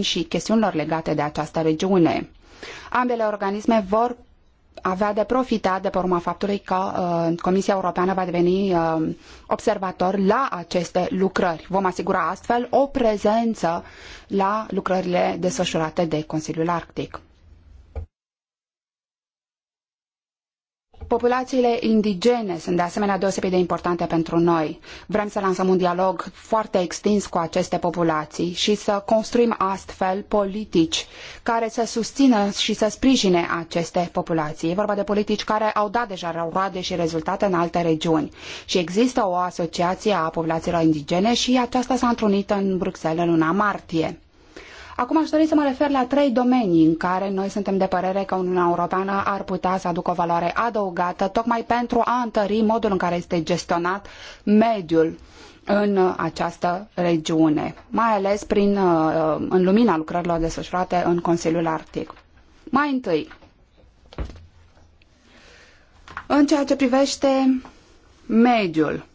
și chestiunilor legate de această regiune. Ambele organisme vor avea de profitat de pe urma faptului că uh, Comisia Europeană va deveni uh, observator la aceste lucrări. Vom asigura astfel o prezență la lucrările desfășurate de Consiliul Arctic. Populațiile indigene sunt de asemenea deosebit de importante pentru noi. Vrem să lansăm un dialog foarte extins cu aceste populații și să construim astfel politici care să susțină și să sprijine aceste populații. E vorba de politici care au dat deja roade și rezultate în alte regiuni. Și există o asociație a populațiilor indigene și aceasta s-a întrunit în Bruxelles în luna martie. Acum aș dori să mă refer la trei domenii în care noi suntem de părere că Uniunea Europeană ar putea să aducă o valoare adăugată tocmai pentru a întări modul în care este gestionat mediul în această regiune, mai ales prin, uh, uh, în lumina lucrărilor desfășurate în Consiliul Arctic. Mai întâi, în ceea ce privește mediul,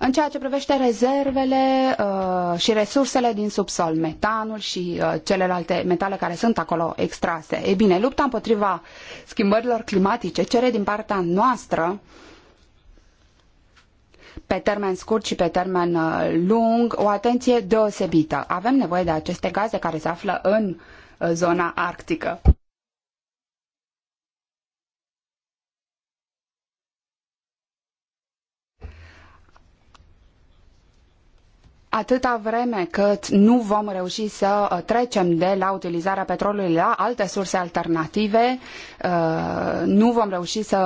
În ceea ce privește rezervele uh, și resursele din subsol, metanul și uh, celelalte metale care sunt acolo extrase, e bine, lupta împotriva schimbărilor climatice cere din partea noastră pe termen scurt și pe termen uh, lung, o atenție deosebită. Avem nevoie de aceste gaze care se află în uh, zona arctică. Atâta vreme cât nu vom reuși să uh, trecem de la utilizarea petrolului la alte surse alternative, uh, nu vom reuși să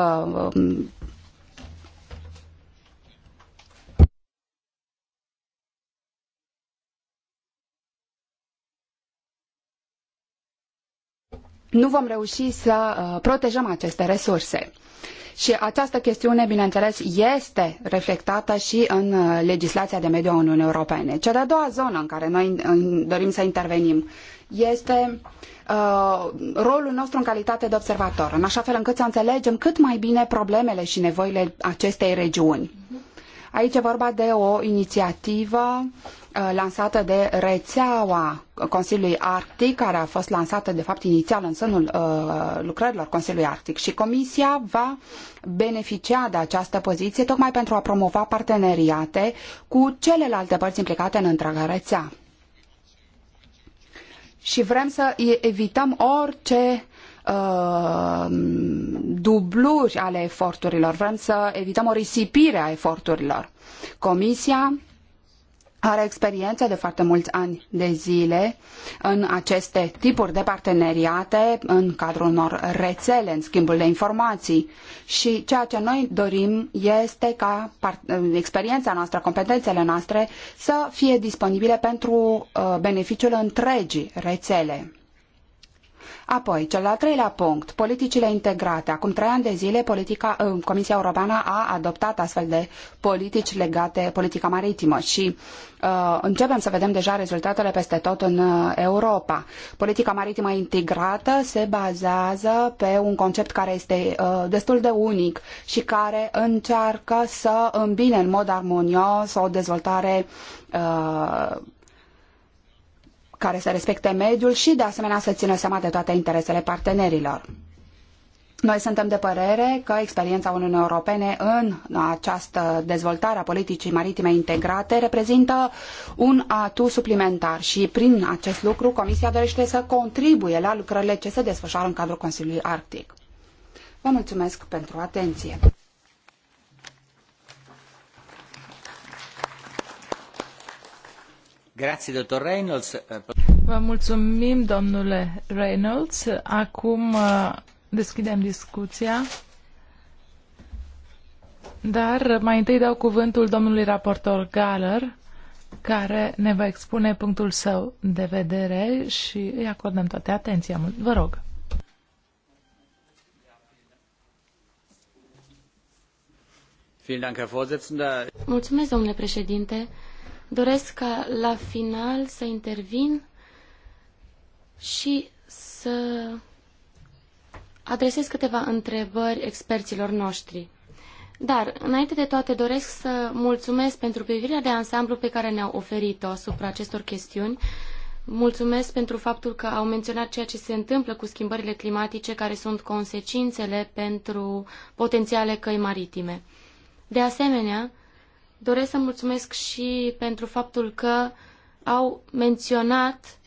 um, nu vom reuși să uh, protejăm aceste resurse. Și această chestiune, bineînțeles, este reflectată și în uh, legislația de mediu a Uniunii Europene. Cea de-a doua zonă în care noi dorim să intervenim este uh, rolul nostru în calitate de observator, în așa fel încât să înțelegem cât mai bine problemele și nevoile acestei regiuni. Uh -huh. Aici e vorba de o inițiativă uh, lansată de rețeaua Consiliului Arctic, care a fost lansată de fapt inițial în sânul uh, lucrărilor Consiliului Arctic și Comisia va beneficia de această poziție tocmai pentru a promova parteneriate cu celelalte părți implicate în întreaga rețea. Și vrem să evităm orice Uh, dubluri ale eforturilor, vrem să evităm o risipire a eforturilor. Comisia are experiență de foarte mulți ani de zile în aceste tipuri de parteneriate, în cadrul unor rețele, în schimbul de informații. Și ceea ce noi dorim este ca experiența noastră, competențele noastre să fie disponibile pentru uh, beneficiul întregii rețele. Apoi, cel al treilea punct, politicile integrate. Acum trei ani de zile, politica, uh, Comisia Europeană a adoptat astfel de politici legate politica maritimă și uh, începem să vedem deja rezultatele peste tot în uh, Europa. Politica maritimă integrată se bazează pe un concept care este uh, destul de unic și care încearcă să îmbine în mod armonios o dezvoltare uh, care să respecte mediul și, de asemenea, să țină seama de toate interesele partenerilor. Noi suntem de părere că experiența Uniunii Europene în această dezvoltare a politicii maritime integrate reprezintă un atu suplimentar și prin acest lucru Comisia dorește să contribuie la lucrările ce se desfășoară în cadrul Consiliului Arctic. Vă mulțumesc pentru atenție. Vă mulțumim, domnule Reynolds. Acum uh, deschidem discuția. Dar mai întâi dau cuvântul domnului raportor Galler, care ne va expune punctul său de vedere și îi acordăm toate atenția. Vă rog. Mulțumesc, domnule președinte. Doresc ca la final să intervin și să adresez câteva întrebări experților noștri. Dar, înainte de toate, doresc să mulțumesc pentru privirea de ansamblu pe care ne-au oferit-o asupra acestor chestiuni. Mulțumesc pentru faptul că au menționat ceea ce se întâmplă cu schimbările climatice, care sunt consecințele pentru potențiale căi maritime. De asemenea, Doresc să mulțumesc și pentru faptul că au menționat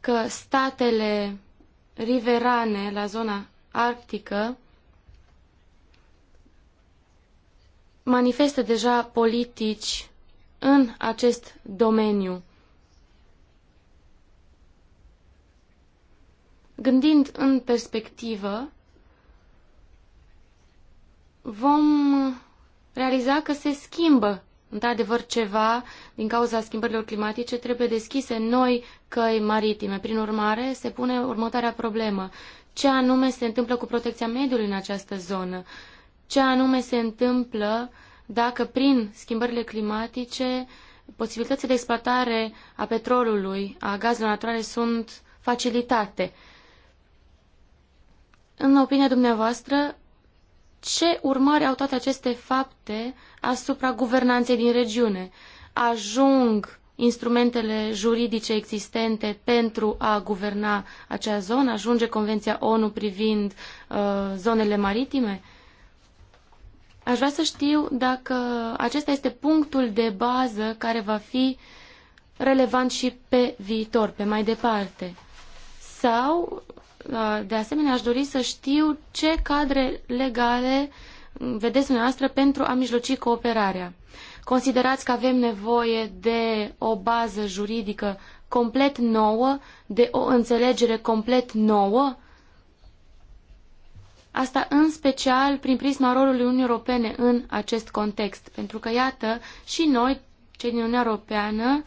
că statele riverane la zona arctică manifestă deja politici în acest domeniu. Gândind în perspectivă, vom realiza că se schimbă într-adevăr ceva din cauza schimbărilor climatice, trebuie deschise noi căi maritime. Prin urmare, se pune următoarea problemă. Ce anume se întâmplă cu protecția mediului în această zonă? Ce anume se întâmplă dacă prin schimbările climatice posibilitățile de exploatare a petrolului, a gazelor naturale sunt facilitate? În opinia dumneavoastră, ce urmări au toate aceste fapte asupra guvernanței din regiune. Ajung instrumentele juridice existente pentru a guverna acea zonă? Ajunge Convenția ONU privind uh, zonele maritime? Aș vrea să știu dacă acesta este punctul de bază care va fi relevant și pe viitor, pe mai departe. Sau de asemenea, aș dori să știu ce cadre legale vedeți dumneavoastră pentru a mijloci cooperarea. Considerați că avem nevoie de o bază juridică complet nouă, de o înțelegere complet nouă? Asta în special prin prisma rolului Uniunii Europene în acest context, pentru că, iată, și noi, cei din Uniunea Europeană,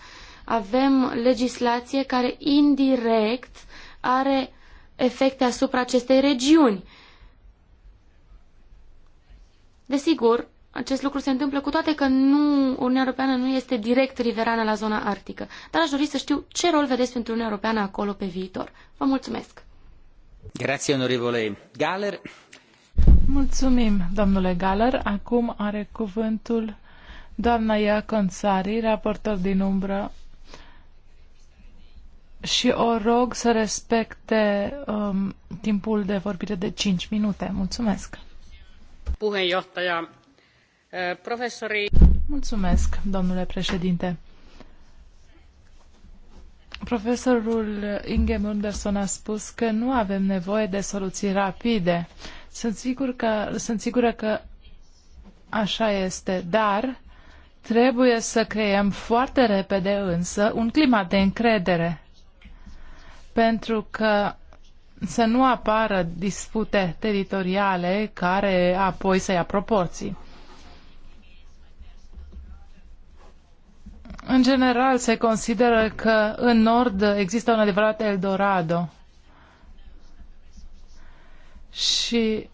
avem legislație care indirect are efecte asupra acestei regiuni. Desigur, acest lucru se întâmplă cu toate că nu, Uniunea Europeană nu este direct riverană la zona arctică. Dar aș dori să știu ce rol vedeți pentru Uniunea Europeană acolo pe viitor. Vă mulțumesc! Grazie, onorevole Galer. Mulțumim, domnule Galer. Acum are cuvântul doamna Ia Consari, raportor din umbră și o rog să respecte um, timpul de vorbire de 5 minute. Mulțumesc! Puheenjohtaja, eh, Mulțumesc, domnule președinte. Profesorul Inge Munderson a spus că nu avem nevoie de soluții rapide. Sunt, sigur că, sunt sigură că așa este, dar trebuie să creăm foarte repede însă un climat de încredere pentru că să nu apară dispute teritoriale care apoi să ia proporții. În general, se consideră că în nord există un adevărat Eldorado. Și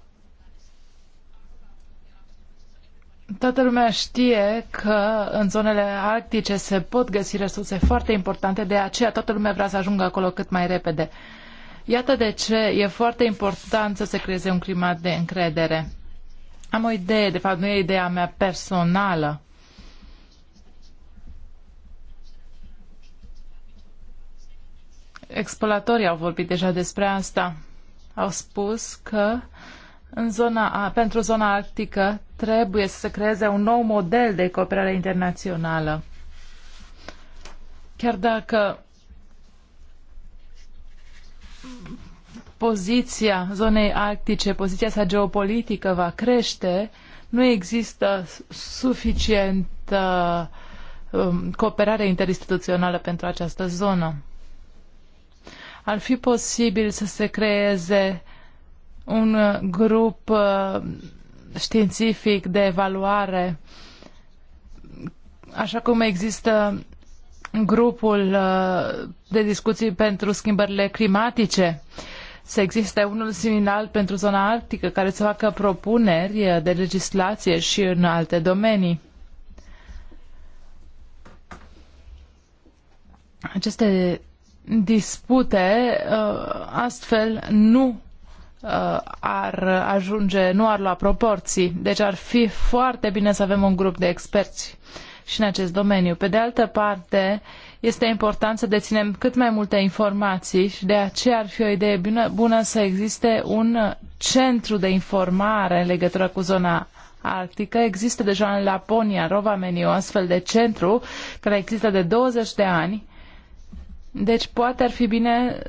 Toată lumea știe că în zonele arctice se pot găsi resurse foarte importante, de aceea toată lumea vrea să ajungă acolo cât mai repede. Iată de ce e foarte important să se creeze un climat de încredere. Am o idee, de fapt nu e ideea mea personală. Exploratorii au vorbit deja despre asta. Au spus că în zona, pentru zona arctică trebuie să se creeze un nou model de cooperare internațională. Chiar dacă poziția zonei arctice, poziția sa geopolitică va crește, nu există suficientă um, cooperare interinstituțională pentru această zonă. Ar fi posibil să se creeze un grup uh, științific de evaluare, așa cum există grupul uh, de discuții pentru schimbările climatice. Să existe unul similar pentru zona arctică care să facă propuneri uh, de legislație și în alte domenii. Aceste dispute uh, astfel nu Uh, ar ajunge, nu ar lua proporții. Deci ar fi foarte bine să avem un grup de experți și în acest domeniu. Pe de altă parte, este important să deținem cât mai multe informații și de aceea ar fi o idee bună, bună să existe un centru de informare în legătură cu zona arctică. Există deja în Laponia, Rovameni, un astfel de centru care există de 20 de ani. Deci poate ar fi bine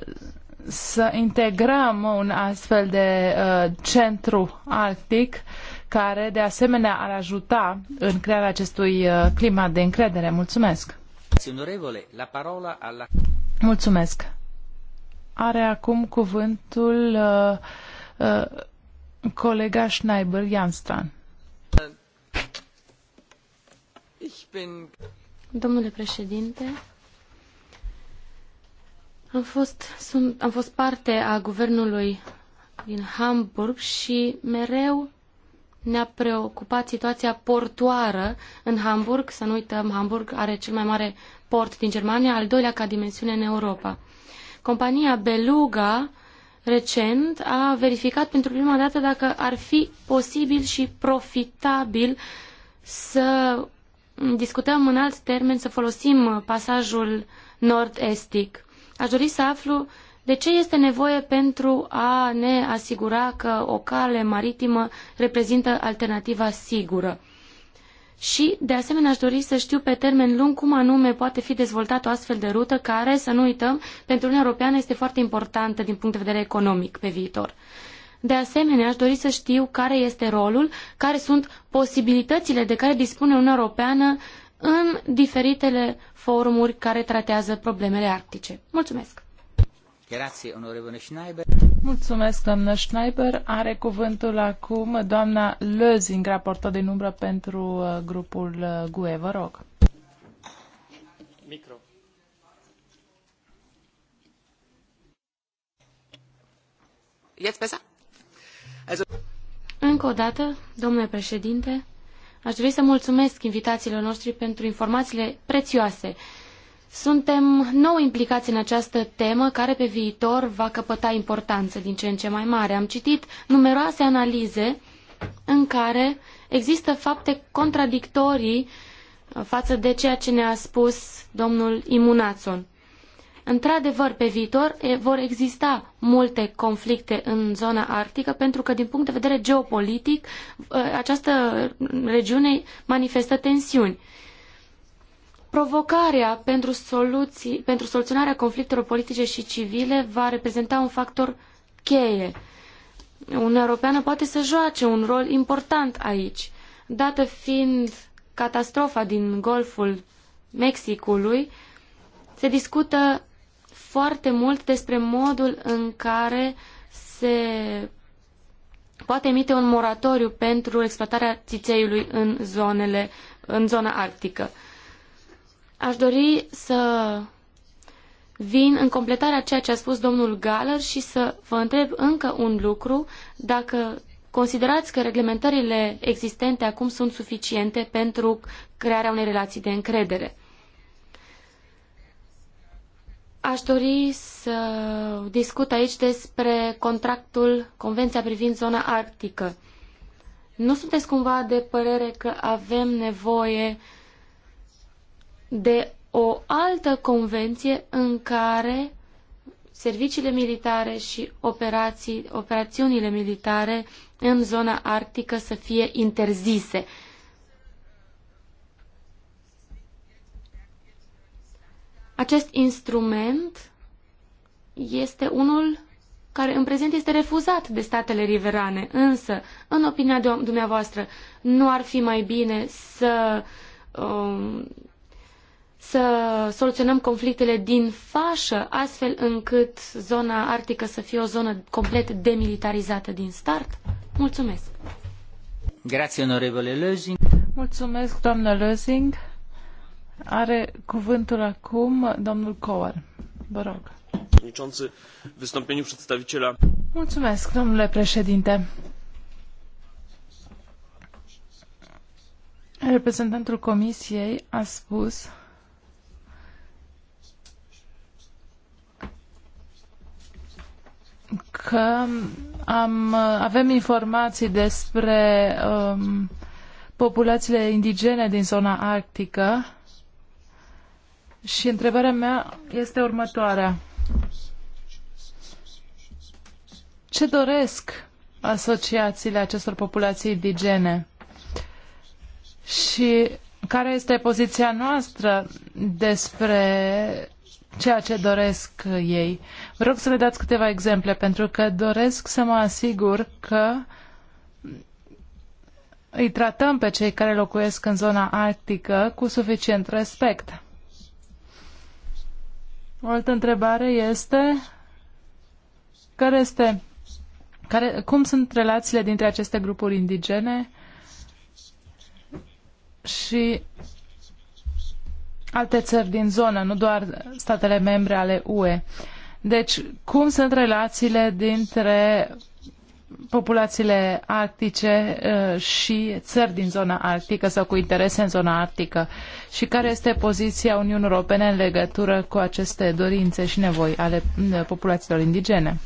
să integrăm un astfel de uh, centru arctic care de asemenea ar ajuta în crearea acestui uh, climat de încredere. Mulțumesc! Mulțumesc! Are acum cuvântul uh, uh colega Schneiber Janstran. Domnule președinte, am fost, sunt, am fost parte a guvernului din Hamburg și mereu ne-a preocupat situația portoară în Hamburg. Să nu uităm, Hamburg are cel mai mare port din Germania, al doilea ca dimensiune în Europa. Compania Beluga recent a verificat pentru prima dată dacă ar fi posibil și profitabil să discutăm în alt termen, să folosim pasajul nord-estic. Aș dori să aflu de ce este nevoie pentru a ne asigura că o cale maritimă reprezintă alternativa sigură. Și, de asemenea, aș dori să știu pe termen lung cum anume poate fi dezvoltată o astfel de rută care, să nu uităm, pentru Uniunea Europeană este foarte importantă din punct de vedere economic pe viitor. De asemenea, aș dori să știu care este rolul, care sunt posibilitățile de care dispune Uniunea Europeană în diferitele forumuri care tratează problemele arctice. Mulțumesc! Mulțumesc, doamnă Schneiber. Are cuvântul acum doamna Lözing, raportor din umbră pentru uh, grupul uh, GUE. Vă rog. Micro. Încă o dată, domnule președinte, Aș dori să mulțumesc invitațiilor noștri pentru informațiile prețioase. Suntem nou implicați în această temă care pe viitor va căpăta importanță din ce în ce mai mare. Am citit numeroase analize în care există fapte contradictorii față de ceea ce ne-a spus domnul Imunațon. Într-adevăr, pe viitor vor exista multe conflicte în zona arctică, pentru că, din punct de vedere geopolitic, ă, această regiune manifestă tensiuni. Provocarea pentru, soluții, pentru soluționarea conflictelor politice și civile va reprezenta un factor cheie. Uniunea Europeană poate să joace un rol important aici, dată fiind catastrofa din Golful Mexicului, se discută foarte mult despre modul în care se poate emite un moratoriu pentru exploatarea țițeiului în, zonele, în zona arctică. Aș dori să vin în completarea ceea ce a spus domnul Galler și să vă întreb încă un lucru, dacă considerați că reglementările existente acum sunt suficiente pentru crearea unei relații de încredere. Aș dori să discut aici despre contractul, convenția privind zona arctică. Nu sunteți cumva de părere că avem nevoie de o altă convenție în care serviciile militare și operații, operațiunile militare în zona arctică să fie interzise. Acest instrument este unul care în prezent este refuzat de statele riverane, însă, în opinia dumneavoastră, nu ar fi mai bine să, um, să soluționăm conflictele din fașă, astfel încât zona arctică să fie o zonă complet demilitarizată din start? Mulțumesc! Grazie, onorevole Lözing. Mulțumesc, doamnă Lözing. Are cuvântul acum domnul Coar. Vă rog. Mulțumesc, domnule președinte. Reprezentantul Comisiei a spus că am, avem informații despre um, populațiile indigene din zona arctică și întrebarea mea este următoarea. Ce doresc asociațiile acestor populații indigene? Și care este poziția noastră despre ceea ce doresc ei? Vă rog să le dați câteva exemple, pentru că doresc să mă asigur că îi tratăm pe cei care locuiesc în zona arctică cu suficient respect. O altă întrebare este care este, care, cum sunt relațiile dintre aceste grupuri indigene și alte țări din zonă, nu doar statele membre ale UE. Deci, cum sunt relațiile dintre populațiile arctice uh, și țări din zona arctică sau cu interese în zona arctică și care este poziția Uniunii Europene în legătură cu aceste dorințe și nevoi ale uh, populațiilor indigene.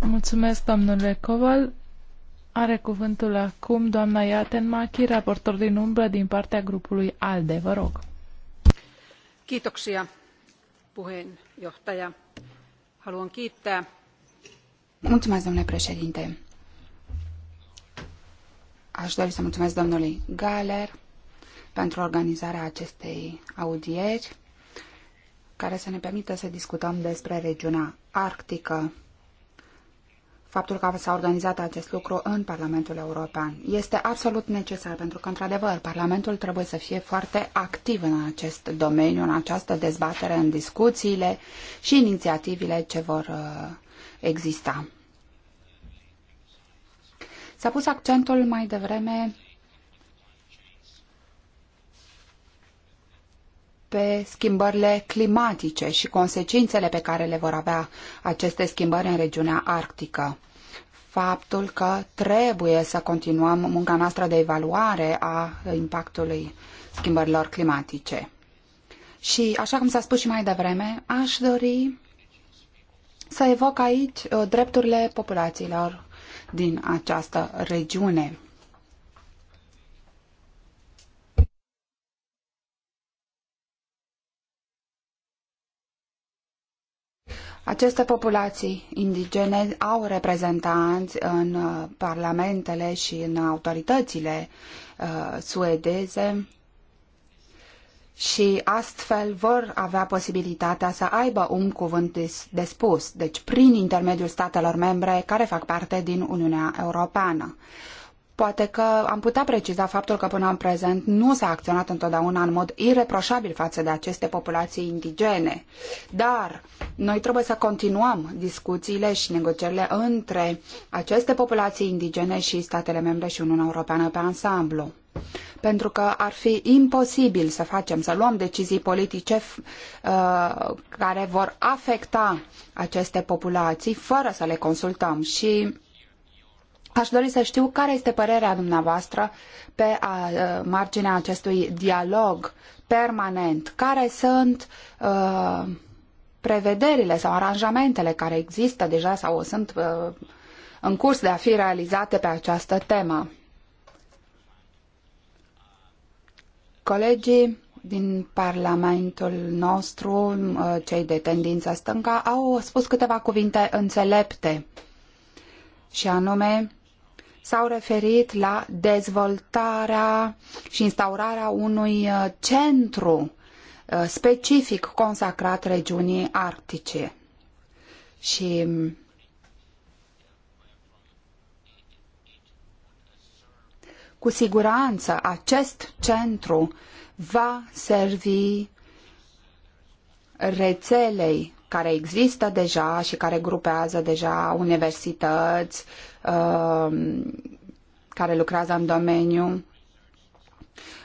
Mulțumesc, domnule Coval. Are cuvântul acum doamna Iatenmachi, raportor din umbră din partea grupului ALDE. Vă rog. Kiitoksia, puheenjohtaja. Haluan kiittää Mulțumesc, domnule președinte. Aș dori să mulțumesc domnului Galer pentru organizarea acestei audieri care să ne permită să discutăm despre regiunea arctică. Faptul că s-a organizat acest lucru în Parlamentul European este absolut necesar pentru că, într-adevăr, Parlamentul trebuie să fie foarte activ în acest domeniu, în această dezbatere, în discuțiile și inițiativile ce vor uh, exista. S-a pus accentul mai devreme pe schimbările climatice și consecințele pe care le vor avea aceste schimbări în regiunea arctică. Faptul că trebuie să continuăm munca noastră de evaluare a impactului schimbărilor climatice. Și, așa cum s-a spus și mai devreme, aș dori să evoc aici uh, drepturile populațiilor din această regiune. Aceste populații indigene au reprezentanți în uh, parlamentele și în autoritățile uh, suedeze și astfel vor avea posibilitatea să aibă un cuvânt de spus, deci prin intermediul statelor membre care fac parte din Uniunea Europeană. Poate că am putea preciza faptul că până în prezent nu s-a acționat întotdeauna în mod ireproșabil față de aceste populații indigene, dar noi trebuie să continuăm discuțiile și negocierile între aceste populații indigene și statele membre și Uniunea Europeană pe ansamblu. Pentru că ar fi imposibil să facem, să luăm decizii politice uh, care vor afecta aceste populații fără să le consultăm. Și Aș dori să știu care este părerea dumneavoastră pe a, uh, marginea acestui dialog permanent. Care sunt uh, prevederile sau aranjamentele care există deja sau sunt uh, în curs de a fi realizate pe această temă? Colegii din Parlamentul nostru, uh, cei de tendință stânga, au spus câteva cuvinte înțelepte și anume s-au referit la dezvoltarea și instaurarea unui uh, centru uh, specific consacrat regiunii arctice. Și Cu siguranță acest centru va servi rețelei care există deja și care grupează deja universități um, care lucrează în domeniu,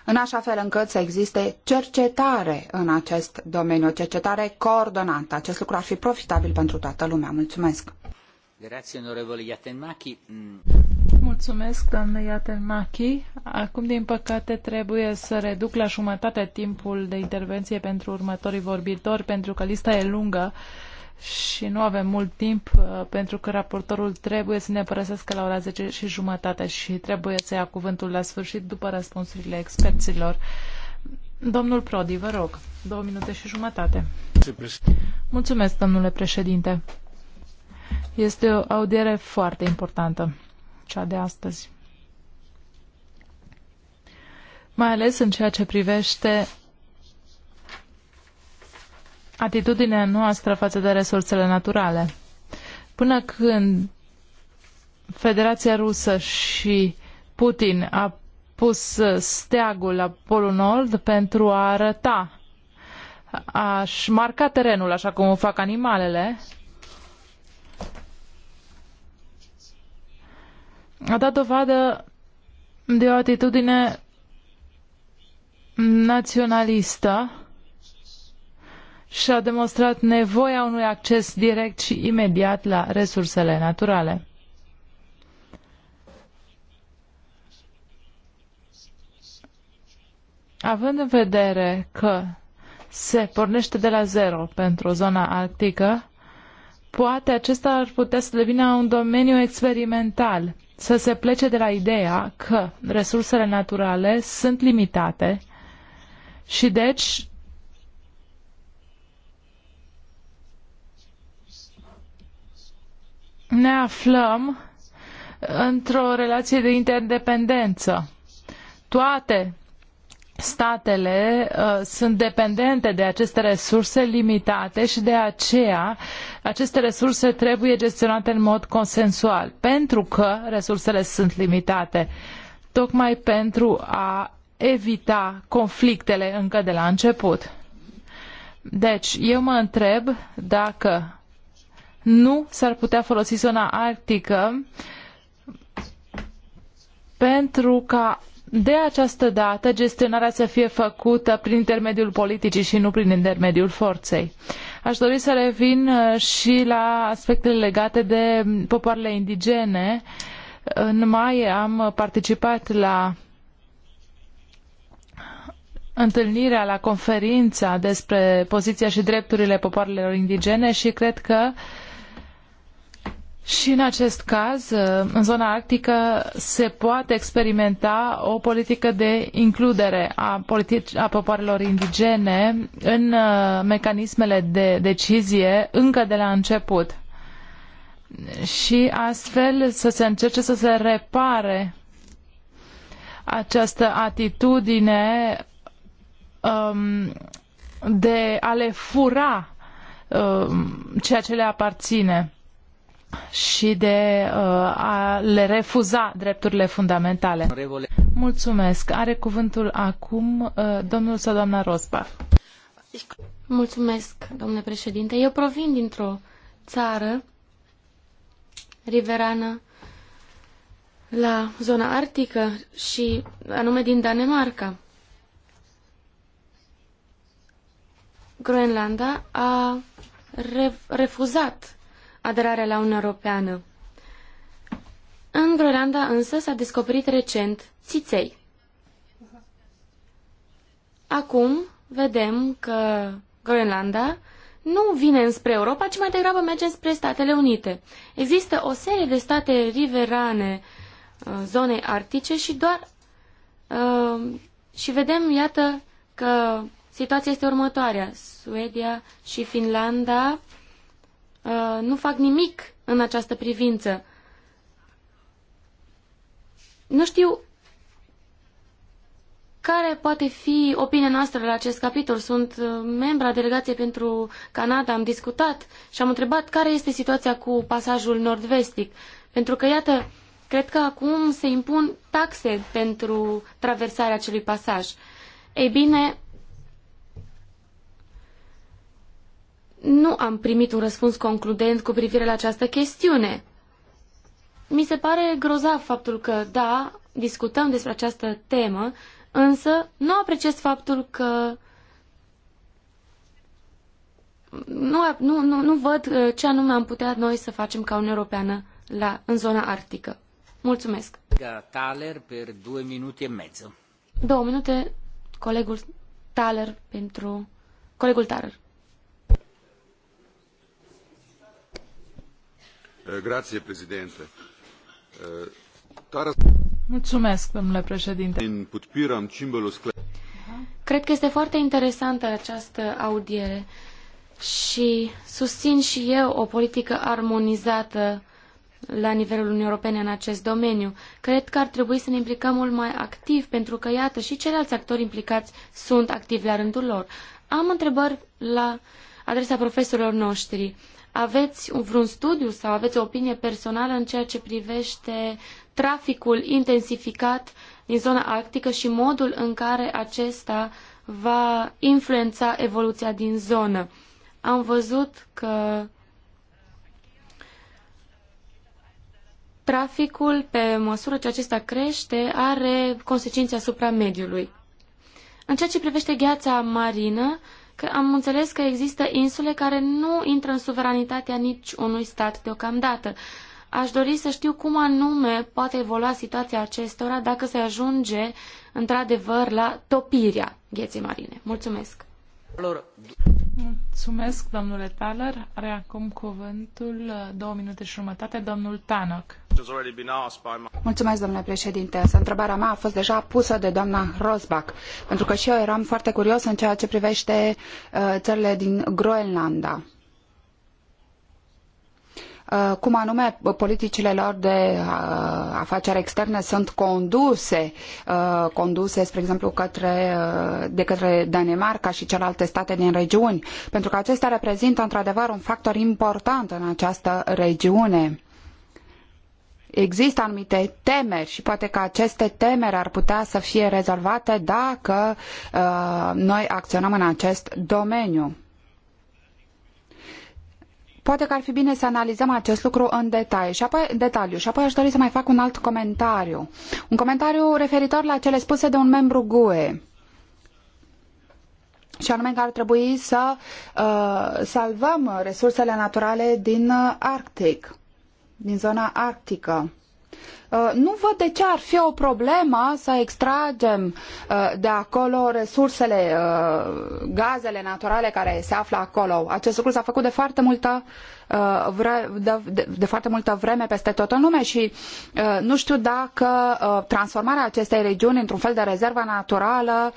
în așa fel încât să existe cercetare în acest domeniu, cercetare coordonată. Acest lucru ar fi profitabil pentru toată lumea. Mulțumesc! Mulțumesc, doamnă Iatenmachi. Acum, din păcate, trebuie să reduc la jumătate timpul de intervenție pentru următorii vorbitori, pentru că lista e lungă și nu avem mult timp, uh, pentru că raportorul trebuie să ne părăsească la ora 10 și jumătate și trebuie să ia cuvântul la sfârșit după răspunsurile experților. Domnul Prodi, vă rog, două minute și jumătate. Mulțumesc, domnule președinte. Este o audiere foarte importantă cea de astăzi. Mai ales în ceea ce privește atitudinea noastră față de resursele naturale. Până când Federația Rusă și Putin a pus steagul la Polul Nord pentru a arăta, aș marca terenul așa cum o fac animalele, a dat dovadă de o atitudine naționalistă și a demonstrat nevoia unui acces direct și imediat la resursele naturale. Având în vedere că se pornește de la zero pentru zona arctică, poate acesta ar putea să devină un domeniu experimental să se plece de la ideea că resursele naturale sunt limitate și deci ne aflăm într-o relație de interdependență. Toate statele uh, sunt dependente de aceste resurse limitate și de aceea aceste resurse trebuie gestionate în mod consensual, pentru că resursele sunt limitate, tocmai pentru a evita conflictele încă de la început. Deci, eu mă întreb dacă nu s-ar putea folosi zona arctică pentru ca de această dată gestionarea să fie făcută prin intermediul politicii și nu prin intermediul forței. Aș dori să revin uh, și la aspectele legate de popoarele indigene. În mai am participat la întâlnirea, la conferința despre poziția și drepturile popoarelor indigene și cred că uh, și în acest caz, uh, în zona arctică, se poate experimenta o politică de includere a, politici, a popoarelor indigene în uh, mecanismele de decizie încă de la început. Și astfel să se încerce să se repare această atitudine um, de a le fura um, ceea ce le aparține și de uh, a le refuza drepturile fundamentale. Mulțumesc. Are cuvântul acum uh, domnul sau doamna Rosbach. Mulțumesc, domnule președinte. Eu provin dintr-o țară riverană la zona arctică și anume din Danemarca. Groenlanda a refuzat aderarea la Uniunea Europeană. În Groenlanda însă s-a descoperit recent țiței. Acum vedem că Groenlanda nu vine înspre Europa, ci mai degrabă merge spre Statele Unite. Există o serie de state riverane uh, zonei arctice și doar uh, și vedem, iată, că situația este următoarea. Suedia și Finlanda Uh, nu fac nimic în această privință. Nu știu care poate fi opinia noastră la acest capitol. Sunt uh, membra delegației pentru Canada, am discutat și am întrebat care este situația cu pasajul nord-vestic. Pentru că, iată, cred că acum se impun taxe pentru traversarea acelui pasaj. Ei bine, nu am primit un răspuns concludent cu privire la această chestiune. Mi se pare grozav faptul că, da, discutăm despre această temă, însă nu apreciez faptul că nu, nu, nu, nu văd uh, ce anume am putea noi să facem ca Uniunea Europeană la, în zona arctică. Mulțumesc. Taler per două minute mezzo. Două minute, colegul Taler pentru... Colegul Taler. Eh, eh, domnule președinte. Cred că este foarte interesantă această audiere și susțin și eu o politică armonizată la nivelul Uniunii Europene în acest domeniu. Cred că ar trebui să ne implicăm mult mai activ, pentru că, iată, și ceilalți actori implicați sunt activi la rândul lor. Am întrebări la adresa profesorilor noștri. Aveți vreun studiu sau aveți o opinie personală în ceea ce privește traficul intensificat din zona arctică și modul în care acesta va influența evoluția din zonă? Am văzut că traficul, pe măsură ce acesta crește, are consecințe asupra mediului. În ceea ce privește gheața marină, că am înțeles că există insule care nu intră în suveranitatea nici unui stat deocamdată. Aș dori să știu cum anume poate evolua situația acestora dacă se ajunge într-adevăr la topirea gheții marine. Mulțumesc! Mulțumesc, domnule Thaler. Are acum cuvântul uh, două minute și jumătate, domnul Tanok. Mulțumesc, domnule președinte. Să întrebarea mea a fost deja pusă de doamna Rosbach, pentru că și eu eram foarte curios în ceea ce privește uh, țările din Groenlanda Uh, cum anume politicile lor de uh, afaceri externe sunt conduse, uh, conduse, spre exemplu, către, de către Danemarca și celelalte state din regiuni, pentru că acestea reprezintă într-adevăr un factor important în această regiune. Există anumite temeri și poate că aceste temeri ar putea să fie rezolvate dacă noi acționăm în acest domeniu. Poate că ar fi bine să analizăm acest lucru în detaliu și apoi, detaliu. Și apoi aș dori să mai fac un alt comentariu. Un comentariu referitor la cele spuse de un membru GUE și anume că ar trebui să uh, salvăm resursele naturale din Arctic, din zona arctică. Uh, nu văd de ce ar fi o problemă să extragem uh, de acolo resursele, uh, gazele naturale care se află acolo. Acest lucru s-a făcut de foarte multă Uh, de foarte multă vreme peste tot în lume și uh, nu știu dacă uh, transformarea acestei regiuni într-un fel de rezervă naturală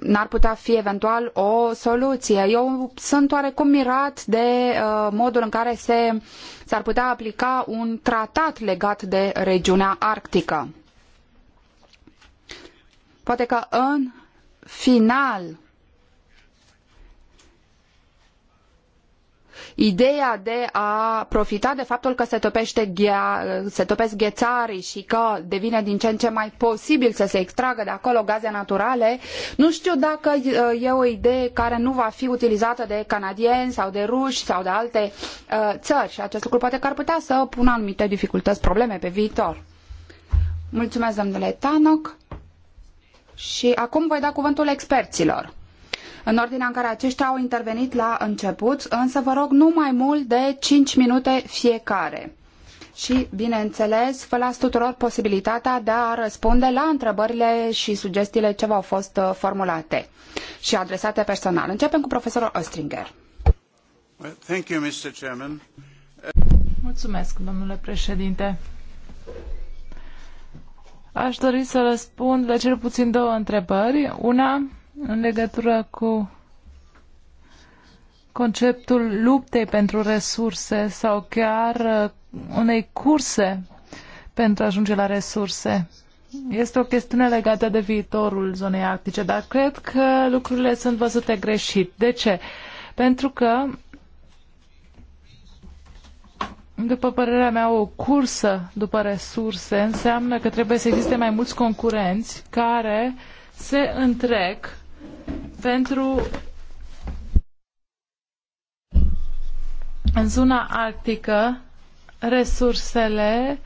n-ar putea fi eventual o soluție. Eu sunt oarecum mirat de modul în care se, s-ar putea aplica un tratat legat de regiunea arctică. Poate că în final ideea de a profita de faptul că se, topește ghea, se topesc ghețarii și că devine din ce în ce mai posibil să se extragă de acolo gaze naturale, nu știu dacă uh, e o idee care nu va fi utilizată de canadieni sau de ruși sau de alte uh, țări și acest lucru poate că ar putea să pună anumite dificultăți, probleme pe viitor. Mulțumesc, domnule Tanoc. Și acum voi da cuvântul experților în ordinea în care aceștia au intervenit la început, însă vă rog nu mai mult de cinci minute fiecare. Și, bineînțeles, vă las tuturor posibilitatea de a răspunde la întrebările și sugestiile ce v-au fost uh, formulate și adresate personal. Începem cu profesorul Ostringer. Mulțumesc, domnule președinte. Aș dori să răspund la cel puțin două întrebări. Una în legătură cu conceptul luptei pentru resurse sau chiar uh, unei curse pentru a ajunge la resurse. Este o chestiune legată de viitorul zonei arctice, dar cred că lucrurile sunt văzute greșit. De ce? Pentru că, după părerea mea, o cursă după resurse înseamnă că trebuie să existe mai mulți concurenți care se întrec pentru în zona arctică resursele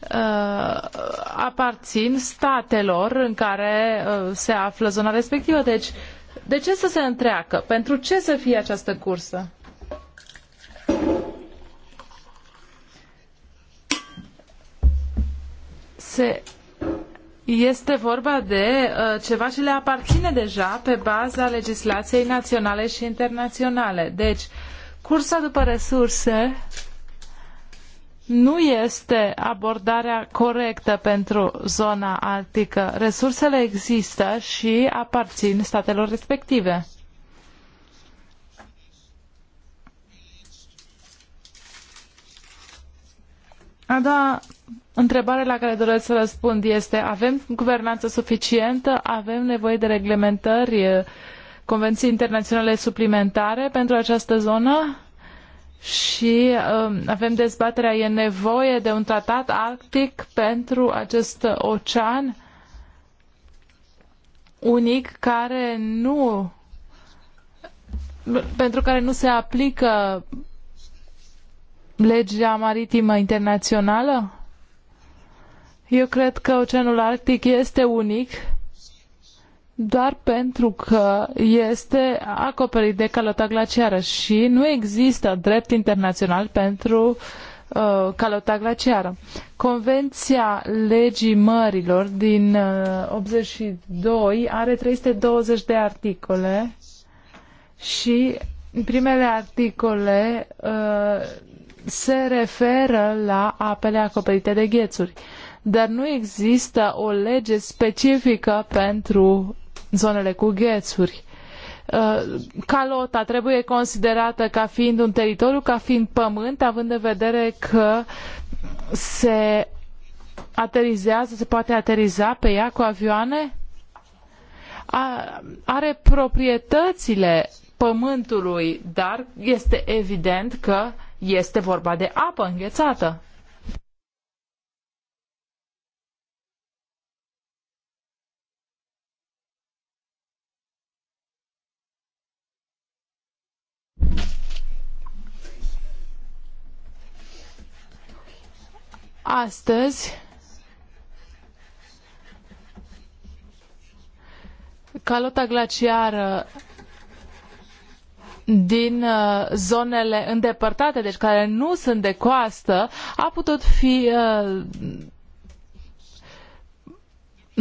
uh, aparțin statelor în care uh, se află zona respectivă. Deci, de ce să se întreacă? Pentru ce să fie această cursă? Se este vorba de uh, ceva ce le aparține deja pe baza legislației naționale și internaționale. Deci, cursa după resurse nu este abordarea corectă pentru zona arctică. Resursele există și aparțin statelor respective. A doua întrebare la care doresc să răspund este avem guvernanță suficientă? Avem nevoie de reglementări, eh, convenții internaționale suplimentare pentru această zonă? și eh, avem dezbaterea, e nevoie de un tratat arctic pentru acest ocean unic care nu pentru care nu se aplică legea maritimă internațională? Eu cred că Oceanul Arctic este unic doar pentru că este acoperit de calota glaciară și nu există drept internațional pentru uh, calota glaciară. Convenția legii mărilor din uh, 82 are 320 de articole și primele articole uh, se referă la apele acoperite de ghețuri. Dar nu există o lege specifică pentru zonele cu ghețuri. Uh, calota trebuie considerată ca fiind un teritoriu, ca fiind pământ, având în vedere că se aterizează, se poate ateriza pe ea cu avioane? are proprietățile pământului, dar este evident că este vorba de apă înghețată. Astăzi, calota glaciară din uh, zonele îndepărtate, deci care nu sunt de coastă, a putut fi uh,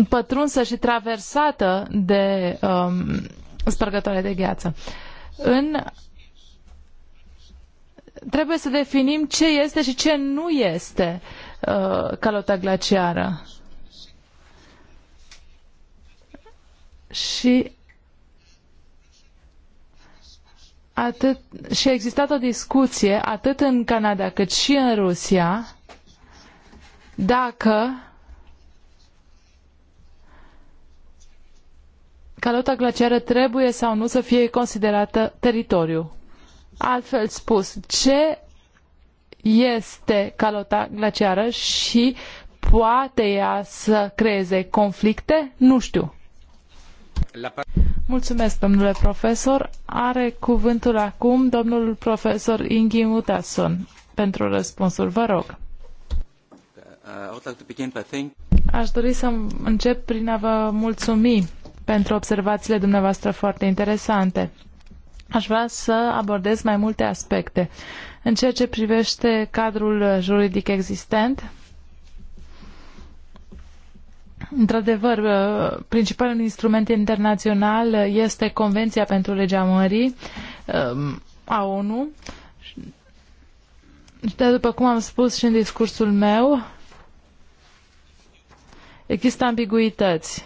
pătrunsă și traversată de um, spărgătoare de gheață. În... Trebuie să definim ce este și ce nu este uh, calota glaciară. Și atât, și a existat o discuție atât în Canada cât și în Rusia dacă calota glaciară trebuie sau nu să fie considerată teritoriu. Altfel spus, ce este calota glaciară și poate ea să creeze conflicte? Nu știu. Mulțumesc, domnule profesor. Are cuvântul acum domnul profesor Inghi Mutason pentru răspunsul. Vă rog. Aș dori să încep prin a vă mulțumi pentru observațiile dumneavoastră foarte interesante. Aș vrea să abordez mai multe aspecte. În ceea ce privește cadrul juridic existent, Într-adevăr, uh, principalul instrument internațional uh, este Convenția pentru Legea Mării uh, a ONU. De după cum am spus și în discursul meu, există ambiguități.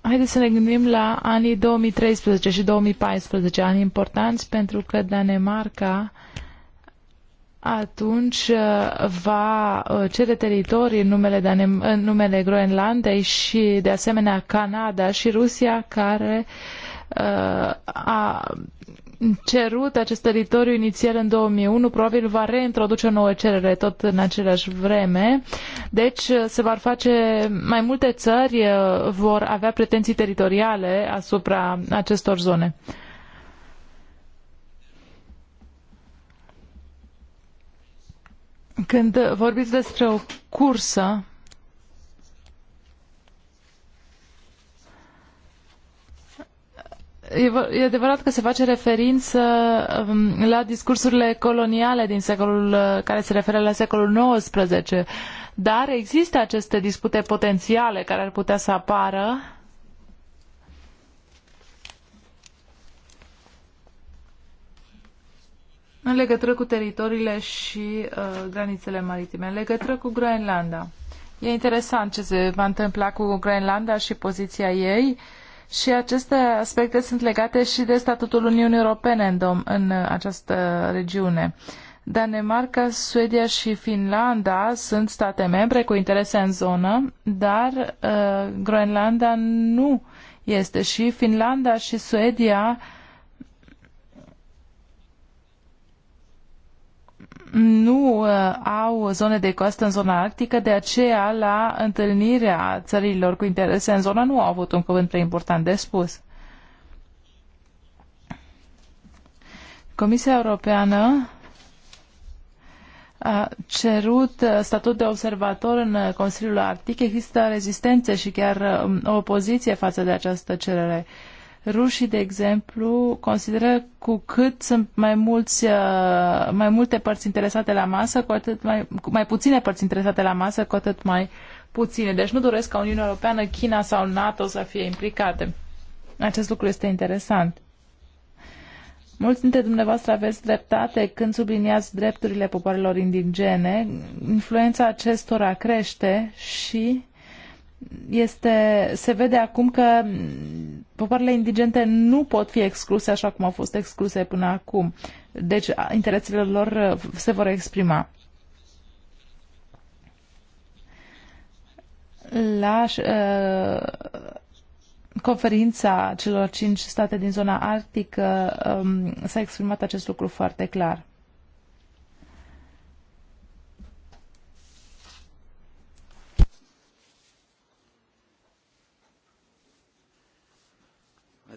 Haideți să ne gândim la anii 2013 și 2014, ani importanți pentru că Danemarca uh, atunci uh, va uh, cere teritorii în numele, Danem- în numele Groenlandei și de asemenea Canada și Rusia care uh, a cerut acest teritoriu inițial în 2001, probabil va reintroduce o nouă cerere tot în aceleași vreme. Deci uh, se vor face mai multe țări vor avea pretenții teritoriale asupra acestor zone. Când vorbiți despre o cursă, e adevărat că se face referință um, la discursurile coloniale din secolul uh, care se referă la secolul XIX, dar există aceste dispute potențiale care ar putea să apară în legătură cu teritoriile și uh, granițele maritime, în legătură cu Groenlanda. E interesant ce se va întâmpla cu Groenlanda și poziția ei și aceste aspecte sunt legate și de statutul Uniunii Europene în, dom- în uh, această regiune. Danemarca, Suedia și Finlanda sunt state membre cu interese în zonă, dar uh, Groenlanda nu este și Finlanda și Suedia uh, nu uh, au zone de coastă în zona arctică, de aceea la întâlnirea țărilor cu interese în zona nu au avut un cuvânt prea important de spus. Comisia Europeană a cerut uh, statut de observator în uh, Consiliul Arctic. Există rezistențe și chiar opoziție față de această cerere. Uh, Rușii, de exemplu, consideră cu cât sunt mai, mulți, uh, mai multe părți interesate la masă, cu atât mai, cu mai puține părți interesate la masă, cu atât mai puține. Deci nu doresc ca Uniunea Europeană, China sau NATO să fie implicate. Acest lucru este interesant. Mulți dintre dumneavoastră aveți dreptate când subliniați drepturile popoarelor indigene. Influența acestora crește și este, se vede acum că popoarele indigente nu pot fi excluse așa cum au fost excluse până acum. Deci interesele lor uh, se vor exprima. La uh, conferința celor cinci state din zona arctică um, s-a exprimat acest lucru foarte clar.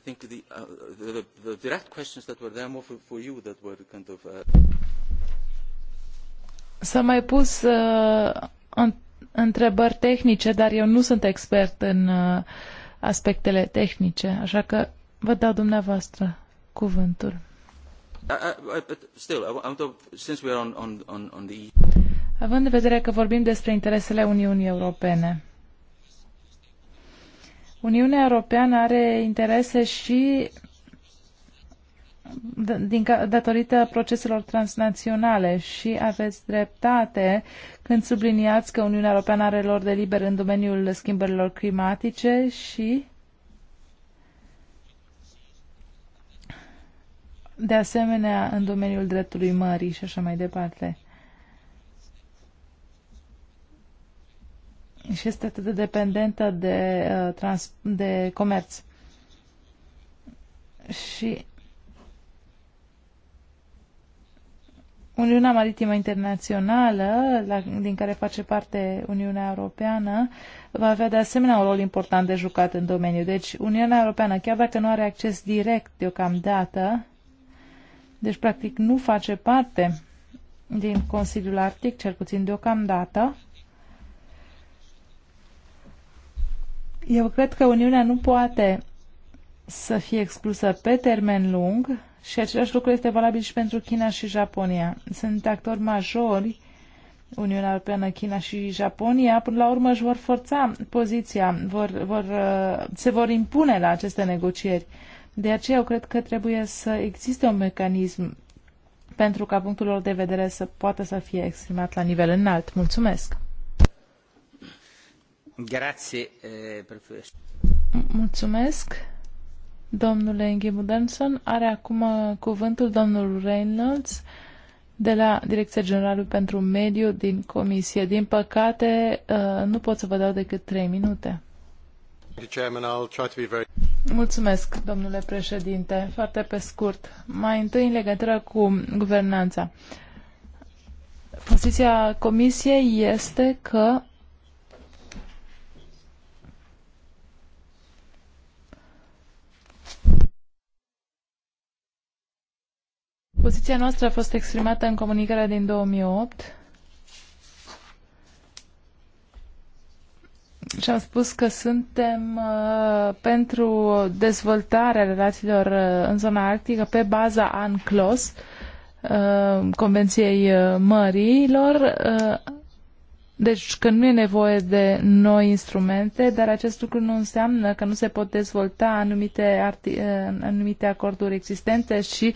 think the, uh, the, the direct questions that were there more for, for you that were kind of... Uh... S-a mai pus uh, întrebări tehnice, dar eu nu sunt expert în uh, aspectele tehnice, așa că vă dau dumneavoastră cuvântul. Având în vedere că vorbim despre interesele Uniunii Europene, Uniunea Europeană are interese și din, datorită proceselor transnaționale și aveți dreptate când subliniați că Uniunea Europeană are lor de liber în domeniul schimbărilor climatice și de asemenea în domeniul dreptului mării și așa mai departe. și este atât de dependentă de, uh, trans, de comerț. Și Uniunea Maritimă Internațională, la, din care face parte Uniunea Europeană, va avea de asemenea un rol important de jucat în domeniu. Deci Uniunea Europeană, chiar dacă nu are acces direct deocamdată, deci practic nu face parte din Consiliul Arctic, cel puțin deocamdată, Eu cred că Uniunea nu poate să fie exclusă pe termen lung și același lucru este valabil și pentru China și Japonia. Sunt actori majori, Uniunea Europeană, China și Japonia, până la urmă își vor forța poziția, vor, vor, uh, se vor impune la aceste negocieri. De aceea eu cred că trebuie să existe un mecanism pentru ca punctul lor de vedere să poată să fie exprimat la nivel înalt. Mulțumesc! Eh, mulțumesc. Domnule Inghe Budenson, are acum cuvântul domnul Reynolds de la Direcția Generală pentru Mediu din Comisie. Din păcate, eh, nu pot să vă dau decât trei minute. Mulțumesc, domnule președinte. Foarte pe scurt. Mai întâi, în legătură cu guvernanța. Poziția Comisiei este că Poziția noastră a fost exprimată în comunicarea din 2008 și am spus că suntem uh, pentru dezvoltarea relațiilor uh, în zona arctică pe baza ANCLOS, uh, Convenției uh, Mărilor, uh, deci că nu e nevoie de noi instrumente, dar acest lucru nu înseamnă că nu se pot dezvolta anumite, uh, anumite acorduri existente și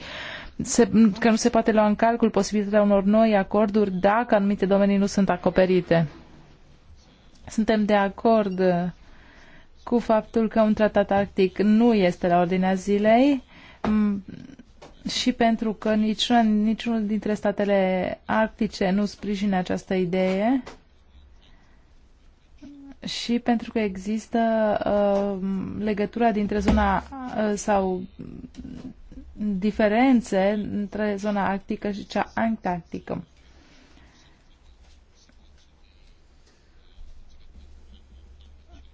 se, că nu se poate lua în calcul posibilitatea unor noi acorduri dacă anumite domenii nu sunt acoperite. Suntem de acord cu faptul că un tratat arctic nu este la ordinea zilei și pentru că niciuna, niciunul dintre statele arctice nu sprijină această idee și pentru că există uh, legătura dintre zona uh, sau diferențe între zona arctică și cea antarctică.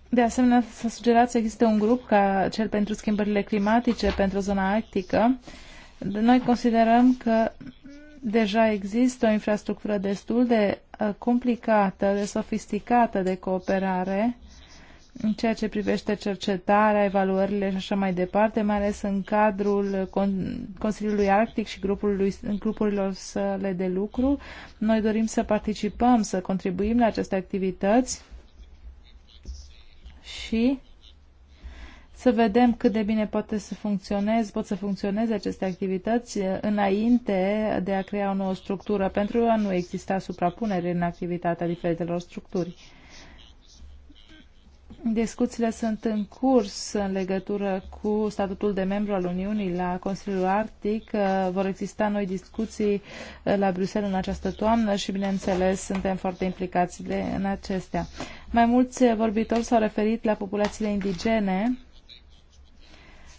De asemenea, s-a sugerat să existe un grup ca cel pentru schimbările climatice pentru zona arctică. Noi considerăm că deja există o infrastructură destul de uh, complicată, de sofisticată de cooperare în ceea ce privește cercetarea, evaluările și așa mai departe, mai ales în cadrul Consiliului Arctic și grupului, grupurilor sale de lucru. Noi dorim să participăm, să contribuim la aceste activități și să vedem cât de bine poate să funcționeze, pot să funcționeze aceste activități eh, înainte de a crea o nouă structură, pentru a nu exista suprapunere în activitatea diferitelor structuri. Discuțiile sunt în curs în legătură cu statutul de membru al Uniunii la Consiliul Arctic. Uh, vor exista noi discuții uh, la Bruxelles în această toamnă și, bineînțeles, suntem foarte implicați de, în acestea. Mai mulți vorbitori s-au referit la populațiile indigene,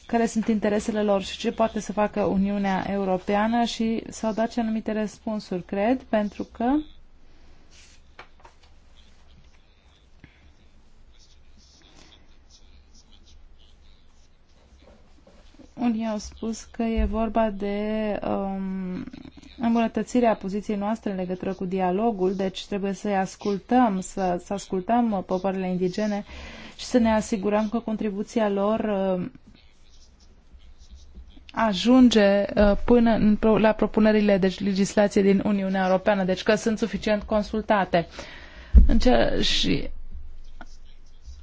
care sunt interesele lor și ce poate să facă Uniunea Europeană și s-au dat și anumite răspunsuri, cred, pentru că Unii au spus că e vorba de um, îmbunătățirea poziției noastre în legătură cu dialogul, deci trebuie să ascultăm, să, să ascultăm uh, popoarele indigene și să ne asigurăm că contribuția lor uh, ajunge uh, până în, la propunerile de deci, legislație din Uniunea Europeană, deci că sunt suficient consultate. În ce, și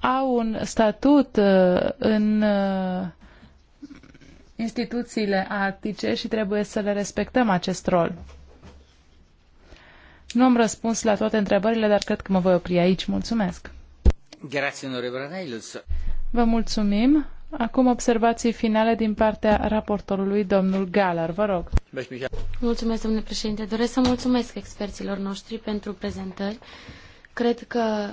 au un statut uh, în uh, instituțiile arctice și trebuie să le respectăm acest rol. Nu am răspuns la toate întrebările, dar cred că mă voi opri aici. Mulțumesc! Vă mulțumim! Acum observații finale din partea raportorului, domnul Galar. Vă rog. Mulțumesc, domnule președinte. Doresc să mulțumesc experților noștri pentru prezentări. Cred că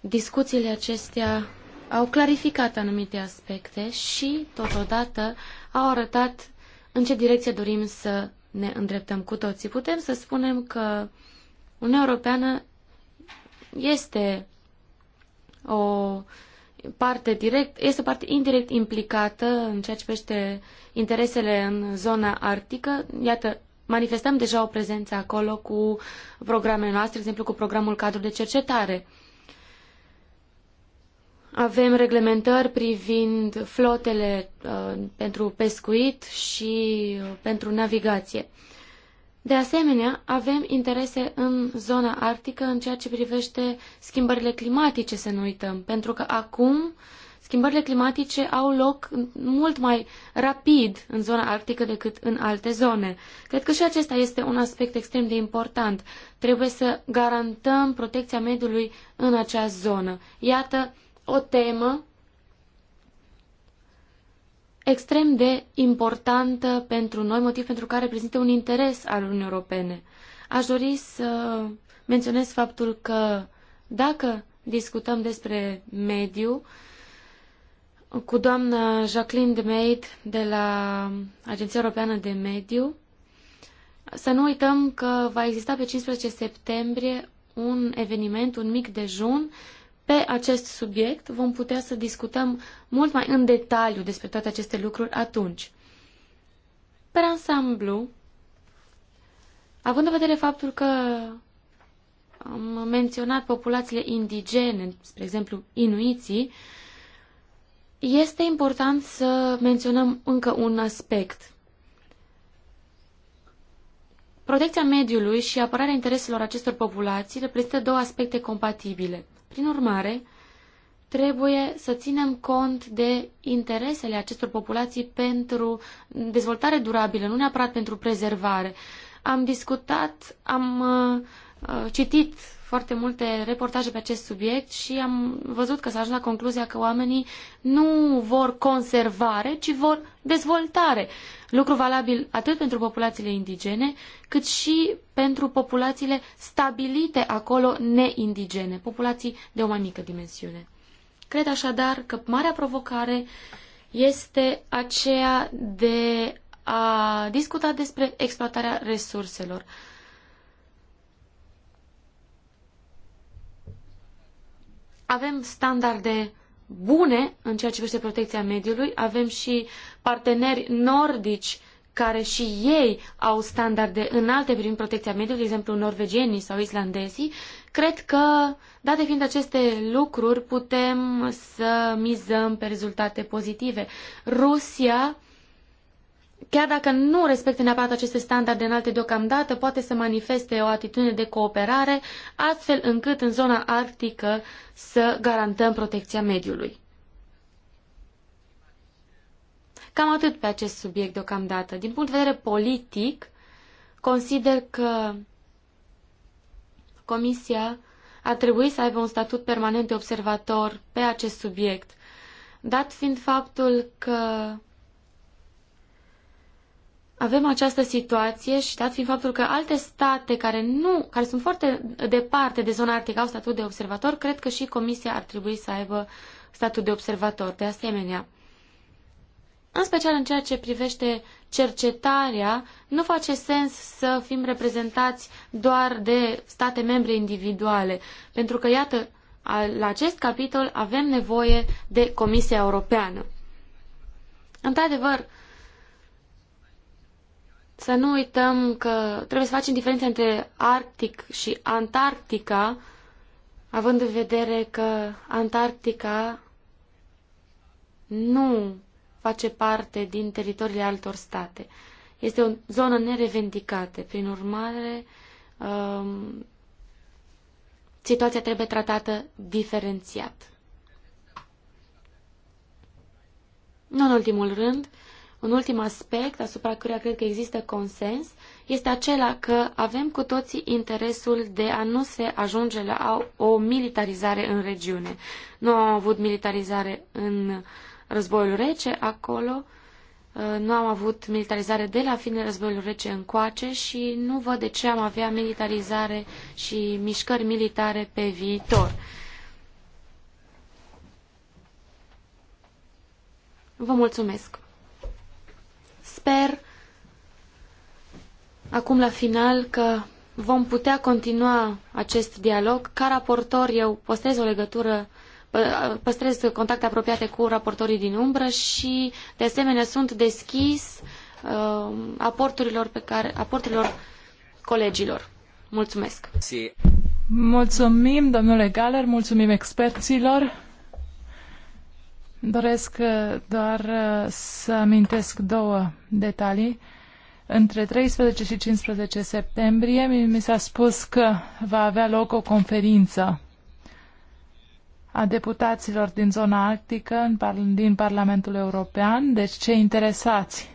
discuțiile acestea au clarificat anumite aspecte și, totodată, au arătat în ce direcție dorim să ne îndreptăm cu toții. Putem să spunem că Uniunea Europeană este o parte direct, este o parte indirect implicată în ceea ce privește interesele în zona arctică. Iată, manifestăm deja o prezență acolo cu programele noastre, de exemplu cu programul cadru de cercetare. Uh, avem reglementări privind flotele uh, pentru pescuit și uh, pentru navigație. De asemenea, avem interese în zona arctică în ceea ce privește schimbările climatice, să nu uităm, pentru că acum schimbările climatice au loc mult mai rapid în zona arctică decât în alte zone. Cred că și acesta este un aspect extrem de important. Trebuie să garantăm protecția mediului în acea zonă. Iată o temă extrem de importantă pentru noi, motiv pentru care reprezintă un interes al Uniunii Europene. Aș dori să menționez faptul că dacă discutăm despre mediu, cu doamna Jacqueline de Maid de la Agenția Europeană de Mediu, să nu uităm că va exista pe 15 septembrie un eveniment, un mic dejun pe acest subiect vom putea să discutăm mult mai în detaliu despre toate aceste lucruri atunci. Per ansamblu, având în vedere faptul că am menționat populațiile indigene, spre exemplu inuiții, este important să menționăm încă un aspect. Protecția mediului și apărarea intereselor acestor populații reprezintă două aspecte compatibile – prin urmare, trebuie să ținem cont de interesele acestor populații pentru dezvoltare durabilă, nu neapărat pentru prezervare. Am discutat, am uh, citit foarte multe reportaje pe acest subiect și am văzut că s-a ajuns la concluzia că oamenii nu vor conservare, ci vor dezvoltare. Lucru valabil atât pentru populațiile indigene, cât și pentru populațiile stabilite acolo neindigene, populații de o mai mică dimensiune. Cred așadar că marea provocare este aceea de a discuta despre exploatarea resurselor. Avem standarde bune în ceea ce privește protecția mediului, avem și parteneri nordici care și ei au standarde înalte privind protecția mediului, de exemplu norvegienii sau islandezii, cred că, date fiind aceste lucruri, putem să mizăm pe rezultate pozitive. Rusia chiar dacă nu respectă neapărat aceste standarde înalte deocamdată, poate să manifeste o atitudine de cooperare, astfel încât în zona arctică să garantăm protecția mediului. Cam atât pe acest subiect deocamdată. Din punct de vedere politic, consider că Comisia ar trebui să aibă un statut permanent de observator pe acest subiect, dat fiind faptul că avem această situație și dat fiind faptul că alte state care nu, care sunt foarte departe de zona arctică au statut de observator, cred că și Comisia ar trebui să aibă statut de observator de asemenea. În special în ceea ce privește cercetarea, nu face sens să fim reprezentați doar de state membre individuale, pentru că, iată, la acest capitol avem nevoie de Comisia Europeană. Într-adevăr, să nu uităm că trebuie să facem diferența între Arctic și Antarctica, având în vedere că Antarctica nu face parte din teritoriile altor state. Este o zonă nerevendicată. Prin urmare, um, situația trebuie tratată diferențiat. Nu în ultimul rând, un ultim aspect asupra căruia cred că există consens este acela că avem cu toții interesul de a nu se ajunge la o militarizare în regiune. Nu am avut militarizare în războiul rece acolo, uh, nu am avut militarizare de la finele războiului rece încoace și nu văd de ce am avea militarizare și mișcări militare pe viitor. Vă mulțumesc! sper acum la final că vom putea continua acest dialog. Ca raportor eu păstrez o legătură păstrez contacte apropiate cu raportorii din umbră și de asemenea sunt deschis uh, aporturilor pe care aporturilor colegilor. Mulțumesc. Mulțumim, domnule Galer, mulțumim experților. Doresc uh, doar uh, să amintesc două detalii. Între 13 și 15 septembrie mi s-a spus că va avea loc o conferință a deputaților din zona arctică din Parlamentul European, deci cei interesați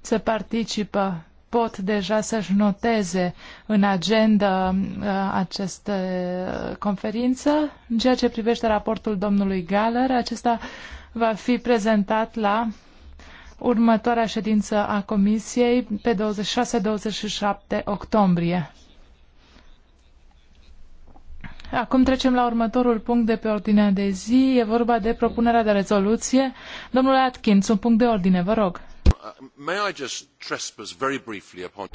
să participă pot deja să-și noteze în agenda uh, această conferință. În ceea ce privește raportul domnului Galler, acesta va fi prezentat la următoarea ședință a Comisiei pe 26-27 octombrie. Acum trecem la următorul punct de pe ordinea de zi. E vorba de propunerea de rezoluție. Domnule Atkins, un punct de ordine, vă rog. Uh,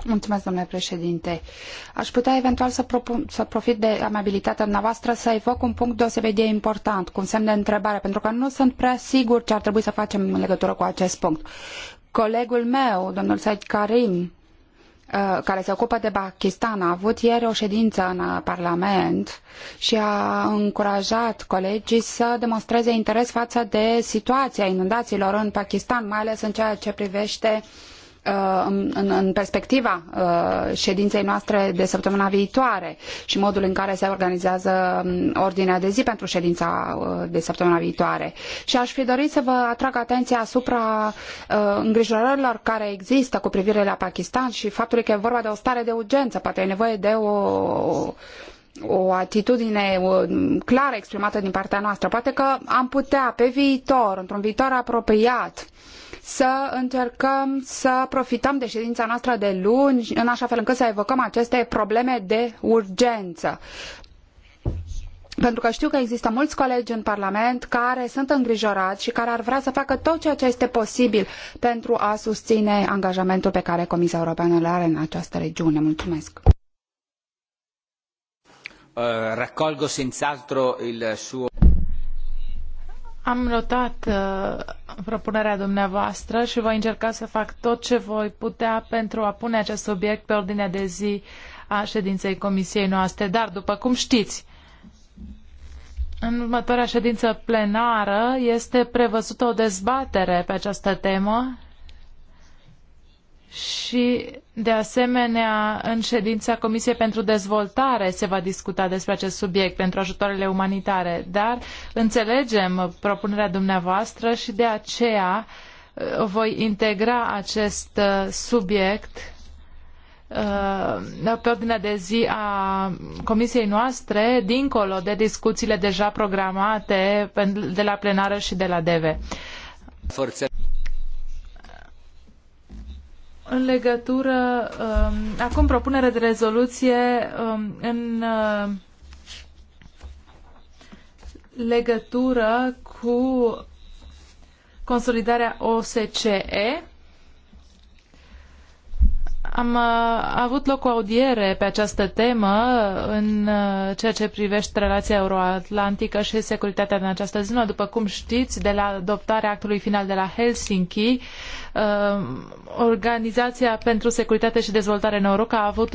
Mulțumesc, domnule președinte. Aș putea eventual să, propun, să profit de amabilitatea noastră să evoc un punct deosebit de important, cu un semn de întrebare, pentru că nu sunt prea sigur ce ar trebui să facem în legătură cu acest punct. Colegul meu, domnul Said Karim, Uh, care se ocupă de Pakistan a avut ieri o ședință în uh, Parlament și a încurajat colegii să demonstreze interes față de situația inundațiilor în Pakistan, mai ales în ceea ce privește uh, Uh, în, în, perspectiva uh, ședinței noastre de săptămâna viitoare și modul în care se organizează um, ordinea de zi pentru ședința uh, de săptămâna viitoare. Și aș fi dorit să vă atrag atenția asupra îngrijorărilor care există cu privire la Pakistan și faptului că e vorba de o stare de urgență, poate e nevoie de o o atitudine clară exprimată din partea noastră. Poate că am putea pe viitor, într-un viitor apropiat, să încercăm să profităm de ședința noastră de luni în așa fel încât să evocăm aceste probleme de urgență. Pentru că știu că există mulți colegi în Parlament care sunt îngrijorați și care ar vrea să facă tot ceea ce este posibil pentru a susține angajamentul pe care Comisia Europeană îl are în această regiune. Mulțumesc! Uh, raccolgo senz'altro il suo am notat uh, propunerea dumneavoastră și voi încerca să fac tot ce voi putea pentru a pune acest subiect pe ordinea de zi a ședinței comisiei noastre. Dar, după cum știți, în următoarea ședință plenară este prevăzută o dezbatere pe această temă și, de asemenea, în ședința Comisiei pentru Dezvoltare se va discuta despre acest subiect pentru ajutoarele umanitare, dar înțelegem propunerea dumneavoastră și de aceea uh, voi integra acest uh, subiect uh, pe ordinea de zi a comisiei noastre, dincolo de discuțiile deja programate de la plenară și de la DEVE. Forțe în legătură, um, acum propunere de rezoluție um, în uh, legătură cu consolidarea OSCE. Am uh, avut loc o audiere pe această temă în uh, ceea ce privește relația euroatlantică și securitatea din această zonă. După cum știți, de la adoptarea actului final de la Helsinki, uh, Organizația pentru Securitate și Dezvoltare în Europa a avut,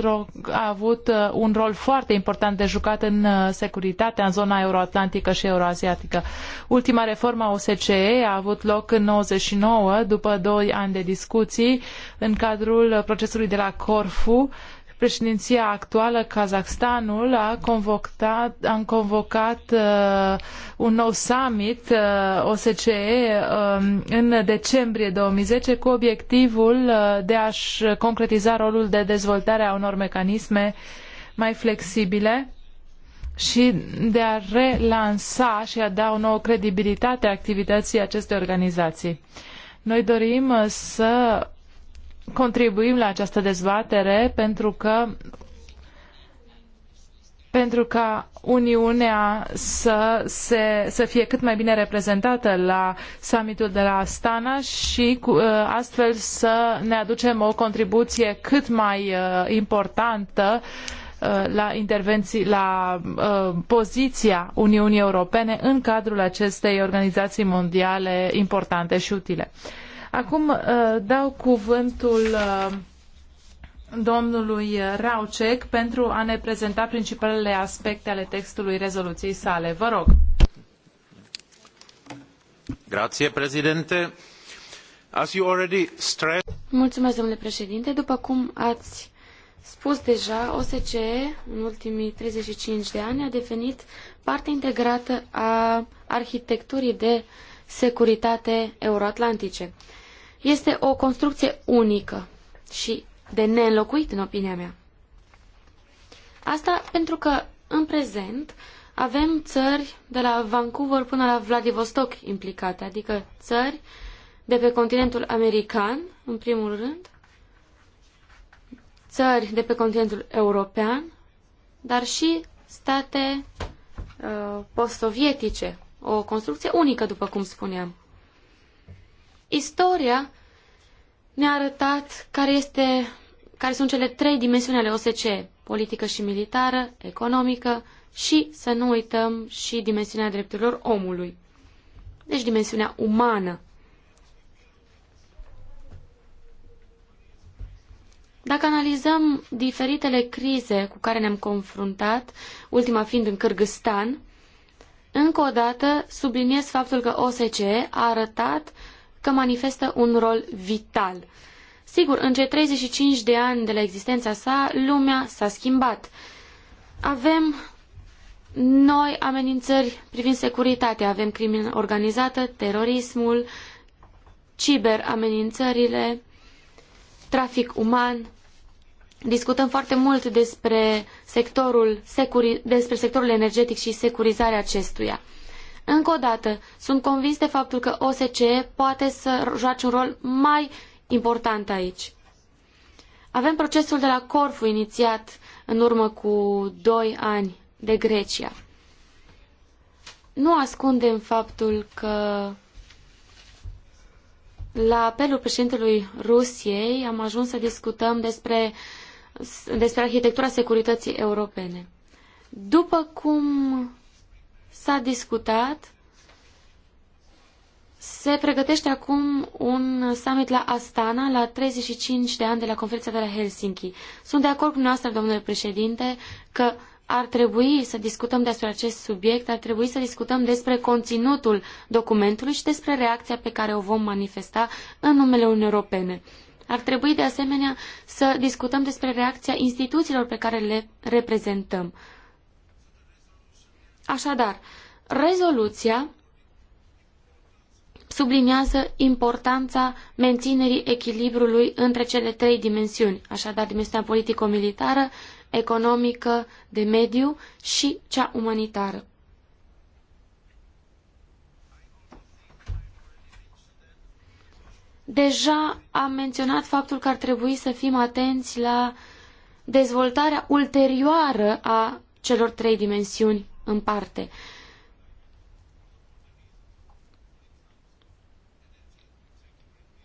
a avut uh, un rol foarte important de jucat în uh, securitatea în zona euroatlantică și euroasiatică. Ultima reformă a OSCE a avut loc în 99, după doi ani de discuții, în cadrul procesului de la Corfu președinția actuală, Kazakhstanul, a convocat, a convocat uh, un nou summit uh, OSCE uh, um, în decembrie 2010 cu obiectivul uh, de a-și concretiza rolul de dezvoltare a unor mecanisme mai flexibile și de a relansa și a da o nouă credibilitate activității acestei organizații. Noi dorim uh, să contribuim la această dezbatere pentru că pentru ca Uniunea să, se, să fie cât mai bine reprezentată la summitul de la Astana și cu, ă, astfel să ne aducem o contribuție cât mai ă, importantă ă, la, intervenții, la uh, poziția Uniunii Europene în cadrul acestei organizații mondiale importante și utile. Uh, Acum uh, dau cuvântul uh, domnului Raucek pentru a ne prezenta principalele aspecte ale textului rezoluției sale. Vă rog. Grație, președinte. As you already stressed... Mulțumesc, domnule președinte. După cum ați spus deja, OSCE în ultimii 35 de ani a devenit parte integrată a arhitecturii de securitate euroatlantice este o construcție unică și de neînlocuit, în opinia mea. Asta pentru că, în prezent, avem țări de la Vancouver până la Vladivostok implicate, adică țări de pe continentul american, în primul rând, țări de pe continentul european, dar și state uh, postsovietice, o construcție unică, după cum spuneam. Istoria ne-a arătat care, este, care sunt cele trei dimensiuni ale OSCE, politică și militară, economică și, să nu uităm, și dimensiunea drepturilor omului. Deci dimensiunea umană. Dacă analizăm diferitele crize cu care ne-am confruntat, ultima fiind în Kyrgyzstan, încă o dată subliniez faptul că OSCE a arătat că manifestă un rol vital. Sigur, în cei 35 de ani de la existența sa, lumea s-a schimbat. Avem noi amenințări privind securitatea, avem crimă organizată, terorismul, ciberamenințările, trafic uman. Discutăm foarte mult despre sectorul, securi despre sectorul energetic și securizarea acestuia. Încă o dată, sunt convins de faptul că OSCE poate să joace un rol mai important aici. Avem procesul de la Corfu inițiat în urmă cu doi ani de Grecia. Nu ascundem faptul că la apelul președintelui Rusiei am ajuns să discutăm despre, despre arhitectura securității europene. După cum s-a discutat, se pregătește acum un summit la Astana, la 35 de ani de la conferința de la Helsinki. Sunt de acord cu noastră, domnule președinte, că ar trebui să discutăm despre acest subiect, ar trebui să discutăm despre conținutul documentului și despre reacția pe care o vom manifesta în numele Uniunii Europene. Ar trebui de asemenea să discutăm despre reacția instituțiilor pe care le reprezentăm. Așadar, rezoluția subliniază importanța menținerii echilibrului între cele trei dimensiuni, așadar dimensiunea politico-militară, economică, de mediu și cea umanitară. Deja am menționat faptul că ar trebui să fim atenți la dezvoltarea ulterioară a celor trei dimensiuni în parte.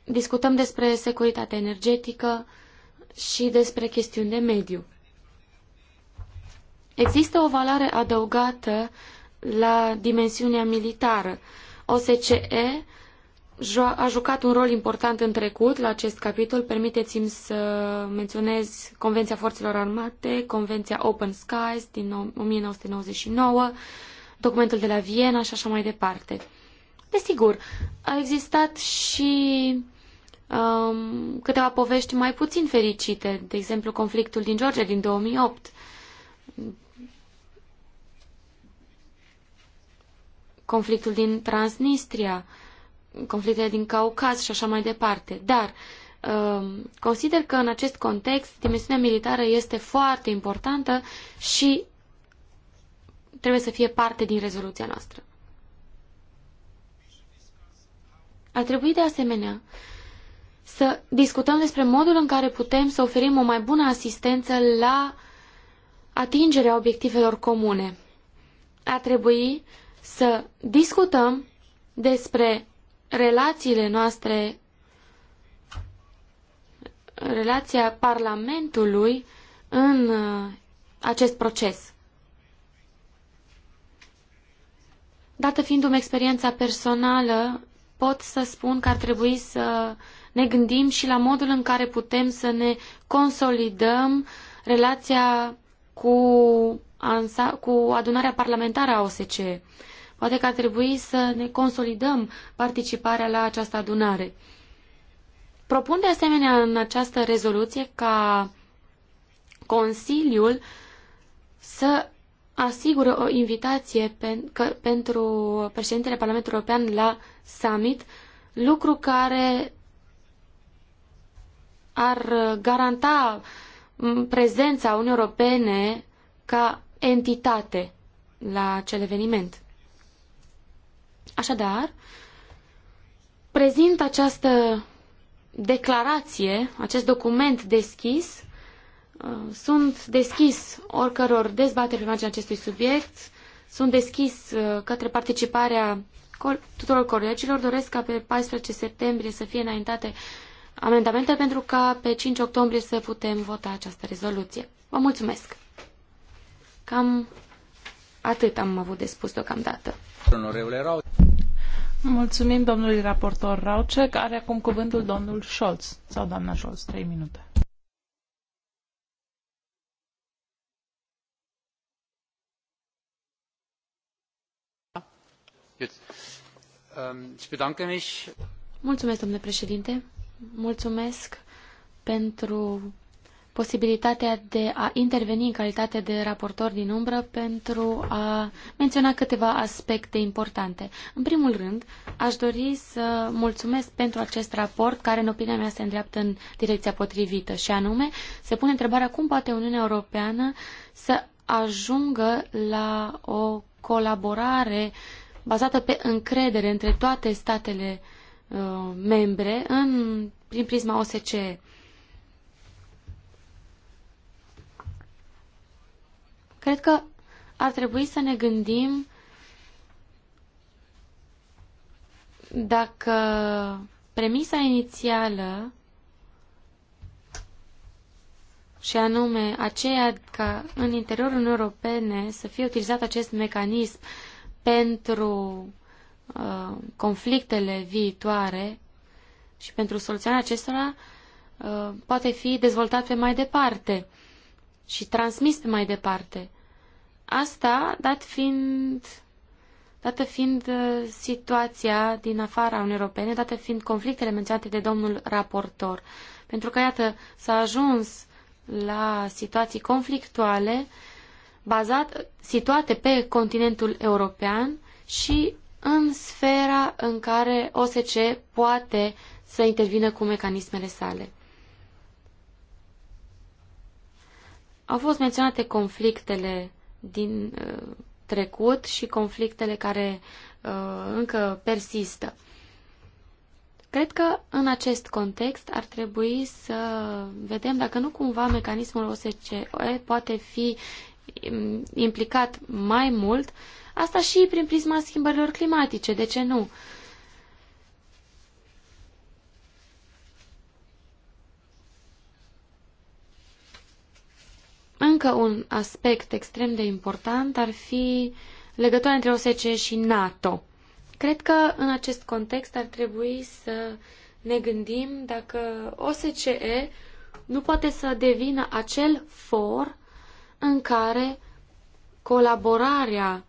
Discutăm despre securitate energetică și despre chestiuni de mediu. Există o valoare adăugată la dimensiunea militară. OSCE a jucat un rol important în trecut la acest capitol. Permiteți-mi să menționez Convenția Forțelor Armate, Convenția Open Skies din 1999, documentul de la Viena și așa mai departe. Desigur, au existat și um, câteva povești mai puțin fericite, de exemplu conflictul din Georgia din 2008. Conflictul din Transnistria, conflictele din Caucaz și așa mai departe. Dar um, consider că în acest context dimensiunea militară este foarte importantă și trebuie să fie parte din rezoluția noastră. Ar trebui de asemenea să discutăm despre modul în care putem să oferim o mai bună asistență la atingerea obiectivelor comune. Ar trebui să discutăm despre relațiile noastre, relația Parlamentului în uh, acest proces. Dată fiindu-mi experiența personală, pot să spun că ar trebui să ne gândim și la modul în care putem să ne consolidăm relația cu, ansa, cu adunarea parlamentară a OSCE. Poate că ar trebui să ne consolidăm participarea la această adunare. Propun de asemenea în această rezoluție ca Consiliul să asigură o invitație pen, că, pentru președintele Parlamentului European la summit, lucru care ar garanta prezența Uniunii Europene ca entitate la acel eveniment. Așadar, prezint această declarație, acest document deschis. Sunt deschis oricăror dezbateri pe marginea acestui subiect. Sunt deschis uh, către participarea tuturor colegilor. Doresc ca pe 14 septembrie să fie înaintate amendamente pentru ca pe 5 octombrie să putem vota această rezoluție. Vă mulțumesc! Cam atât am avut de spus deocamdată. Mulțumim domnului raportor Raucek. Are acum cuvântul domnul Scholz sau doamna Scholz, trei minute. Um, Mulțumesc, domnule președinte. Mulțumesc pentru posibilitatea de a interveni în calitate de raportor din umbră pentru a menționa câteva aspecte importante. În primul rând, aș dori să mulțumesc pentru acest raport care, în opinia mea, se îndreaptă în direcția potrivită și anume se pune întrebarea cum poate Uniunea Europeană să ajungă la o colaborare bazată pe încredere între toate statele uh, membre în, prin prisma OSCE. Cred că ar trebui să ne gândim dacă premisa inițială și anume aceea ca în interiorul Uniunii Europene să fie utilizat acest mecanism pentru uh, conflictele viitoare și pentru soluționarea acestora uh, poate fi dezvoltat pe mai departe și transmis pe mai departe. Asta dat fiind, dată fiind uh, situația din afara Uniunii Europene, dată fiind conflictele menționate de domnul raportor. Pentru că, iată, s-a ajuns la situații conflictuale bazat, situate pe continentul european și în sfera în care OSCE poate să intervină cu mecanismele sale. Au fost menționate conflictele din uh, trecut și conflictele care uh, încă persistă. Cred că în acest context ar trebui să vedem dacă nu cumva mecanismul OSCE poate fi um, implicat mai mult, asta și prin prisma schimbărilor climatice, de ce nu? Încă un aspect extrem de important ar fi legătura între OSCE și NATO. Cred că în acest context ar trebui să ne gândim dacă OSCE nu poate să devină acel for în care colaborarea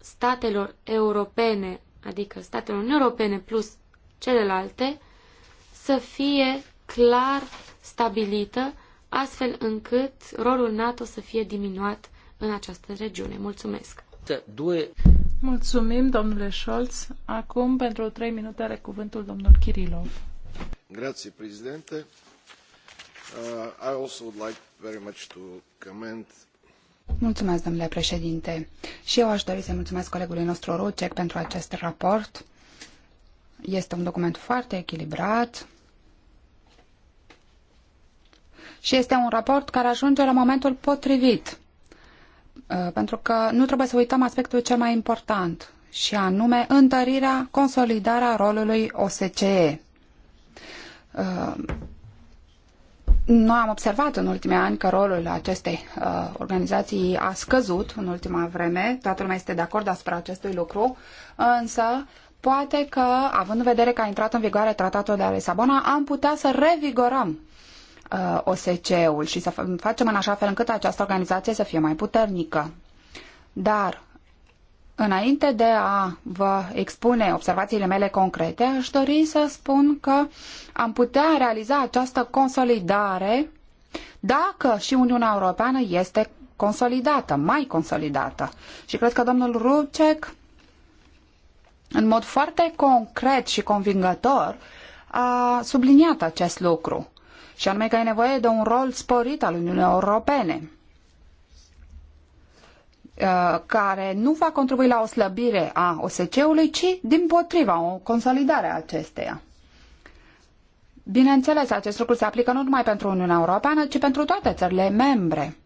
statelor europene, adică statelor europene plus celelalte, să fie clar stabilită astfel încât rolul NATO să fie diminuat în această regiune. Mulțumesc! Mulțumim, domnule Scholz. Acum, pentru trei minute, are cuvântul domnul Kirilov. Grazie, președinte. Uh, I also would like very much to comment Mulțumesc, domnule președinte. Și eu aș dori să mulțumesc colegului nostru Rucec pentru acest raport. Este un document foarte echilibrat, și este un raport care ajunge la momentul potrivit, uh, pentru că nu trebuie să uităm aspectul cel mai important, și anume întărirea, consolidarea rolului OSCE. Uh, noi am observat în ultimii ani că rolul acestei uh, organizații a scăzut în ultima vreme, toată lumea este de acord asupra acestui lucru, însă poate că, având în vedere că a intrat în vigoare tratatul de la Lisabona, am putea să revigorăm uh, OSCE-ul și să facem în așa fel încât această organizație să fie mai puternică. Dar, înainte de a vă expune observațiile mele concrete, aș dori să spun că am putea realiza această consolidare dacă și Uniunea Europeană este consolidată, mai consolidată. Și cred că domnul Rucek, în mod foarte concret și convingător, a subliniat acest lucru și anume că e nevoie de un rol sporit al Uniunii Europene uh, care nu va contribui la o slăbire a OSCE-ului, ci din potriva o consolidare a acesteia. Bineînțeles, acest lucru se aplică nu numai pentru Uniunea Europeană, ci pentru toate țările membre.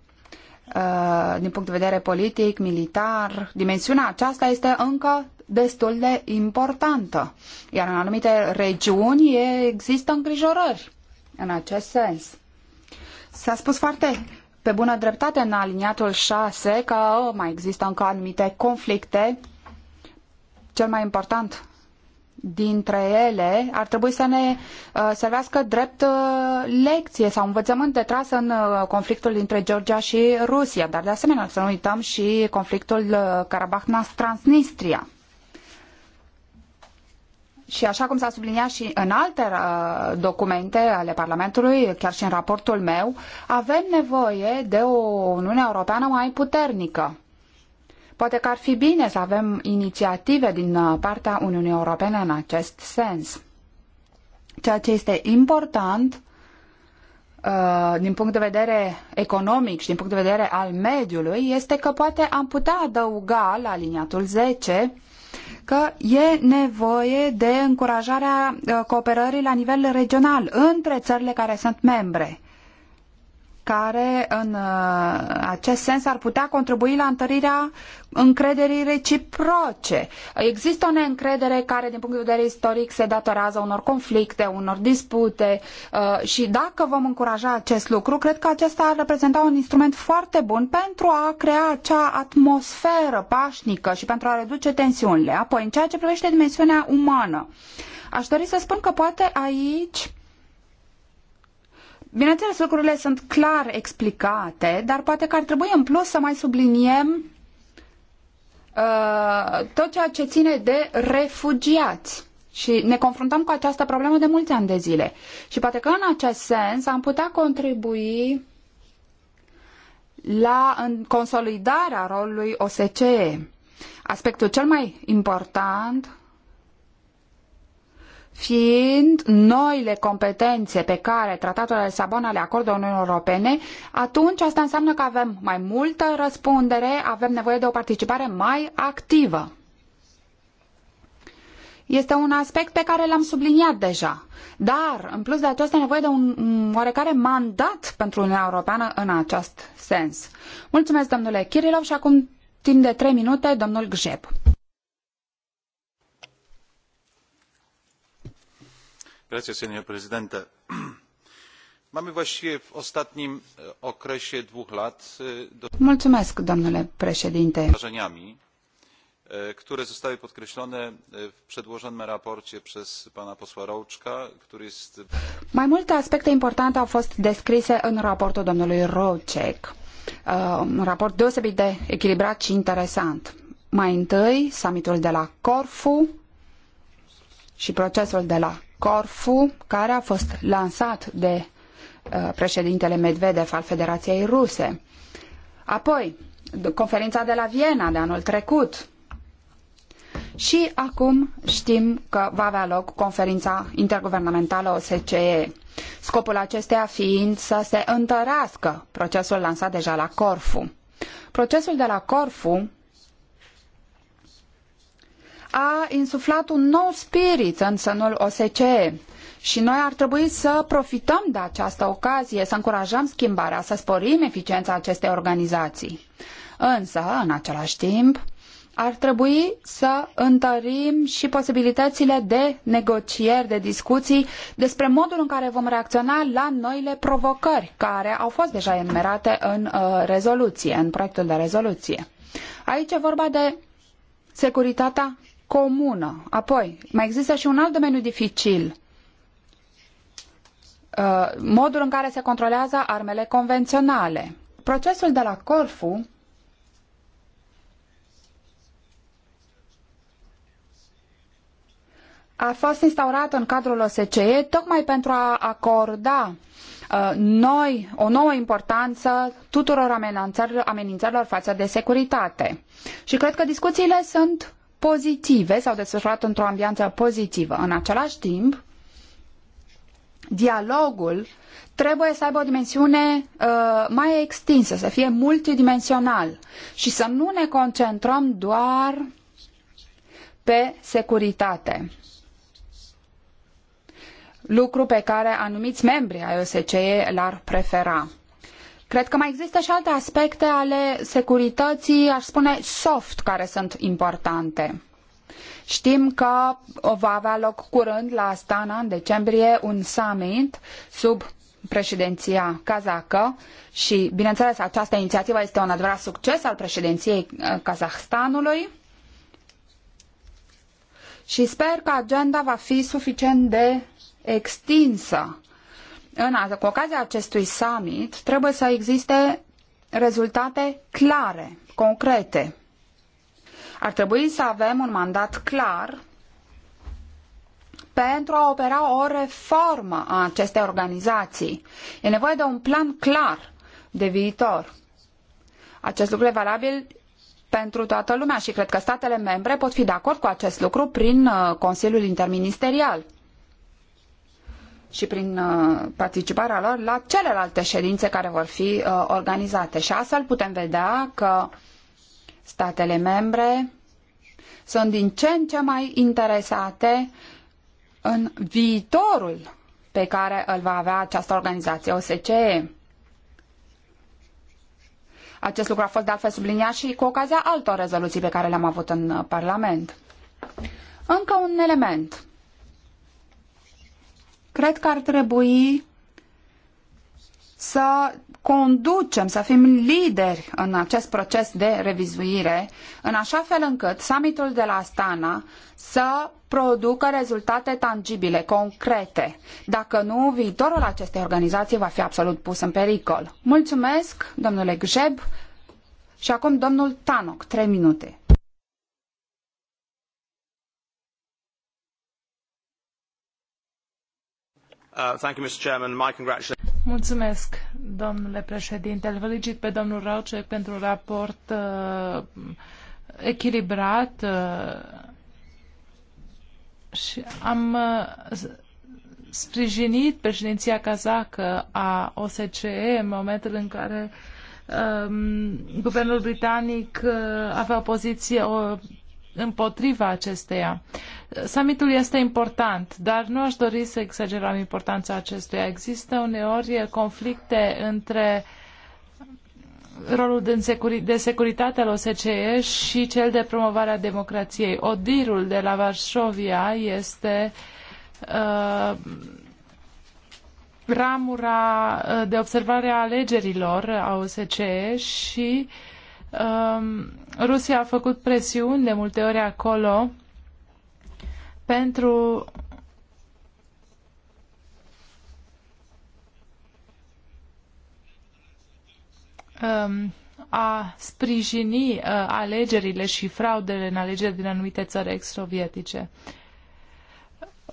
Uh, din punct de vedere politic, militar, dimensiunea aceasta este încă destul de importantă. Iar în anumite regiuni există îngrijorări în acest sens. S-a spus foarte pe bună dreptate în aliniatul 6 că oh, mai există încă anumite conflicte. Cel mai important dintre ele ar trebui să ne uh, servească drept uh, lecție sau învățământ de tras în uh, conflictul dintre Georgia și Rusia, dar de asemenea să nu uităm și conflictul Karabakh-Transnistria și așa cum s-a subliniat și în alte uh, documente ale Parlamentului, chiar și în raportul meu, avem nevoie de o Uniune Europeană mai puternică. Poate că ar fi bine să avem inițiative din uh, partea Uniunii Europene în acest sens. Ceea ce este important uh, din punct de vedere economic și din punct de vedere al mediului este că poate am putea adăuga la aliniatul 10 că e nevoie de încurajarea uh, cooperării la nivel regional între țările care sunt membre care în uh, acest sens ar putea contribui la întărirea încrederii reciproce. Există o neîncredere care din punct de vedere istoric se datorează unor conflicte, unor dispute uh, și dacă vom încuraja acest lucru, cred că acesta ar reprezenta un instrument foarte bun pentru a crea acea atmosferă pașnică și pentru a reduce tensiunile. Apoi, în ceea ce privește dimensiunea umană, aș dori să spun că poate aici Bineînțeles, lucrurile sunt clar explicate, dar poate că ar trebui în plus să mai subliniem uh, tot ceea ce ține de refugiați. Și ne confruntăm cu această problemă de mulți ani de zile. Și poate că în acest sens am putea contribui la consolidarea rolului OSCE. Aspectul cel mai important fiind noile competențe pe care Tratatul de Lisabona le acordă Uniunii Europene, atunci asta înseamnă că avem mai multă răspundere, avem nevoie de o participare mai activă. Este un aspect pe care l-am subliniat deja. Dar, în plus de aceasta, nevoie de un, oarecare mandat pentru Uniunea Europeană în acest sens. Mulțumesc, domnule Kirilov, și acum timp de trei minute, domnul Gjeb. mamy właściwie w ostatnim okresie dwóch lat do czynienia z wydarzeniami które zostały podkreślone w przedłożonym sprawozdaniu przez pana posła rouczka który jest. mai multe aspecte importante au fost descrise în raportul domnului rouek un raport deosebit de echilibrat și interesant. mai întâi summitul de la corfu și procesul de la Corfu, care a fost lansat de uh, președintele Medvedev al Federației Ruse. Apoi, conferința de la Viena de anul trecut. Și acum știm că va avea loc conferința interguvernamentală OSCE, scopul acesteia fiind să se întărească procesul lansat deja la Corfu. Procesul de la Corfu a insuflat un nou spirit în sânul OSCE. Și noi ar trebui să profităm de această ocazie, să încurajăm schimbarea, să sporim eficiența acestei organizații. Însă, în același timp, ar trebui să întărim și posibilitățile de negocieri, de discuții despre modul în care vom reacționa la noile provocări care au fost deja enumerate în uh, rezoluție, în proiectul de rezoluție. Aici e vorba de securitatea comună. Apoi, mai există și un alt domeniu dificil. Uh, modul în care se controlează armele convenționale. Procesul de la Corfu a fost instaurat în cadrul OSCE tocmai pentru a acorda uh, noi, o nouă importanță tuturor amenințărilor față de securitate. Și cred că discuțiile sunt pozitive, s-au desfășurat într-o ambianță pozitivă. În același timp, dialogul trebuie să aibă o dimensiune uh, mai extinsă, să fie multidimensional și să nu ne concentrăm doar pe securitate. Lucru pe care anumiți membri ai OSCE l-ar prefera. Cred că mai există și alte aspecte ale securității, aș spune soft, care sunt importante. Știm că va avea loc curând la Astana, în decembrie, un summit sub președinția kazacă și, bineînțeles, această inițiativă este un adevărat succes al președinției uh, Kazahstanului și sper că agenda va fi suficient de extinsă în, cu ocazia acestui summit trebuie să existe rezultate clare, concrete. Ar trebui să avem un mandat clar pentru a opera o reformă a acestei organizații. E nevoie de un plan clar de viitor. Acest lucru e valabil pentru toată lumea și cred că statele membre pot fi de acord cu acest lucru prin uh, Consiliul Interministerial și prin uh, participarea lor la celelalte ședințe care vor fi uh, organizate. Și astfel putem vedea că statele membre sunt din ce în ce mai interesate în viitorul pe care îl va avea această organizație OSCE. Acest lucru a fost de altfel subliniat și cu ocazia altor rezoluții pe care le-am avut în uh, Parlament. Încă un element cred că ar trebui să conducem, să fim lideri în acest proces de revizuire, în așa fel încât summitul de la Astana să producă rezultate tangibile, concrete. Dacă nu, viitorul acestei organizații va fi absolut pus în pericol. Mulțumesc, domnule Gjeb, și acum domnul Tanok, trei minute. Uh, Mulțumesc, domnule președinte. Îl felicit pe domnul rouek pentru un raport uh, echilibrat uh, și am sprijinit președinția kazacă a OSCE în momentul în care um, guvernul britanic avea o poziție o împotriva acesteia. Summitul este important, dar nu aș dori să exagerăm importanța acestuia. Există uneori conflicte între rolul de, securi- de securitate al OSCE și cel de promovare a democrației. Odirul de la Varșovia este uh, ramura uh, de observare a alegerilor a OSCE și uh, Rusia a făcut presiuni de multe ori acolo pentru um, a sprijini uh, alegerile și fraudele în alegeri din anumite țări ex-sovietice. Uh,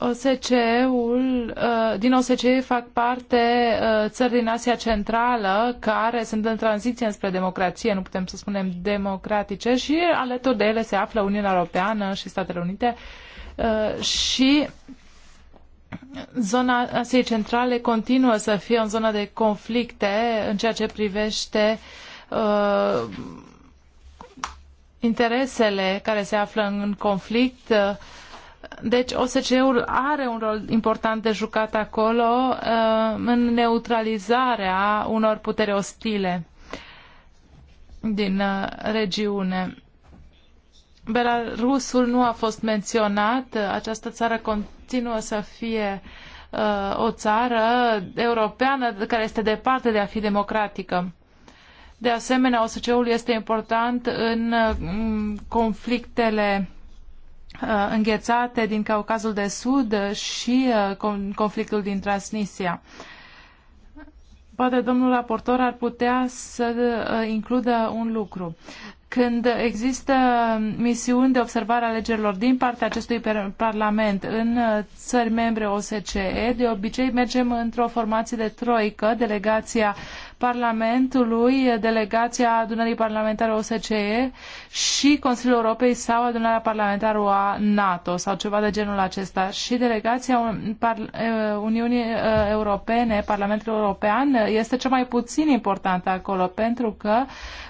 OSCE-ul, uh, din OSCE fac parte uh, țări din Asia Centrală care sunt în tranziție spre democrație, nu putem să spunem democratice, și alături de ele se află Uniunea Europeană și Statele Unite uh, și zona Asiei Centrale continuă să fie o zonă de conflicte în ceea ce privește interesele care se află în conflict deci OSCE-ul are un rol important de jucat acolo uh, în neutralizarea unor puteri ostile din uh, regiune. Belarusul nu a fost menționat. Această țară continuă să fie uh, o țară europeană care este departe de a fi democratică. De asemenea, OSCE-ul este important în conflictele Uh, înghețate din Caucazul de Sud și uh, conflictul din Transnistria. Poate domnul raportor ar putea să uh, includă un lucru. Când există misiuni de observare a alegerilor din partea acestui Parlament în țări membre OSCE, de obicei mergem într-o formație de troică, delegația uh, Parlamentului, delegația adunării parlamentare OSCE și Consiliul Europei sau adunarea parlamentară a NATO sau ceva de genul acesta. Și delegația eh, Uniunii eh, Europene, Parlamentul European, eh, este cea mai puțin importantă acolo pentru că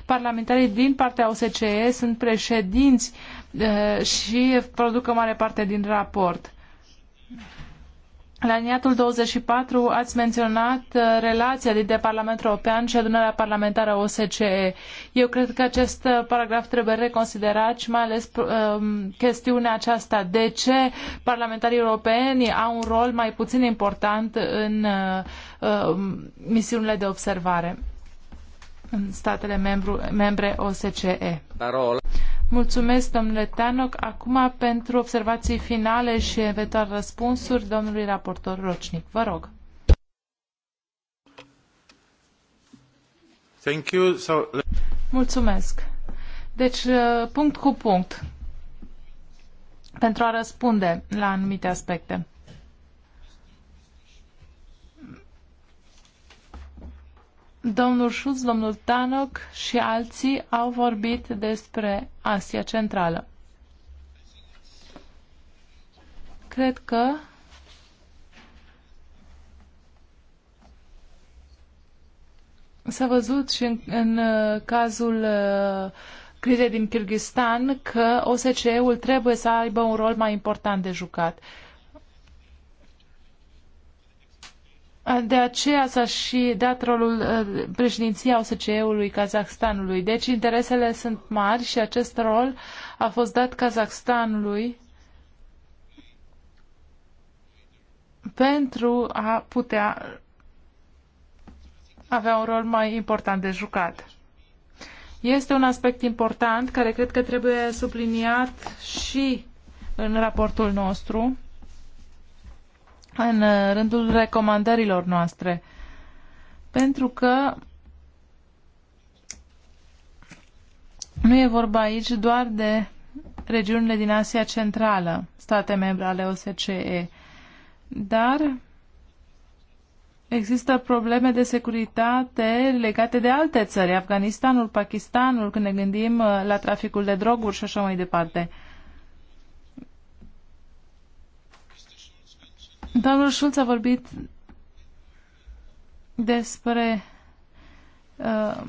parlamentarii din partea OSCE sunt președinți și produc o mare parte din raport. La liniatul 24 ați menționat uh, relația dintre Parlamentul European și adunarea parlamentară OSCE. Eu cred că acest uh, paragraf trebuie reconsiderat și mai ales um, chestiunea aceasta. De ce parlamentarii europeni au un rol mai puțin important în uh, misiunile de observare în statele membru, membre OSCE? Parol. Mulțumesc, domnule Tanoc. Acum, pentru observații finale și eventual răspunsuri, domnului raportor Rocnic. Vă rog. Thank you. So... Mulțumesc. Deci, uh, punct cu punct, pentru a răspunde la anumite aspecte. Domnul Schulz, domnul Tanok și alții au vorbit despre Asia Centrală. Cred că s-a văzut și în, în uh, cazul uh, crizei din Kyrgyzstan că OSCE-ul trebuie să aibă un rol mai important de jucat. Uh, De aceea s-a și dat rolul uh, președinției OSCE-ului Kazahstanului. Deci interesele sunt mari și acest rol a fost dat Kazahstanului pentru a putea avea un rol mai important de jucat. Este un aspect important care cred că trebuie subliniat și în raportul nostru în uh, rândul recomandărilor noastre. Pentru că nu e vorba aici doar de regiunile din Asia Centrală, state membre ale OSCE, dar Există probleme de securitate legate de alte țări, Afganistanul, Pakistanul, când ne gândim uh, la traficul de droguri și așa mai departe. Domnul Schulz a vorbit despre uh,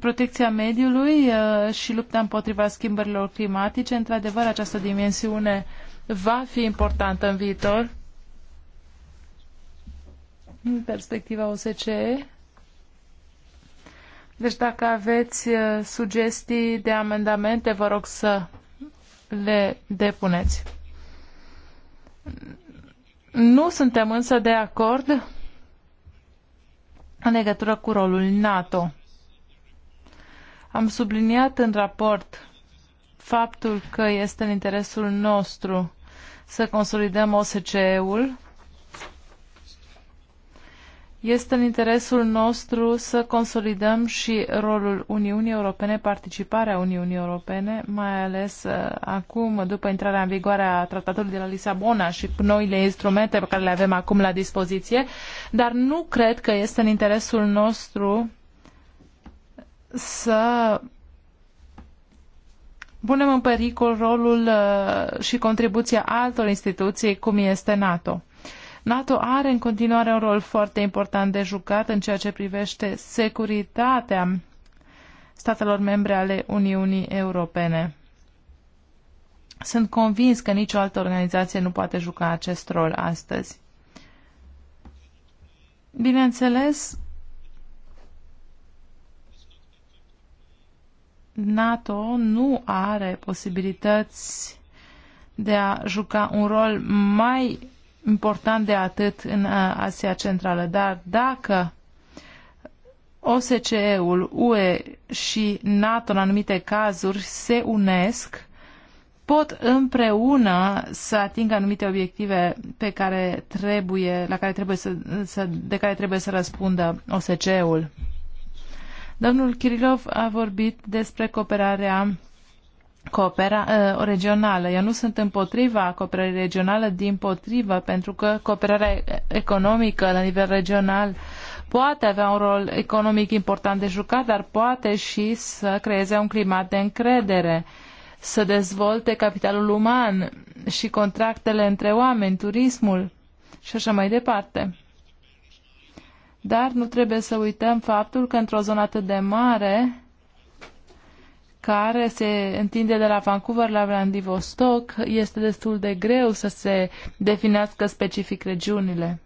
protecția mediului uh, și lupta împotriva schimbărilor climatice. Într-adevăr, această dimensiune va fi importantă în viitor în perspectiva OSCE. Deci dacă aveți uh, sugestii de amendamente, vă rog să le depuneți. Nu suntem însă de acord în legătură cu rolul NATO. Am subliniat în raport faptul că este în interesul nostru să consolidăm OSCE-ul este în interesul nostru să consolidăm și rolul Uniunii Europene, participarea Uniunii Europene, mai ales uh, acum, după intrarea în vigoare a tratatului de la Lisabona și noile instrumente pe care le avem acum la dispoziție, dar nu cred că este în interesul nostru să punem în pericol rolul uh, și contribuția altor instituții, cum este NATO. NATO are în continuare un rol foarte important de jucat în ceea ce privește securitatea statelor membre ale Uniunii Europene. Sunt convins că nicio altă organizație nu poate juca acest rol astăzi. Bineînțeles, NATO nu are posibilități de a juca un rol mai important de atât în uh, Asia Centrală. Dar dacă OSCE-ul, UE și NATO în anumite cazuri se unesc, pot împreună să atingă anumite obiective pe care trebuie, la care trebuie să, să, de care trebuie să răspundă OSCE-ul. Domnul Kirilov a vorbit despre cooperarea coopera, uh, regională. Eu nu sunt împotriva cooperării regională, din potrivă, pentru că cooperarea economică la nivel regional poate avea un rol economic important de jucat, dar poate și să creeze un climat de încredere, să dezvolte capitalul uman și contractele între oameni, turismul și așa mai departe. Dar nu trebuie să uităm faptul că într-o zonă atât de mare, care se întinde de la Vancouver la Vladivostok, este destul de greu să se definească specific regiunile.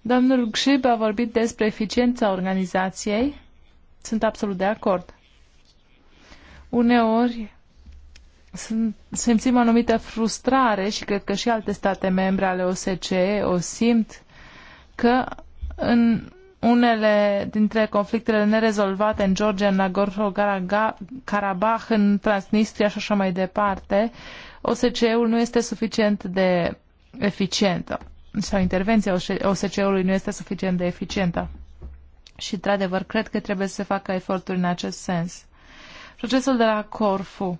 Domnul Gșib a vorbit despre eficiența organizației. Sunt absolut de acord. Uneori sunt, simțim o anumită frustrare și cred că și alte state membre ale OSCE o simt că în unele dintre conflictele nerezolvate în Georgia, în Nagorno-Karabakh, în Transnistria și așa mai departe, OSCE-ul nu este suficient de eficientă sau intervenția OSCE-ului nu este suficient de eficientă. Și, într-adevăr, cred că trebuie să se facă eforturi în acest sens. Procesul de la Corfu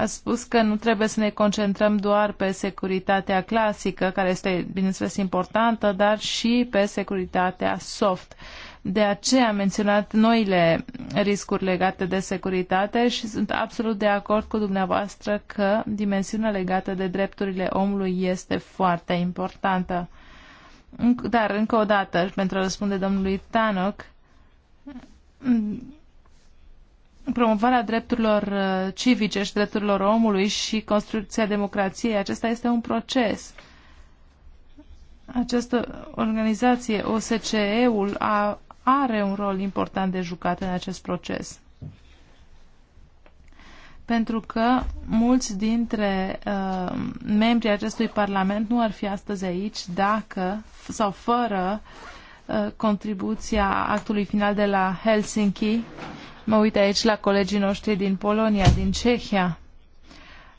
a spus că nu trebuie să ne concentrăm doar pe securitatea clasică, care este, bineînțeles, importantă, dar și pe securitatea soft. De aceea am menționat noile riscuri legate de securitate și sunt absolut de acord cu dumneavoastră că dimensiunea legată de drepturile omului este foarte importantă. Dar, încă o dată, pentru a răspunde domnului Tanoc, promovarea drepturilor uh, civice și drepturilor omului și construcția democrației, acesta este un proces. Această organizație, OSCE-ul, are un rol important de jucat în acest proces. Pentru că mulți dintre uh, membrii acestui Parlament nu ar fi astăzi aici dacă sau fără uh, contribuția actului final de la Helsinki Mă uit aici la colegii noștri din Polonia, din Cehia.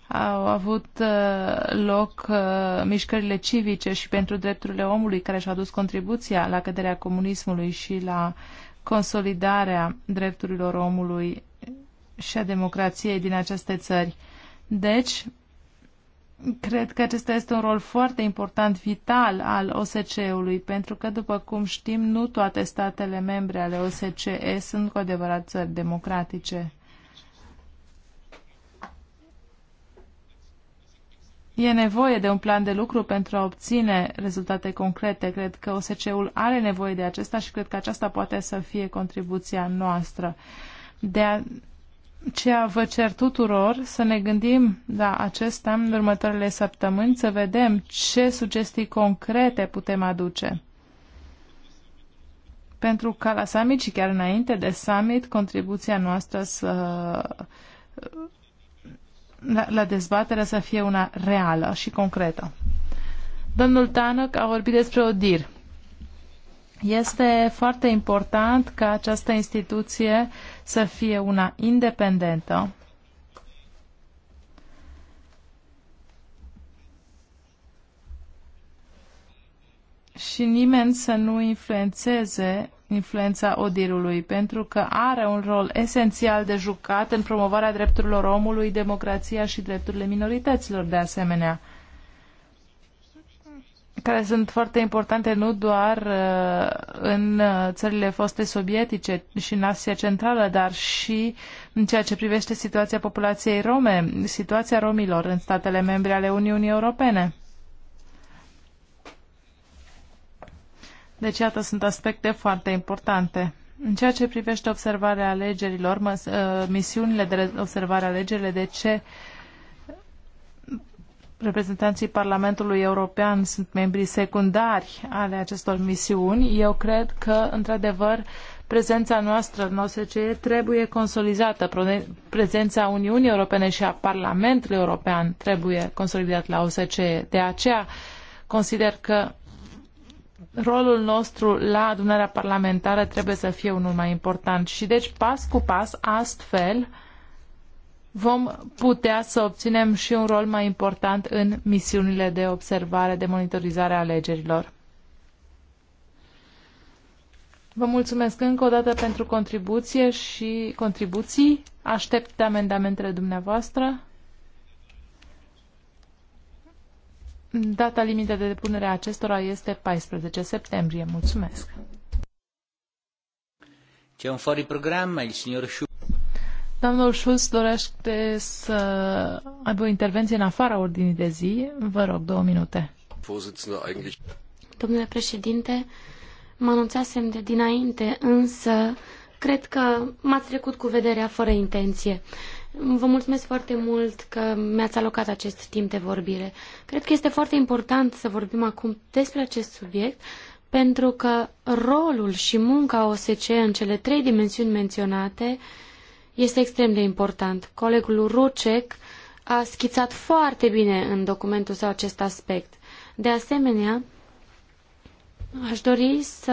Au avut uh, loc uh, mișcările civice și pentru drepturile omului care și-au adus contribuția la căderea comunismului și la consolidarea drepturilor omului și a democrației din aceste țări. Deci, Cred că acesta este un rol foarte important, vital al OSCE-ului, pentru că, după cum știm, nu toate statele membre ale OSCE sunt cu adevărat țări democratice. E nevoie de un plan de lucru pentru a obține rezultate concrete. Cred că OSCE-ul are nevoie de acesta și cred că aceasta poate să fie contribuția noastră. De a ceea vă cer tuturor să ne gândim la acest an, în următoarele săptămâni, să vedem ce sugestii concrete putem aduce. Pentru ca la summit și chiar înainte de summit, contribuția noastră să, la, la dezbatere să fie una reală și concretă. Domnul Tanăc a vorbit despre ODIR. Este foarte important ca această instituție să fie una independentă. Și nimeni să nu influențeze influența odirului, pentru că are un rol esențial de jucat în promovarea drepturilor omului, democrația și drepturile minorităților de asemenea care sunt foarte importante nu doar uh, în uh, țările foste sovietice și în Asia Centrală, dar și în ceea ce privește situația populației rome, situația romilor în statele membre ale Uniunii Europene. Deci, iată, sunt aspecte foarte importante. În ceea ce privește observarea alegerilor, uh, misiunile de observare a alegerilor, de ce uh, reprezentanții Parlamentului European sunt membrii secundari ale acestor misiuni, eu cred că, într-adevăr, prezența noastră în OSCE trebuie consolidată. Prezența Uniunii Europene și a Parlamentului European trebuie consolidată la OSCE. De aceea consider că rolul nostru la adunarea parlamentară trebuie să fie unul mai important. Și deci, pas cu pas, astfel, vom putea să obținem și un rol mai important în misiunile de observare, de monitorizare a alegerilor. Vă mulțumesc încă o dată pentru contribuție și contribuții. Aștept amendamentele dumneavoastră. Data limită de depunere a acestora este 14 septembrie. Mulțumesc. C'è un fuori programma, il signor Schu- Domnul Schulz dorește să aibă o intervenție în afara ordinii de zi. Vă rog, două minute. Domnule președinte, mă anunțasem de dinainte, însă cred că m-ați trecut cu vederea fără intenție. Vă mulțumesc foarte mult că mi-ați alocat acest timp de vorbire. Cred că este foarte important să vorbim acum despre acest subiect, pentru că rolul și munca OSCE în cele trei dimensiuni menționate este extrem de important. Colegul Rucek a schițat foarte bine în documentul său acest aspect. De asemenea, aș dori să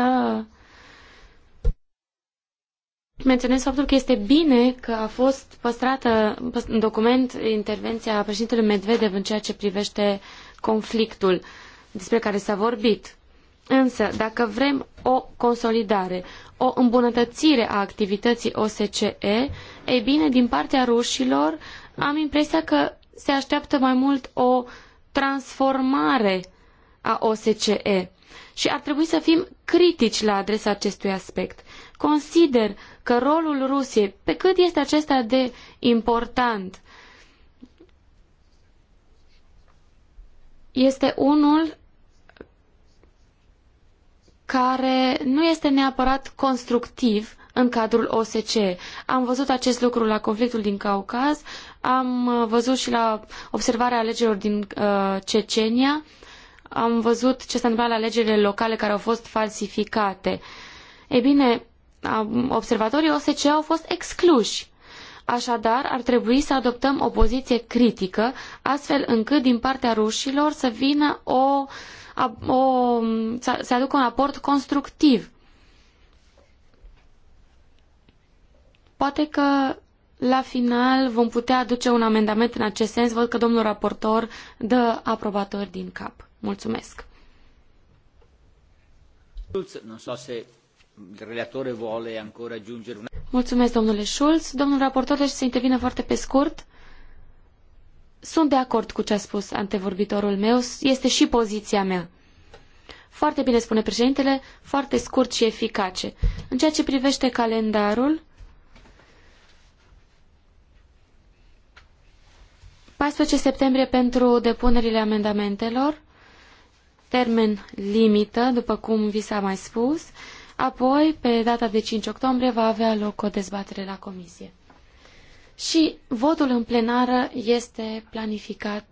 menționez faptul că este bine că a fost păstrată în document intervenția președintelui Medvedev în ceea ce privește conflictul despre care s-a vorbit. Însă, dacă vrem o consolidare, o îmbunătățire a activității OSCE, ei bine, din partea rușilor am impresia că se așteaptă mai mult o transformare a OSCE și ar trebui să fim critici la adresa acestui aspect. Consider că rolul Rusiei, pe cât este acesta de important, este unul care nu este neapărat constructiv în cadrul OSCE. Am văzut acest lucru la conflictul din Caucaz, am uh, văzut și la observarea alegerilor din uh, Cecenia, am văzut ce s-a întâmplat la alegerile locale care au fost falsificate. Ei bine, observatorii OSCE au fost excluși. Așadar, ar trebui să adoptăm o poziție critică, astfel încât din partea rușilor să vină o uh, o, se aducă un aport constructiv. Poate că la final vom putea aduce un amendament în acest sens. Văd că domnul raportor dă aprobatori din cap. Mulțumesc. Mulțumesc, domnule Schulz. Domnul raportor, deci să intervină foarte pe scurt. Sunt de acord cu ce a spus antevorbitorul meu, este și poziția mea. Foarte bine spune președintele, foarte scurt și eficace. În ceea ce privește calendarul, 14 septembrie pentru depunerile amendamentelor, termen limită, după cum vi s-a mai spus, apoi, pe data de 5 octombrie, va avea loc o dezbatere la comisie și votul în plenară este planificat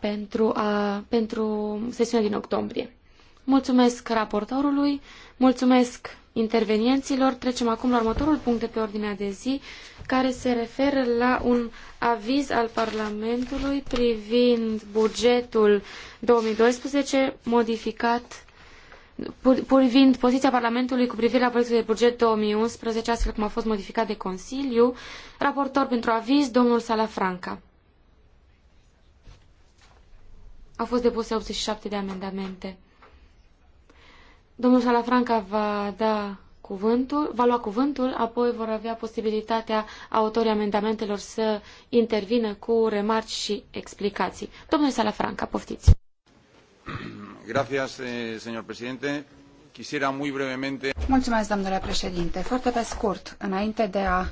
pentru, a, pentru sesiunea din octombrie. Mulțumesc raportorului, mulțumesc intervenienților. Trecem acum la următorul punct de pe ordinea de zi, care se referă la un aviz al Parlamentului privind bugetul 2012 modificat privind poziția Parlamentului cu privire la proiectul de buget 2011, astfel cum a fost modificat de Consiliu, raportor pentru aviz, domnul Salafranca. Au fost depuse 87 de amendamente. Domnul Salafranca va da cuvântul, va lua cuvântul, apoi vor avea posibilitatea autorii amendamentelor să intervină cu remarci și explicații. Domnule Salafranca, poftiți! Eh, señor presidente. Quisiera muy brevemente... Mulțumesc, domnule președinte. Foarte pe scurt, înainte de a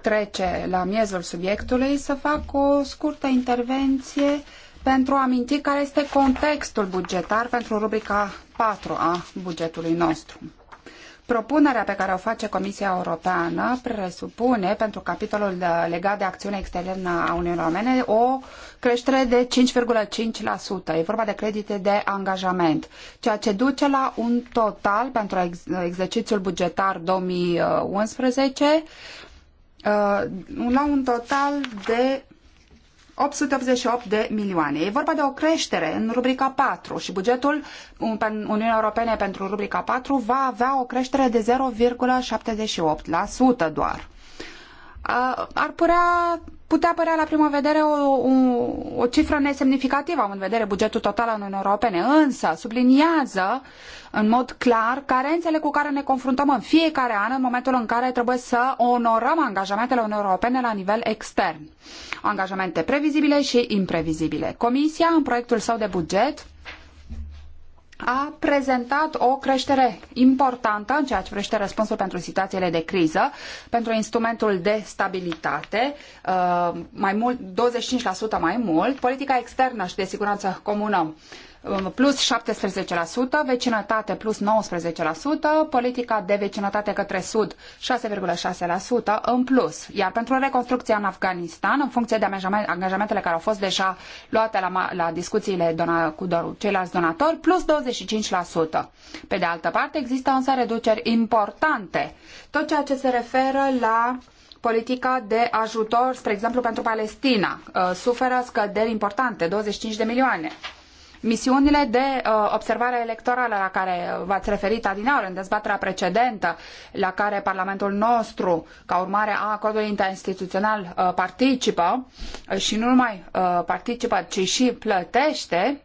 trece la miezul subiectului, să fac o scurtă intervenție pentru a aminti care este contextul bugetar pentru rubrica 4 a bugetului nostru. Propunerea pe care o face Comisia Europeană presupune pentru capitolul legat de acțiune externă a Uniunii Europene o creștere de 5,5%. E vorba de credite de angajament, ceea ce duce la un total pentru ex exercițiul bugetar 2011 uh, la un total de 888 de milioane. E vorba de o creștere în rubrica 4 și bugetul Uniunii Europene pentru rubrica 4 va avea o creștere de 0,78% doar. Ar părea putea părea la prima vedere o, o, o cifră nesemnificativă, am în vedere bugetul total al Uniunii Europene, însă subliniază în mod clar carențele cu care ne confruntăm în fiecare an în momentul în care trebuie să onorăm angajamentele Uniunii Europene la nivel extern. Angajamente previzibile și imprevizibile. Comisia, în proiectul său de buget, a prezentat o creștere importantă în ceea ce privește răspunsul pentru situațiile de criză, pentru instrumentul de stabilitate, uh, mai mult, 25% mai mult, politica externă și de siguranță comună Um, plus 17%, vecinătate plus 19%, politica de vecinătate către sud 6,6% în plus. Iar pentru reconstrucția în Afganistan, în funcție de angajamentele care au fost deja luate la, la discuțiile dona, cu do, ceilalți donatori, plus 25%. Pe de altă parte, există însă reduceri importante. Tot ceea ce se referă la politica de ajutor, spre exemplu, pentru Palestina, uh, suferă scăderi importante, 25 de milioane misiunile de uh, observare electorală la care v-ați referit adineaori în dezbaterea precedentă, la care Parlamentul nostru, ca urmare a acordului interinstituțional, uh, participă uh, și nu numai participă, ci și plătește,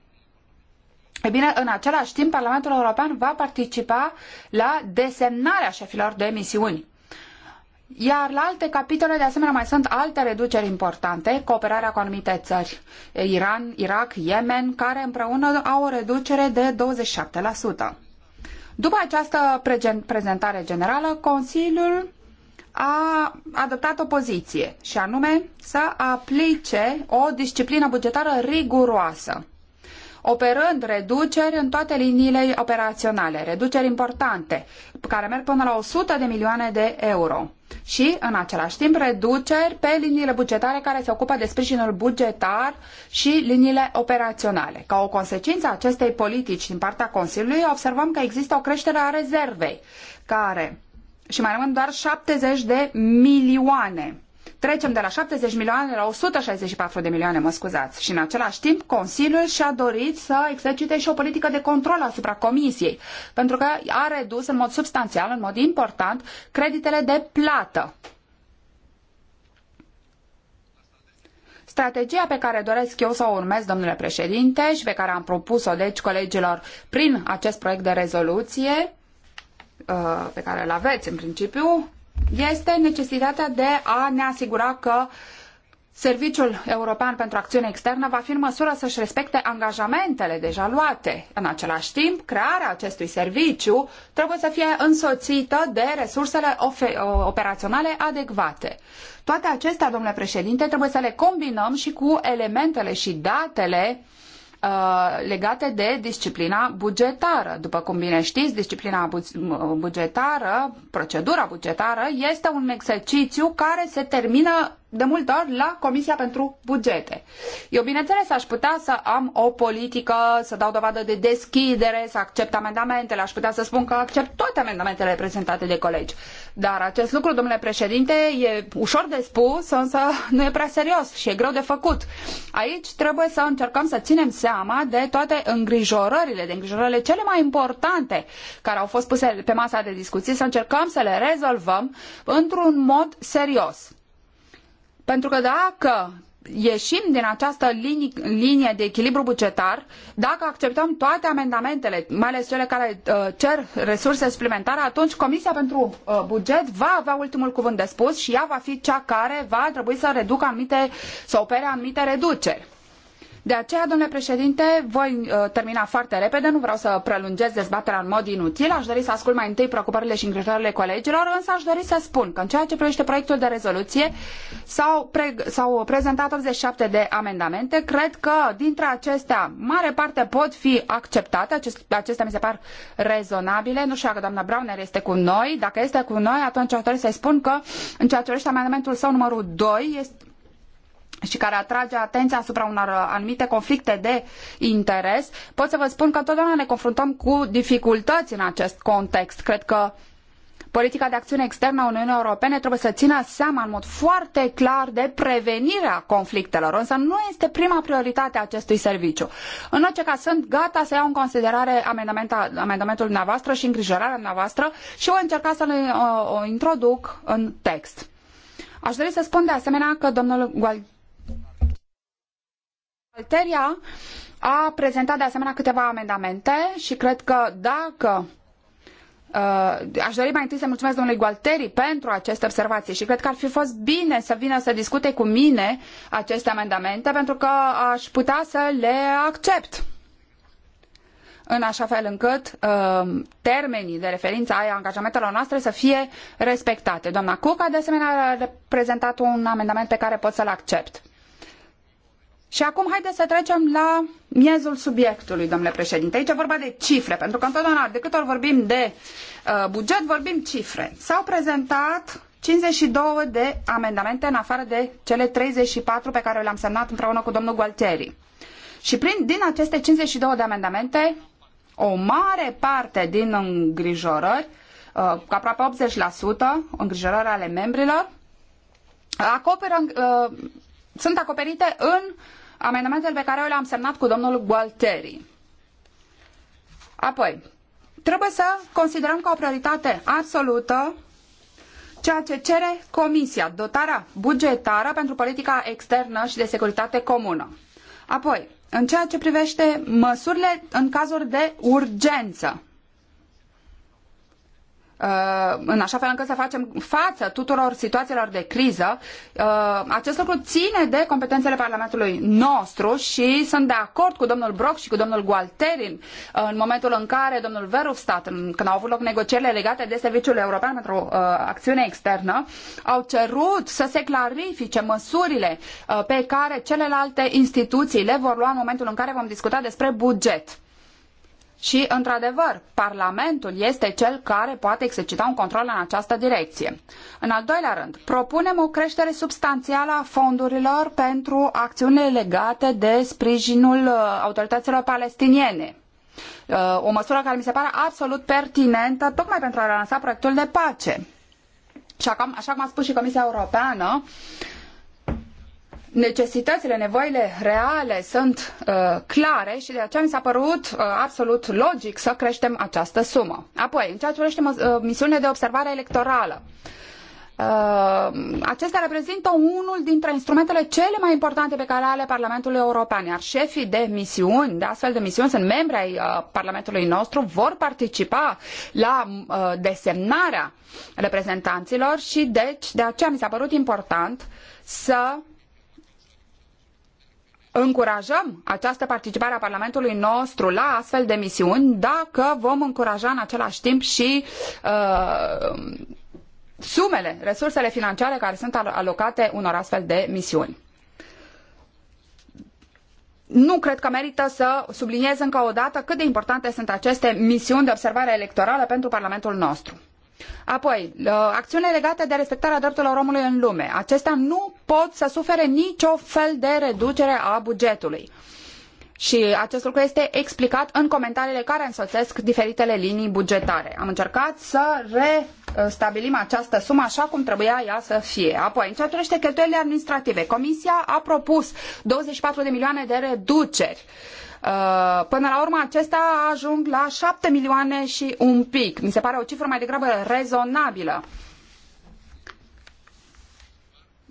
E bine, în același timp, Parlamentul European va participa la desemnarea șefilor de misiuni. Iar la alte capitole, de asemenea, mai sunt alte reduceri importante, cooperarea cu anumite țări, Iran, Irak, Yemen, care împreună au o reducere de 27%. După această prezentare generală, Consiliul a adoptat o poziție, și anume să aplice o disciplină bugetară riguroasă operând reduceri în toate liniile operaționale, reduceri importante, care merg până la 100 de milioane de euro. Și, în același timp, reduceri pe liniile bugetare care se ocupă de sprijinul bugetar și liniile operaționale. Ca o consecință a acestei politici din partea Consiliului, observăm că există o creștere a rezervei, care și mai rămân doar 70 de milioane Trecem de la 70 milioane la 164 de milioane, mă scuzați. Și în același timp, Consiliul și-a dorit să exercite și o politică de control asupra Comisiei, pentru că a redus în mod substanțial, în mod important, creditele de plată. Strategia pe care doresc eu să o urmez, domnule președinte, și pe care am propus-o, deci, colegilor prin acest proiect de rezoluție, uh, pe care îl aveți în principiu, este necesitatea de a ne asigura că Serviciul European pentru Acțiune Externă va fi în măsură să-și respecte angajamentele deja luate. În același timp, crearea acestui serviciu trebuie să fie însoțită de resursele operaționale adecvate. Toate acestea, domnule președinte, trebuie să le combinăm și cu elementele și datele uh, Uh, legate de disciplina bugetară. După cum bine știți, disciplina bugetară, procedura bugetară, este un exercițiu care se termină de multe ori la Comisia pentru Bugete. Eu, bineînțeles, aș putea să am o politică, să dau dovadă de deschidere, să accept amendamentele, aș putea să spun că accept toate amendamentele prezentate de colegi. Dar acest lucru, domnule președinte, e ușor de spus, însă nu e prea serios și e greu de făcut. Aici trebuie să încercăm să ținem seama de toate îngrijorările, de îngrijorările cele mai importante care au fost puse pe masa de discuții, să încercăm să le rezolvăm într-un mod serios. Pentru că dacă ieșim din această linie de echilibru bugetar dacă acceptăm toate amendamentele, mai ales cele care uh, cer resurse suplimentare, atunci Comisia pentru uh, Buget va avea ultimul cuvânt de spus și ea va fi cea care va trebui să reducă anumite, să opere anumite reduceri. De aceea, domnule președinte, voi uh, termina foarte repede, nu vreau să prelungesc dezbaterea în mod inutil, aș dori să ascult mai întâi preocupările și îngrijorările colegilor, însă aș dori să spun că în ceea ce privește proiectul de rezoluție s-au, pre- s-au prezentat 87 de amendamente, cred că dintre acestea mare parte pot fi acceptate, Acest, acestea mi se par rezonabile, nu știu dacă doamna Browner este cu noi, dacă este cu noi atunci aș dori să-i spun că în ceea ce privește amendamentul său numărul 2 este și care atrage atenția asupra unor anumite conflicte de interes, pot să vă spun că întotdeauna ne confruntăm cu dificultăți în acest context. Cred că politica de acțiune externă a Uniunii Europene trebuie să țină seama în mod foarte clar de prevenirea conflictelor, însă nu este prima prioritate a acestui serviciu. În orice caz, sunt gata să iau în considerare amendamentul dumneavoastră și îngrijorarea dumneavoastră și o încerca să le uh, o, introduc în text. Aș dori să spun de asemenea că domnul Alteria a prezentat de asemenea câteva amendamente și cred că dacă Uh, aș dori mai întâi să mulțumesc domnului Gualteri pentru aceste observații și cred că ar fi fost bine să vină să discute cu mine aceste amendamente pentru că aș putea să le accept în așa fel încât uh, termenii de referință ai angajamentelor noastre să fie respectate. Doamna Cuca, de asemenea, a prezentat un amendament pe care pot să-l accept. Și acum haideți să trecem la miezul subiectului, domnule președinte. Aici e vorba de cifre, pentru că întotdeauna, de câte ori vorbim de uh, buget, vorbim cifre. S-au prezentat 52 de amendamente în afară de cele 34 pe care le-am semnat împreună cu domnul Gualtieri. Și prin, din aceste 52 de amendamente, o mare parte din îngrijorări, uh, aproape 80% îngrijorări ale membrilor, acoperă uh, sunt acoperite în amendamentele pe care eu le-am semnat cu domnul Gualteri. Apoi, trebuie să considerăm ca o prioritate absolută ceea ce cere Comisia, dotarea bugetară pentru politica externă și de securitate comună. Apoi, în ceea ce privește măsurile în cazuri de urgență, Uh, în așa fel încât să facem față tuturor situațiilor de criză. Uh, acest lucru ține de competențele Parlamentului nostru și sunt de acord cu domnul Brok și cu domnul Gualterin uh, în momentul în care domnul Verhofstadt, când au avut loc negocierile legate de Serviciul European pentru Acțiune Externă, au cerut să se clarifice măsurile pe care celelalte instituții le vor lua în momentul în care vom discuta despre buget. Și, într-adevăr, Parlamentul este cel care poate exercita un control în această direcție. În al doilea rând, propunem o creștere substanțială a fondurilor pentru acțiunile legate de sprijinul uh, autorităților palestiniene. Uh, o măsură care mi se pare absolut pertinentă, tocmai pentru a relansa proiectul de pace. Și acum, așa cum a spus și Comisia Europeană, uh, necesitățile, nevoile reale sunt uh, clare și de aceea mi s-a părut uh, absolut logic să creștem această sumă. Apoi, în ceea ce privește uh, misiunile de observare electorală, uh, acestea reprezintă unul dintre instrumentele cele mai importante pe care ale Parlamentul European, iar șefii de misiuni, de astfel de misiuni, sunt membri ai uh, Parlamentului nostru, vor participa la desemnarea reprezentanților și deci de aceea mi s-a părut important să încurajăm această participare a Parlamentului nostru la astfel de misiuni dacă vom încuraja în același timp și uh, sumele, resursele financiare care sunt alocate unor astfel de misiuni. Nu cred că merită să subliniez încă o dată cât de importante sunt aceste misiuni de observare electorală pentru Parlamentul nostru. Apoi, uh, acțiune legate de respectarea drepturilor omului în lume. Acestea nu pot să sufere nicio fel de reducere a bugetului. Și acest lucru este explicat în comentariile care însoțesc diferitele linii bugetare. Am încercat să restabilim această sumă așa cum trebuia ea să fie. Apoi, în ceea ce privește cheltuielile administrative, Comisia a propus 24 de milioane de reduceri. Uh, Uh, până la urmă, acestea ajung la 7 milioane și un pic. Mi se pare o cifră mai degrabă rezonabilă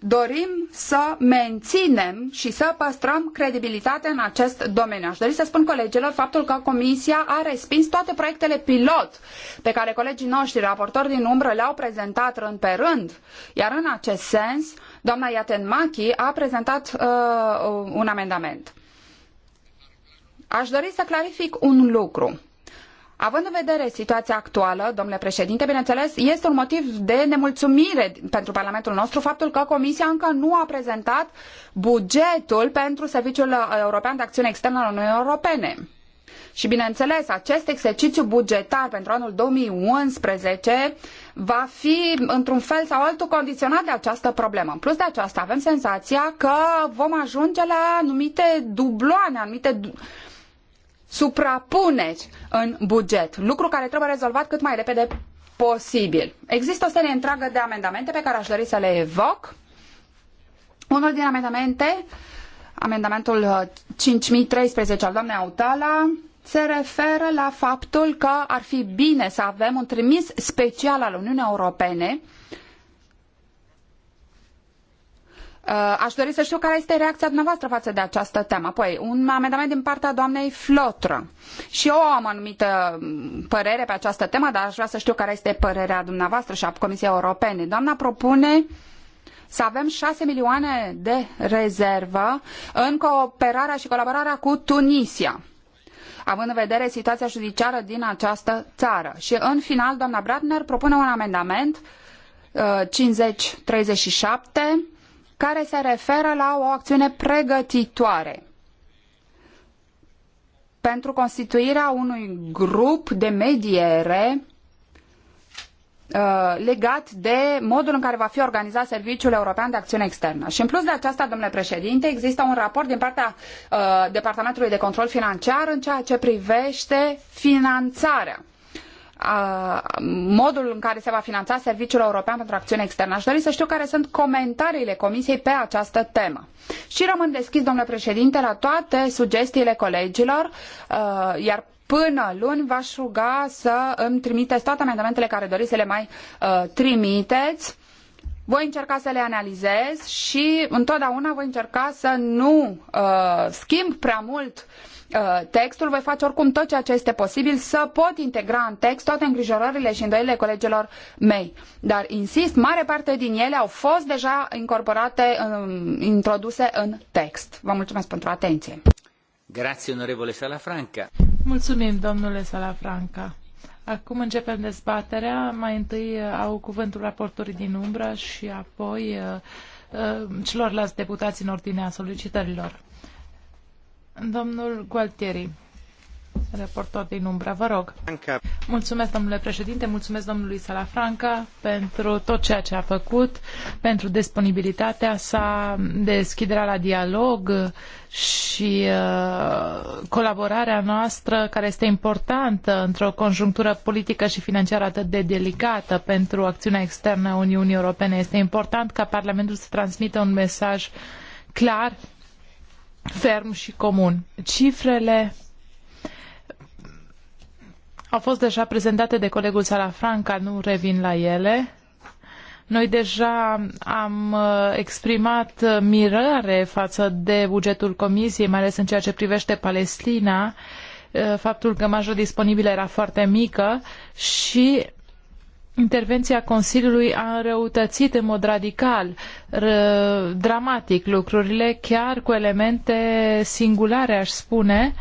dorim să menținem și să păstrăm credibilitatea în acest domeniu. Aș dori să spun colegilor faptul că Comisia a respins toate proiectele pilot pe care colegii noștri, raportori din umbră, le-au prezentat rând pe rând. Iar în acest sens, doamna Machi a prezentat uh, un amendament. Aș dori să clarific un lucru. Având în vedere situația actuală, domnule președinte, bineînțeles, este un motiv de nemulțumire pentru Parlamentul nostru faptul că Comisia încă nu a prezentat bugetul pentru Serviciul European de Acțiune Externă al Uniunii Europene. Și bineînțeles, acest exercițiu bugetar pentru anul 2011 va fi într-un fel sau altul condiționat de această problemă. În plus de aceasta avem senzația că vom ajunge la anumite dubloane, anumite suprapuneri în buget, lucru care trebuie rezolvat cât mai repede posibil. Există o serie întreagă de amendamente pe care aș dori să le evoc. Unul din amendamente, amendamentul 5013 uh, al doamnei Autala, se referă la faptul că ar fi bine să avem un trimis special al Uniunii Europene uh, Uh, aș dori să știu care este reacția dumneavoastră față de această temă. Apoi, un amendament din partea doamnei Flotră. Și eu am anumită um, părere pe această temă, dar aș vrea să știu care este părerea dumneavoastră și a Comisiei Europene. Doamna propune să avem 6 milioane de rezervă în cooperarea și colaborarea cu Tunisia având în vedere situația judiciară din această țară. Și în final, doamna Bratner propune un amendament 5037 uh, care se referă la o acțiune pregătitoare pentru constituirea unui grup de mediere uh, legat de modul în care va fi organizat Serviciul European de Acțiune Externă. Și în plus de aceasta, domnule președinte, există un raport din partea uh, Departamentului de Control Financiar în ceea ce privește finanțarea modul în care se va finanța Serviciul European pentru Acțiune Externă. Aș dori să știu care sunt comentariile Comisiei pe această temă. Și rămân deschis, domnule președinte, la toate sugestiile colegilor, iar până luni v-aș ruga să îmi trimiteți toate amendamentele care doriți să le mai uh, trimiteți. Voi încerca să le analizez și întotdeauna voi încerca să nu uh, schimb prea mult uh, Uh, textul, voi face oricum tot ceea ce este posibil să pot integra în text toate îngrijorările și îndoielile colegilor mei. Dar, insist, mare parte din ele au fost deja incorporate, um, introduse în text. Vă mulțumesc pentru atenție. Grazie, onorevole Salafranca. Mulțumim, domnule Salafranca. Acum începem dezbaterea. Mai întâi uh, au cuvântul raportorii din umbră și apoi uh, celorlalți deputați în ordinea solicitărilor. Domnul Gualtieri, raportor din umbră, vă Mulțumesc, domnule președinte, mulțumesc domnului Salafranca pentru tot ceea ce a făcut, pentru disponibilitatea sa, deschiderea la dialog și uh, colaborarea noastră, care este importantă într-o conjunctură politică și financiară atât de delicată pentru acțiunea externă a Uniunii Europene. Este important ca Parlamentul să transmită un mesaj clar ferm și comun. Cifrele au fost deja prezentate de colegul Salafranca, nu revin la ele. Noi deja am uh, exprimat mirare față de bugetul Comisiei, mai ales în ceea ce privește Palestina, uh, faptul că marja disponibilă era foarte mică și intervenția Consiliului a înrăutățit în mod radical, dramatic lucrurile, chiar cu elemente singulare, aș spune,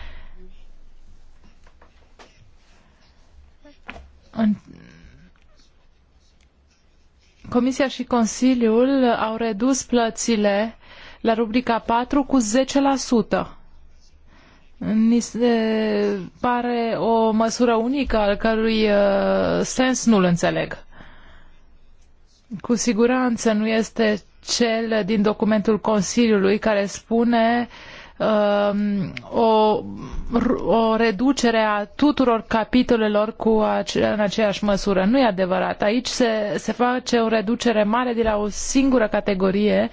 în Comisia și Consiliul au redus plățile la rubrica patru cu 10%. Ni se pare o măsură unică al cărui uh, sens nu-l înțeleg. Cu siguranță nu este cel din documentul Consiliului care spune um, o, o, reducere a tuturor capitolelor cu ace- în aceeași măsură. Nu e adevărat. Aici se, se face o reducere mare de la o singură categorie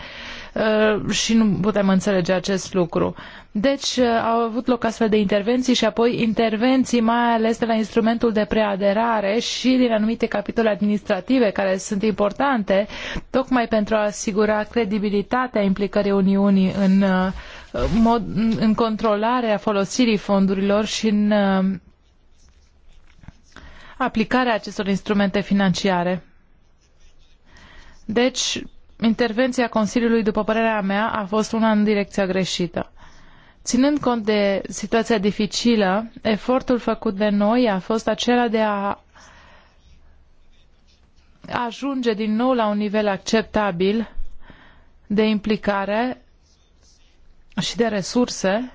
uh, și nu putem înțelege acest lucru. Deci uh, au avut loc astfel de intervenții și apoi intervenții mai ales de la instrumentul de preaderare și din anumite capitole administrative care sunt importante tocmai pentru a asigura credibilitatea implicării Uniunii în, uh, mod, în controlarea folosirii fondurilor și în uh, aplicarea acestor instrumente financiare. Deci, intervenția Consiliului, după părerea mea, a fost una în direcția greșită. Ținând cont de situația dificilă, efortul făcut de noi a fost acela de a ajunge din nou la un nivel acceptabil de implicare și de resurse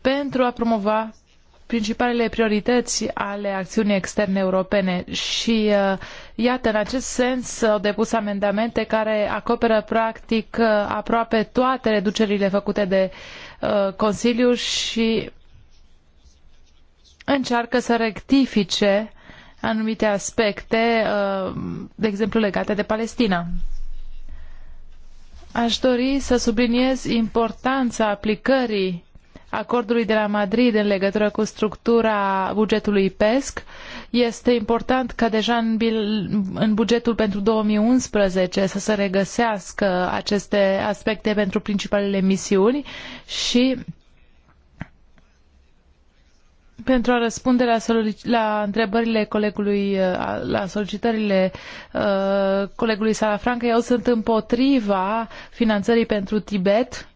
pentru a promova principalele priorități ale acțiunii externe europene și uh, iată, în acest sens au depus amendamente care acoperă practic uh, aproape toate reducerile făcute de uh, Uh, Consiliu și încearcă să rectifice anumite aspecte, uh, de exemplu legate de Palestina. Aș dori să subliniez importanța aplicării acordului de la Madrid în legătură cu structura bugetului PESC. Este important ca deja în, în bugetul pentru 2011 să se regăsească aceste aspecte pentru principalele misiuni și pentru a răspunde la, la întrebările colegului, uh, la solicitările uh, colegului Salafranca, eu sunt împotriva finanțării pentru Tibet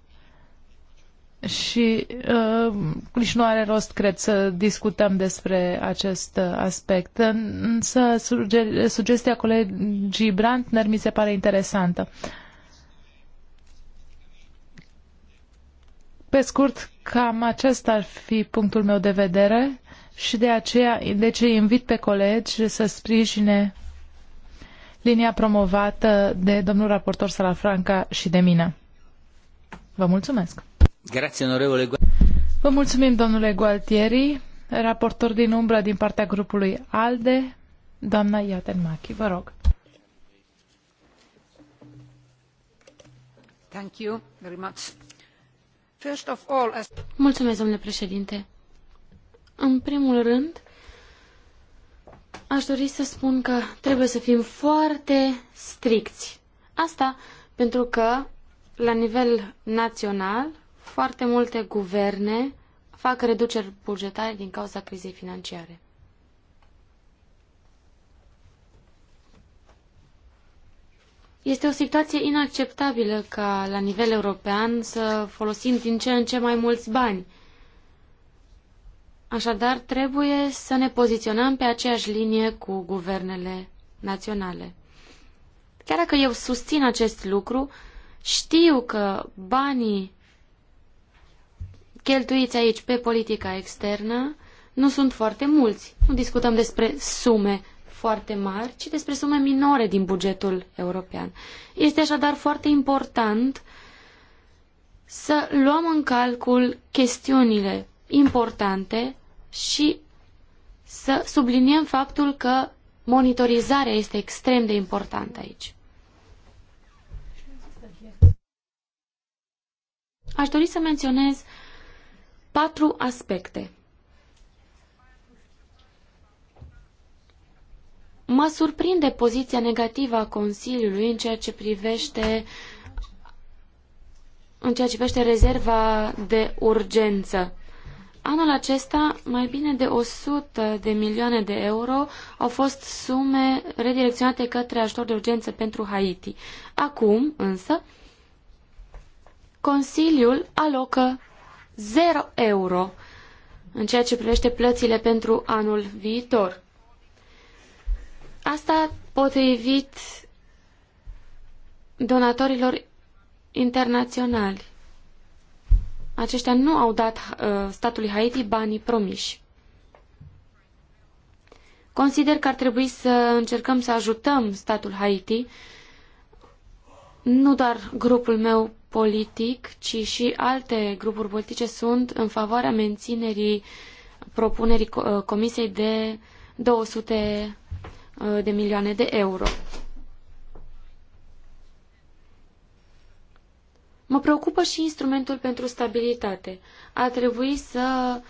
și uh, nici nu are rost, cred, să discutăm despre acest aspect. Însă suge- sugestia colegii Brandner mi se pare interesantă. Pe scurt, cam acesta ar fi punctul meu de vedere și de aceea deci îi invit pe colegi să sprijine linia promovată de domnul raportor Salafranca și de mine. Vă mulțumesc! Vă mulțumim, domnule Gualtieri, raportor din umbră din partea grupului ALDE, doamna Iatenmachi, vă rog. Mulțumesc, domnule președinte. În primul rând, aș dori să spun că trebuie să fim foarte stricți. Asta pentru că, la nivel național, foarte multe guverne fac reduceri bugetare din cauza crizei financiare. Este o situație inacceptabilă ca la nivel european să folosim din ce în ce mai mulți bani. Așadar, trebuie să ne poziționăm pe aceeași linie cu guvernele naționale. Chiar dacă eu susțin acest lucru, știu că banii cheltuiți aici pe politica externă nu sunt foarte mulți. Nu discutăm despre sume foarte mari, ci despre sume minore din bugetul european. Este așadar foarte important să luăm în calcul chestiunile importante și să subliniem faptul că monitorizarea este extrem de importantă aici. Aș dori să menționez patru aspecte. Mă surprinde poziția negativă a Consiliului în ceea ce privește în ceea ce privește rezerva de urgență. Anul acesta, mai bine de 100 de milioane de euro au fost sume redirecționate către ajutor de urgență pentru Haiti. Acum, însă, Consiliul alocă 0 euro în ceea ce privește plățile pentru anul viitor. Asta potrivit donatorilor internaționali. Aceștia nu au dat uh, statului Haiti banii promiși. Consider că ar trebui să încercăm să ajutăm statul Haiti, nu doar grupul meu politic, ci și alte grupuri politice sunt în favoarea menținerii propunerii uh, Comisiei de 200 uh, de milioane de euro. Mă preocupă și instrumentul pentru stabilitate. A trebui să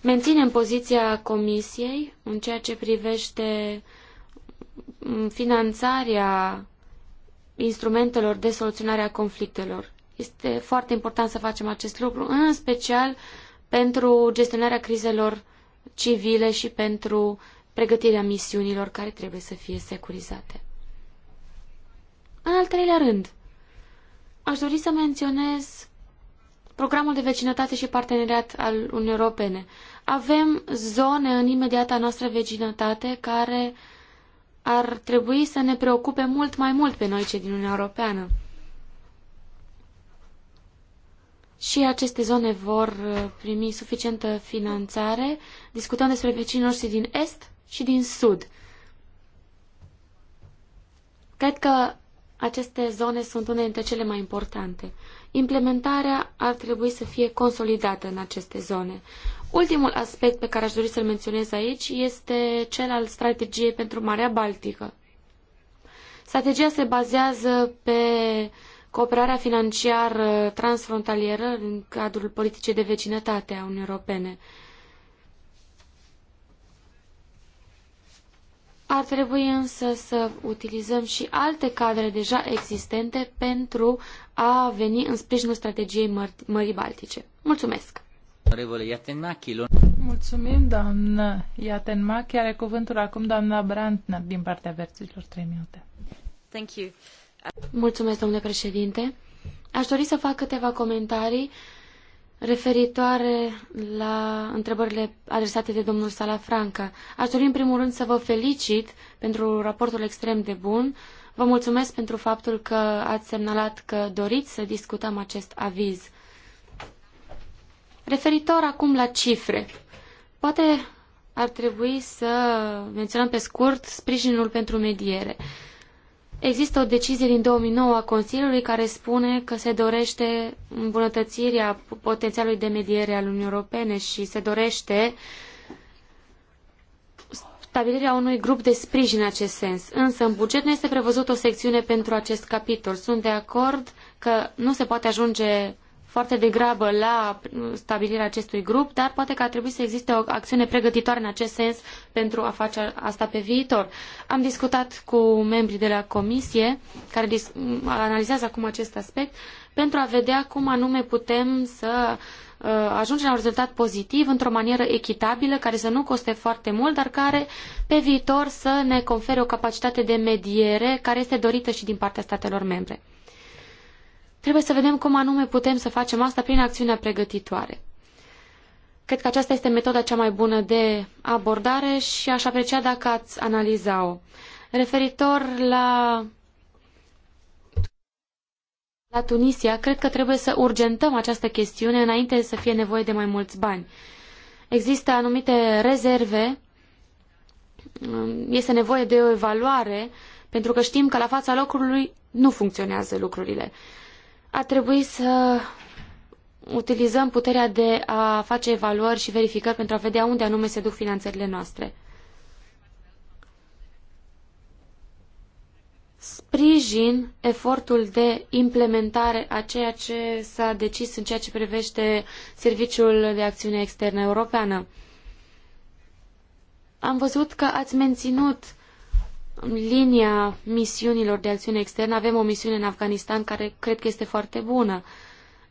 menținem poziția Comisiei în ceea ce privește mm, finanțarea instrumentelor de soluționare a conflictelor. Este foarte important să facem acest lucru, în special pentru gestionarea crizelor civile și pentru pregătirea misiunilor care trebuie să fie securizate. În al treilea rând, aș dori să menționez programul de vecinătate și parteneriat al Uniunii Europene. Avem zone în imediata noastră vecinătate care ar trebui să ne preocupe mult mai mult pe noi cei din Uniunea Europeană. și aceste zone vor uh, primi suficientă finanțare. Discutăm despre vecinii noștri din Est și din Sud. Cred că aceste zone sunt unele dintre cele mai importante. Implementarea ar trebui să fie consolidată în aceste zone. Ultimul aspect pe care aș dori să-l menționez aici este cel al strategiei pentru Marea Baltică. Strategia se bazează pe cooperarea financiară transfrontalieră în cadrul politicii de vecinătate a Uniunii Europene. Ar trebui însă să utilizăm și alte cadre deja existente pentru a veni în sprijinul strategiei Măr Mării Baltice. Mulțumesc! Mulțumim, doamnă Iatenmachi. Are cuvântul acum doamna Brandner din partea verzilor 3 minute. Thank you. Mulțumesc, domnule președinte. Aș dori să fac câteva comentarii referitoare la întrebările adresate de domnul Salafranca. Aș dori în primul rând să vă felicit pentru raportul extrem de bun. Vă mulțumesc pentru faptul că ați semnalat că doriți să discutăm acest aviz. Referitor acum la cifre, poate ar trebui să menționăm pe scurt sprijinul pentru mediere. Există o decizie din 2009 a Consiliului care spune că se dorește îmbunătățirea potențialului de mediere al Uniunii Europene și se dorește stabilirea unui grup de sprijin în acest sens. Însă în buget nu este prevăzut o secțiune pentru acest capitol. Sunt de acord că nu se poate ajunge foarte degrabă la stabilirea acestui grup, dar poate că ar trebui să existe o acțiune pregătitoare în acest sens pentru a face asta pe viitor. Am discutat cu membrii de la comisie care analizează acum acest aspect pentru a vedea cum anume putem să uh, ajungem la un rezultat pozitiv într-o manieră echitabilă, care să nu coste foarte mult, dar care pe viitor să ne confere o capacitate de mediere care este dorită și din partea statelor membre. Trebuie să vedem cum anume putem să facem asta prin acțiunea pregătitoare. Cred că aceasta este metoda cea mai bună de abordare și aș aprecia dacă ați analiza-o. Referitor la la Tunisia, cred că trebuie să urgentăm această chestiune înainte să fie nevoie de mai mulți bani. Există anumite rezerve, este nevoie de o evaluare, pentru că știm că la fața locului nu funcționează lucrurile a trebuit să utilizăm puterea de a face evaluări și verificări pentru a vedea unde anume se duc finanțările noastre. Sprijin efortul de implementare a ceea ce s-a decis în ceea ce privește Serviciul de Acțiune Externă Europeană. Am văzut că ați menținut linia misiunilor de acțiune externă, avem o misiune în Afganistan care cred că este foarte bună.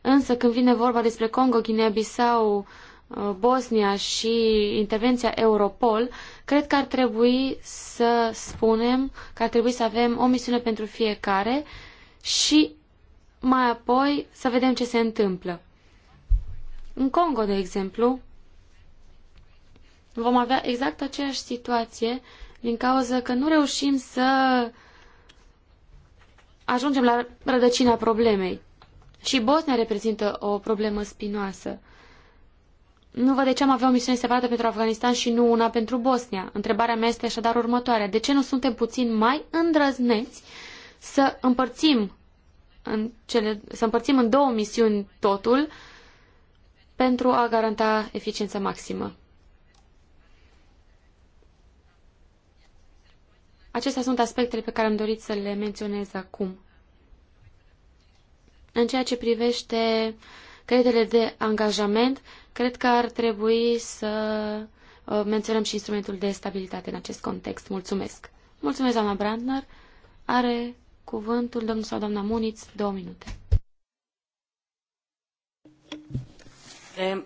Însă când vine vorba despre Congo, Guinea-Bissau, uh, Bosnia și intervenția Europol, cred că ar trebui să spunem că ar trebui să avem o misiune pentru fiecare și mai apoi să vedem ce se întâmplă. În Congo, de exemplu, vom avea exact aceeași situație din cauza că nu reușim să ajungem la rădăcina problemei. Și Bosnia reprezintă o problemă spinoasă. Nu văd de ce am avea o misiune separată pentru Afganistan și nu una pentru Bosnia. Întrebarea mea este așadar următoarea. De ce nu suntem puțin mai îndrăzneți să împărțim în, cele, să împărțim în două misiuni totul pentru a garanta eficiența maximă? Acestea sunt aspectele pe care am dorit să le menționez acum. În ceea ce privește creditele de angajament, cred că ar trebui să uh, menționăm și instrumentul de stabilitate în acest context. Mulțumesc! Mulțumesc, doamna Brandner. Are cuvântul domnul sau doamna Muniț, două minute. Eh,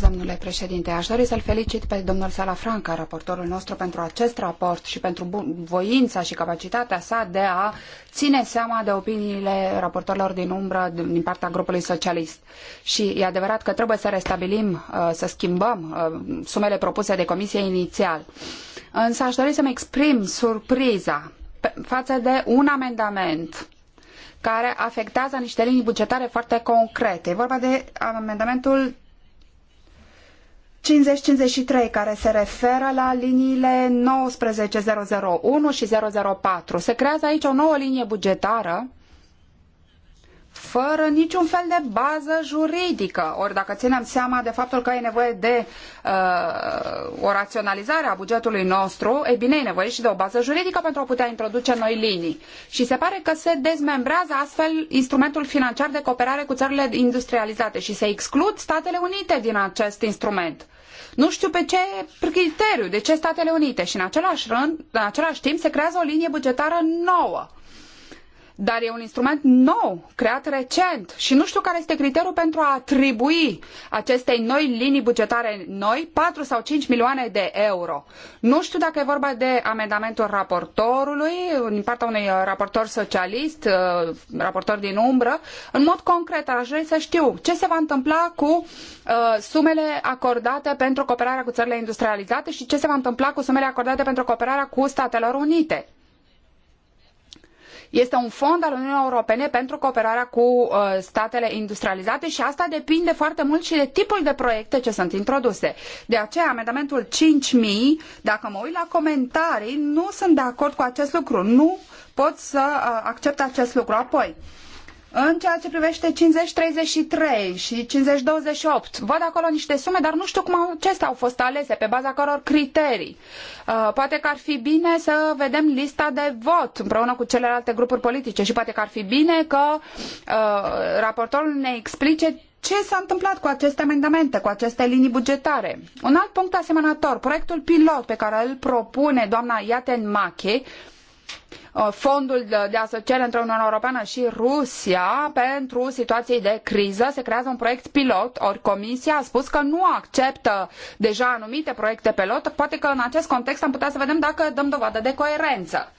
domnule președinte. Aș dori să îl felicit pe domnul Salafranca, raportorul nostru, pentru acest raport și pentru voința și capacitatea sa de a ține seama de opiniile raportorilor din umbră din partea grupului socialist. Și e adevărat că trebuie să restabilim, uh, să schimbăm uh, sumele propuse de comisie inițial. Însă aș dori să-mi exprim surpriza față de un amendament care afectează niște linii bugetare foarte concrete. E vorba de amendamentul 5053 care se referă la liniile 19001 și 004. Se creează aici o nouă linie bugetară fără niciun fel de bază juridică. Ori dacă ținem seama de faptul că e nevoie de uh, o raționalizare a bugetului nostru, e bine, e nevoie și de o bază juridică pentru a putea introduce noi linii. Și se pare că se dezmembrează astfel instrumentul financiar de cooperare cu țările industrializate și se exclud Statele Unite din acest instrument. Nu știu pe ce criteriu, de ce Statele Unite și în același, rând, în același timp se creează o linie bugetară nouă dar e un instrument nou, creat recent și nu știu care este criteriul pentru a atribui acestei noi linii bugetare noi patru sau cinci milioane de euro. Nu știu dacă e vorba de amendamentul raportorului, din partea unui raportor socialist, uh, raportor din umbră. În mod concret, aș vrea să știu ce se va întâmpla cu uh, sumele acordate pentru cooperarea cu țările industrializate și ce se va întâmpla cu sumele acordate pentru cooperarea cu Statele Unite. Este un fond al Uniunii Europene pentru cooperarea cu uh, statele industrializate și asta depinde foarte mult și de tipul de proiecte ce sunt introduse. De aceea, amendamentul 5000, dacă mă uit la comentarii, nu sunt de acord cu acest lucru. Nu pot să uh, accept acest lucru. Apoi, uh, în ceea ce privește 50-33 și 50-28, văd acolo niște sume, dar nu știu cum acestea au fost alese, pe baza căror criterii. Uh, poate că ar fi bine să vedem lista de vot împreună cu celelalte grupuri politice și poate că ar fi bine că uh, raportorul ne explice ce s-a întâmplat cu aceste amendamente, cu aceste linii bugetare. Un alt punct asemănător, proiectul pilot pe care îl propune doamna Iaten Mache, Uh, fondul de, asociere între Uniunea Europeană și Rusia pentru situații de criză. Se creează un proiect pilot, ori Comisia a spus că nu acceptă deja anumite proiecte pilot. Poate că în acest context am putea să vedem dacă dăm dovadă de coerență.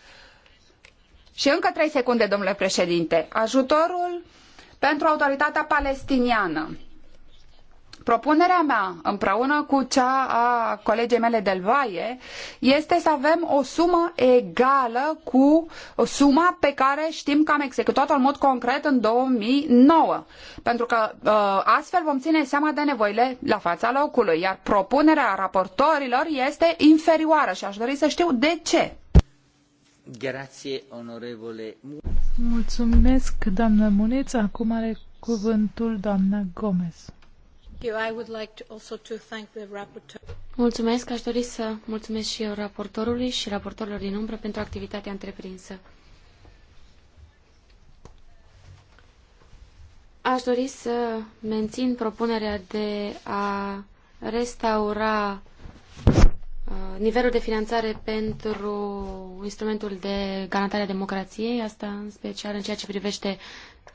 Și încă trei secunde, domnule președinte. Ajutorul pentru autoritatea palestiniană Propunerea mea, împreună cu cea a colegei mele del Valle, este să avem o sumă egală cu suma pe care știm că am executat-o în mod concret în 2009. Pentru că uh, astfel vom ține seama de nevoile la fața locului, iar propunerea raportorilor este inferioară și aș dori să știu de ce. onorevole. Mulțumesc, doamnă Muniț. Acum are cuvântul doamna Gomez. Mulțumesc, aș dori să mulțumesc și eu raportorului și raportorilor din umbră pentru activitatea întreprinsă. Aș dori să mențin propunerea de a restaura uh, nivelul de finanțare pentru instrumentul de garantare a democrației, asta în special în ceea ce privește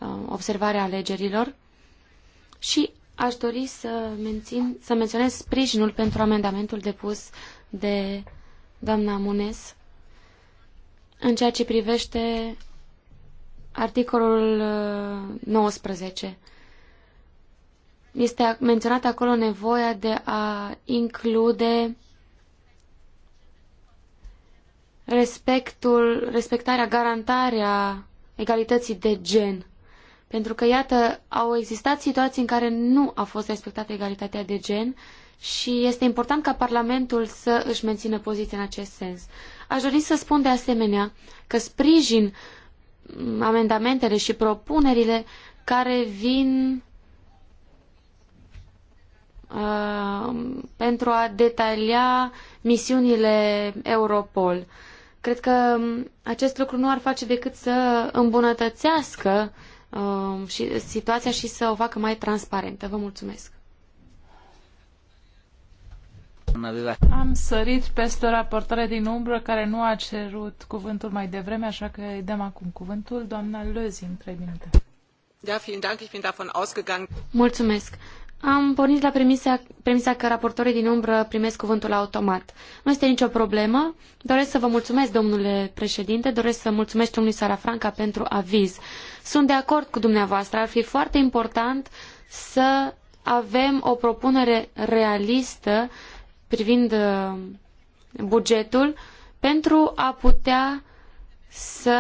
uh, observarea alegerilor. Și Aș dori să, mențin, să menționez sprijinul pentru amendamentul depus de doamna Munes în ceea ce privește articolul 19. Uh, este menționată acolo nevoia de a include respectul, respectarea, garantarea egalității de gen pentru că, iată, au existat situații în care nu a fost respectată egalitatea de gen și este important ca Parlamentul să își mențină poziția în acest sens. Aș dori să spun de asemenea că sprijin amendamentele și propunerile care vin uh, pentru a detalia misiunile Europol. Cred că acest lucru nu ar face decât să îmbunătățească uh, Um, și, situația și să o facă mai transparentă. Vă mulțumesc! Am sărit peste o raportare din umbră care nu a cerut cuvântul mai devreme, așa că îi dăm acum cuvântul. Doamna Lözing, 3 minute. Mulțumesc. Am pornit la premisa, premisa că raportorii din umbră primesc cuvântul automat. Nu este nicio problemă. Doresc să vă mulțumesc, domnule președinte, doresc să mulțumesc domnului Sarafranca pentru aviz. Sunt de acord cu dumneavoastră. Ar fi foarte important să avem o propunere realistă privind uh, bugetul pentru a putea să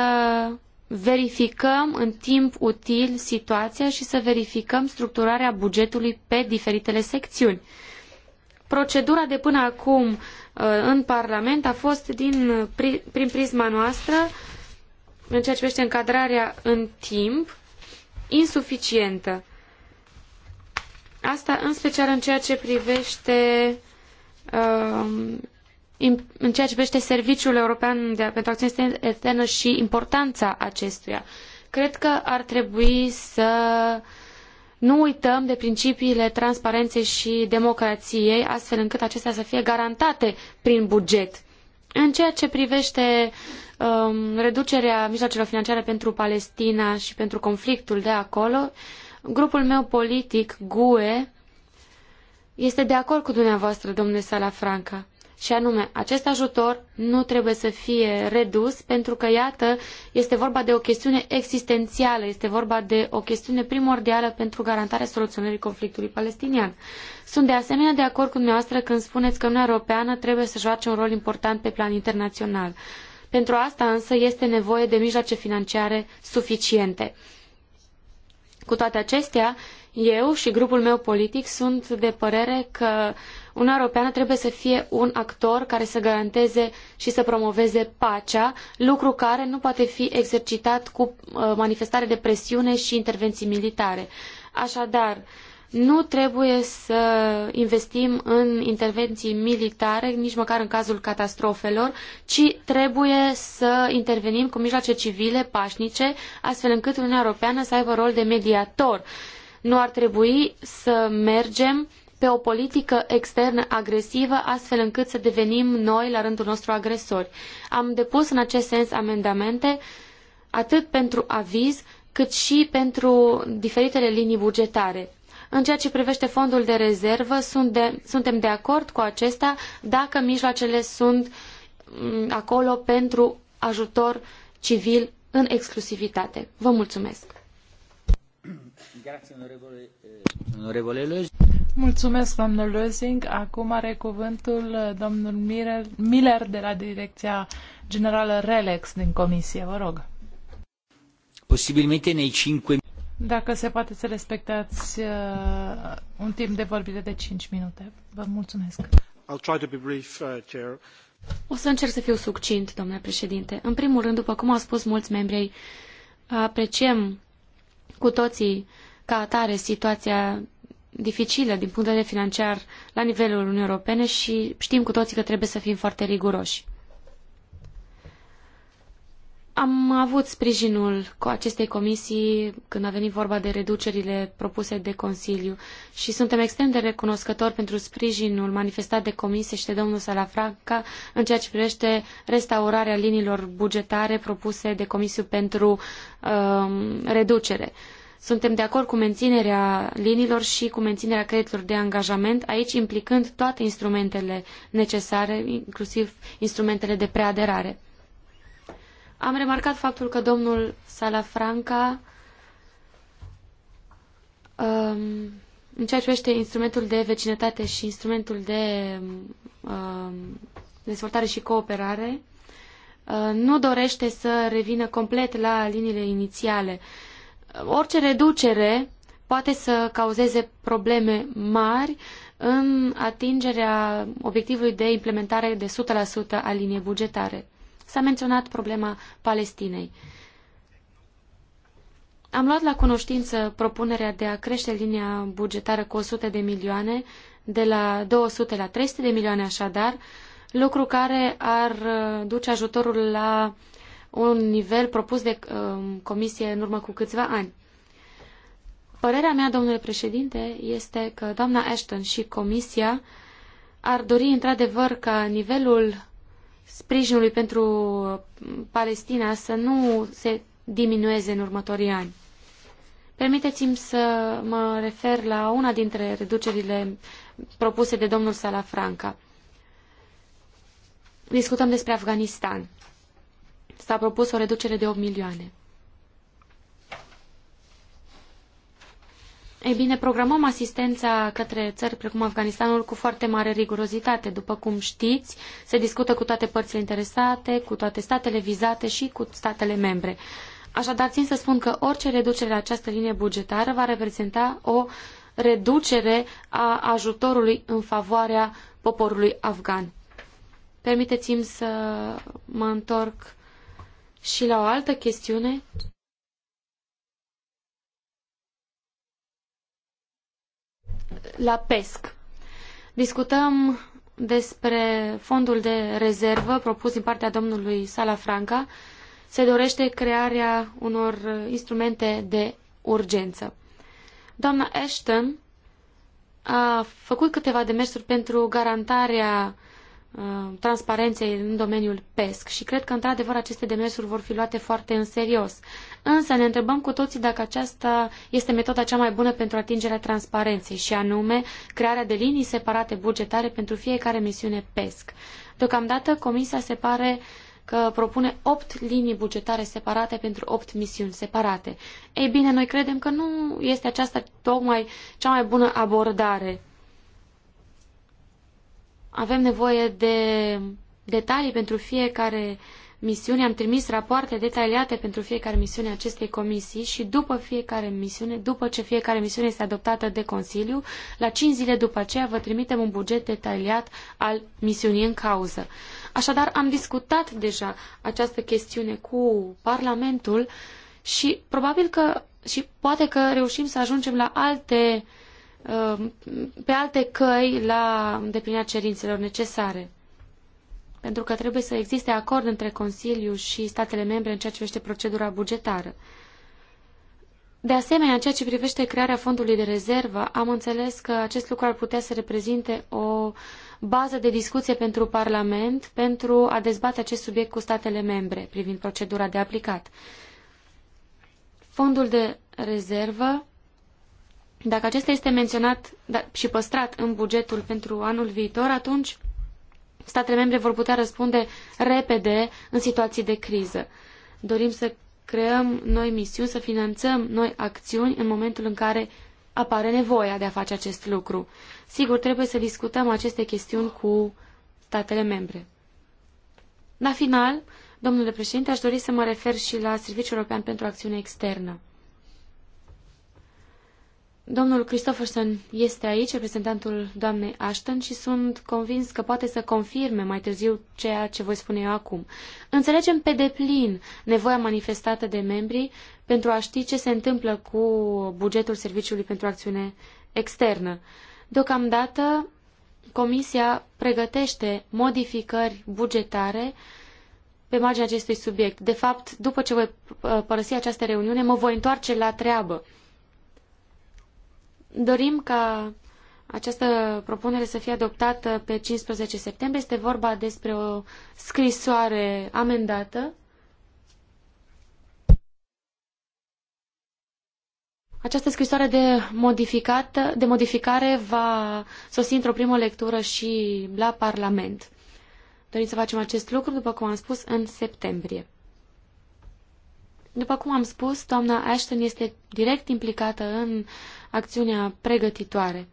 verificăm în timp util situația și să verificăm structurarea bugetului pe diferitele secțiuni. Procedura de până acum uh, în Parlament a fost din, prin prisma noastră, în ceea ce privește încadrarea în timp, insuficientă. Asta în special în ceea ce privește uh, în ceea ce privește Serviciul European pentru Acțiune Externă și importanța acestuia. Cred că ar trebui să nu uităm de principiile transparenței și democrației, astfel încât acestea să fie garantate prin buget. În ceea ce privește um, reducerea mijloacelor financiare pentru Palestina și pentru conflictul de acolo, grupul meu politic, GUE, este de acord cu dumneavoastră, domnule Salafranca. Și anume, acest ajutor nu trebuie să fie redus pentru că, iată, este vorba de o chestiune existențială, este vorba de o chestiune primordială pentru garantarea soluționării conflictului palestinian. Sunt de asemenea de acord cu dumneavoastră când spuneți că Uniunea Europeană trebuie să joace un rol important pe plan internațional. Pentru asta însă este nevoie de mijloace financiare suficiente. Cu toate acestea, eu și grupul meu politic sunt de părere că Uniunea Europeană trebuie să fie un actor care să garanteze și să promoveze pacea, lucru care nu poate fi exercitat cu uh, manifestare de presiune și intervenții militare. Așadar, nu trebuie să investim în intervenții militare, nici măcar în cazul catastrofelor, ci trebuie să intervenim cu mijloace civile, pașnice, astfel încât Uniunea Europeană să aibă rol de mediator. Nu ar trebui să mergem uh, pe o politică externă agresivă, astfel încât să devenim noi, la rândul nostru, agresori. Am depus în acest sens amendamente atât pentru aviz, cât și pentru diferitele linii bugetare. În ceea ce privește fondul de rezervă, sunt de, suntem de acord cu acesta dacă mijloacele sunt mm, acolo pentru ajutor civil în exclusivitate. Vă mulțumesc! Eh, Mulțumesc, domnul Lözing. Acum are cuvântul uh, domnul Miller, Miller de la Direcția Generală Relex din Comisie. Vă rog. Posibilmente nei 5 Dacă se poate să respectați uh, un timp de vorbire de 5 minute. Vă mulțumesc. I'll try to be brief, uh, Chair. O să încerc să fiu succint, domnule președinte. În primul rând, după cum au spus mulți membrii, apreciem cu toții ca atare situația dificilă din punct de vedere financiar la nivelul Uniunii Europene și știm cu toții că trebuie să fim foarte riguroși. Am avut sprijinul cu acestei comisii când a venit vorba de reducerile propuse de Consiliu și suntem extrem de recunoscători pentru sprijinul manifestat de comisie și de domnul Salafranca în ceea ce privește restaurarea liniilor bugetare propuse de Comisiu pentru um, reducere. Uh, suntem de acord cu menținerea liniilor și cu menținerea creditelor de angajament, aici implicând toate instrumentele necesare, inclusiv instrumentele de preaderare. Am remarcat faptul că domnul Salafranca, um, în ceea ce privește instrumentul de vecinătate și instrumentul de um, dezvoltare și cooperare, uh, nu dorește să revină complet la liniile inițiale. Uh, Orice reducere poate să cauzeze probleme mari în atingerea obiectivului de implementare de 100% a liniei bugetare. S-a menționat problema Palestinei. Am luat la cunoștință propunerea de a crește linia bugetară cu 100 de milioane, de la 200 la 300 de milioane așadar, lucru care ar uh, duce ajutorul la un nivel propus de um, comisie în urmă cu câțiva ani. Părerea mea, domnule președinte, este că doamna Ashton și comisia ar dori într-adevăr ca nivelul sprijinului pentru Palestina să nu se diminueze în următorii ani. Permiteți-mi să mă refer la una dintre reducerile propuse de domnul Salafranca. Discutăm despre Afganistan s-a propus o reducere de 8 milioane. Ei bine, programăm asistența către țări precum Afganistanul cu foarte mare rigurozitate. După cum știți, se discută cu toate părțile interesate, cu toate statele vizate și cu statele membre. Așadar, țin să spun că orice reducere la această linie bugetară va reprezenta o reducere a ajutorului în favoarea poporului afgan. Permiteți-mi să mă întorc și la o altă chestiune, la PESC. Discutăm despre fondul de rezervă propus din partea domnului Salafranca. Se dorește crearea unor instrumente de urgență. Doamna Ashton a făcut câteva demersuri pentru garantarea Uh, transparenței în domeniul PESC și cred că, într-adevăr, aceste demersuri vor fi luate foarte în serios. Însă ne întrebăm cu toții dacă aceasta este metoda cea mai bună pentru atingerea transparenței și anume crearea de linii separate bugetare pentru fiecare misiune PESC. Deocamdată, Comisia se pare că propune opt linii bugetare separate pentru opt misiuni separate. Ei bine, noi credem că nu este aceasta tocmai cea mai bună abordare avem nevoie de detalii pentru fiecare misiune. Am trimis rapoarte detaliate pentru fiecare misiune acestei comisii și după fiecare misiune, după ce fiecare misiune este adoptată de Consiliu, la cinci zile după aceea vă trimitem un buget detaliat al misiunii în cauză. Așadar, am discutat deja această chestiune cu Parlamentul și probabil că și poate că reușim să ajungem la alte uh, Uh, pe alte căi la îndeplinirea cerințelor necesare. Pentru că trebuie să existe acord între Consiliu și statele membre în ceea ce privește procedura bugetară. De asemenea, în ceea ce privește crearea fondului de rezervă, am înțeles că acest lucru ar putea să reprezinte o bază de discuție pentru Parlament pentru a dezbate acest subiect cu statele membre privind procedura de aplicat. Fondul de rezervă dacă acesta este menționat da, și păstrat în bugetul pentru anul viitor, atunci statele membre vor putea răspunde repede în situații de criză. Dorim să creăm noi misiuni, să finanțăm noi acțiuni în momentul în care apare nevoia de a face acest lucru. Sigur, trebuie să discutăm aceste chestiuni cu statele membre. La final, domnule președinte, aș dori să mă refer și la Serviciul European pentru Acțiune Externă. Domnul Christofferson este aici, reprezentantul doamnei Ashton, și sunt convins că poate să confirme mai târziu ceea ce voi spune eu acum. Înțelegem pe deplin nevoia manifestată de membrii pentru a ști ce se întâmplă cu bugetul Serviciului pentru Acțiune Externă. Deocamdată, Comisia pregătește modificări bugetare pe marginea acestui subiect. De fapt, după ce voi uh, părăsi această reuniune, mă voi întoarce la treabă Dorim ca această propunere să fie adoptată pe 15 septembrie. Este vorba despre o scrisoare amendată. Această scrisoare de, modificat, de modificare va sosi într-o primă lectură și la Parlament. Dorim să facem acest lucru, după cum am spus, în septembrie. După cum am spus, doamna Ashton este direct implicată în acțiunea pregătitoare.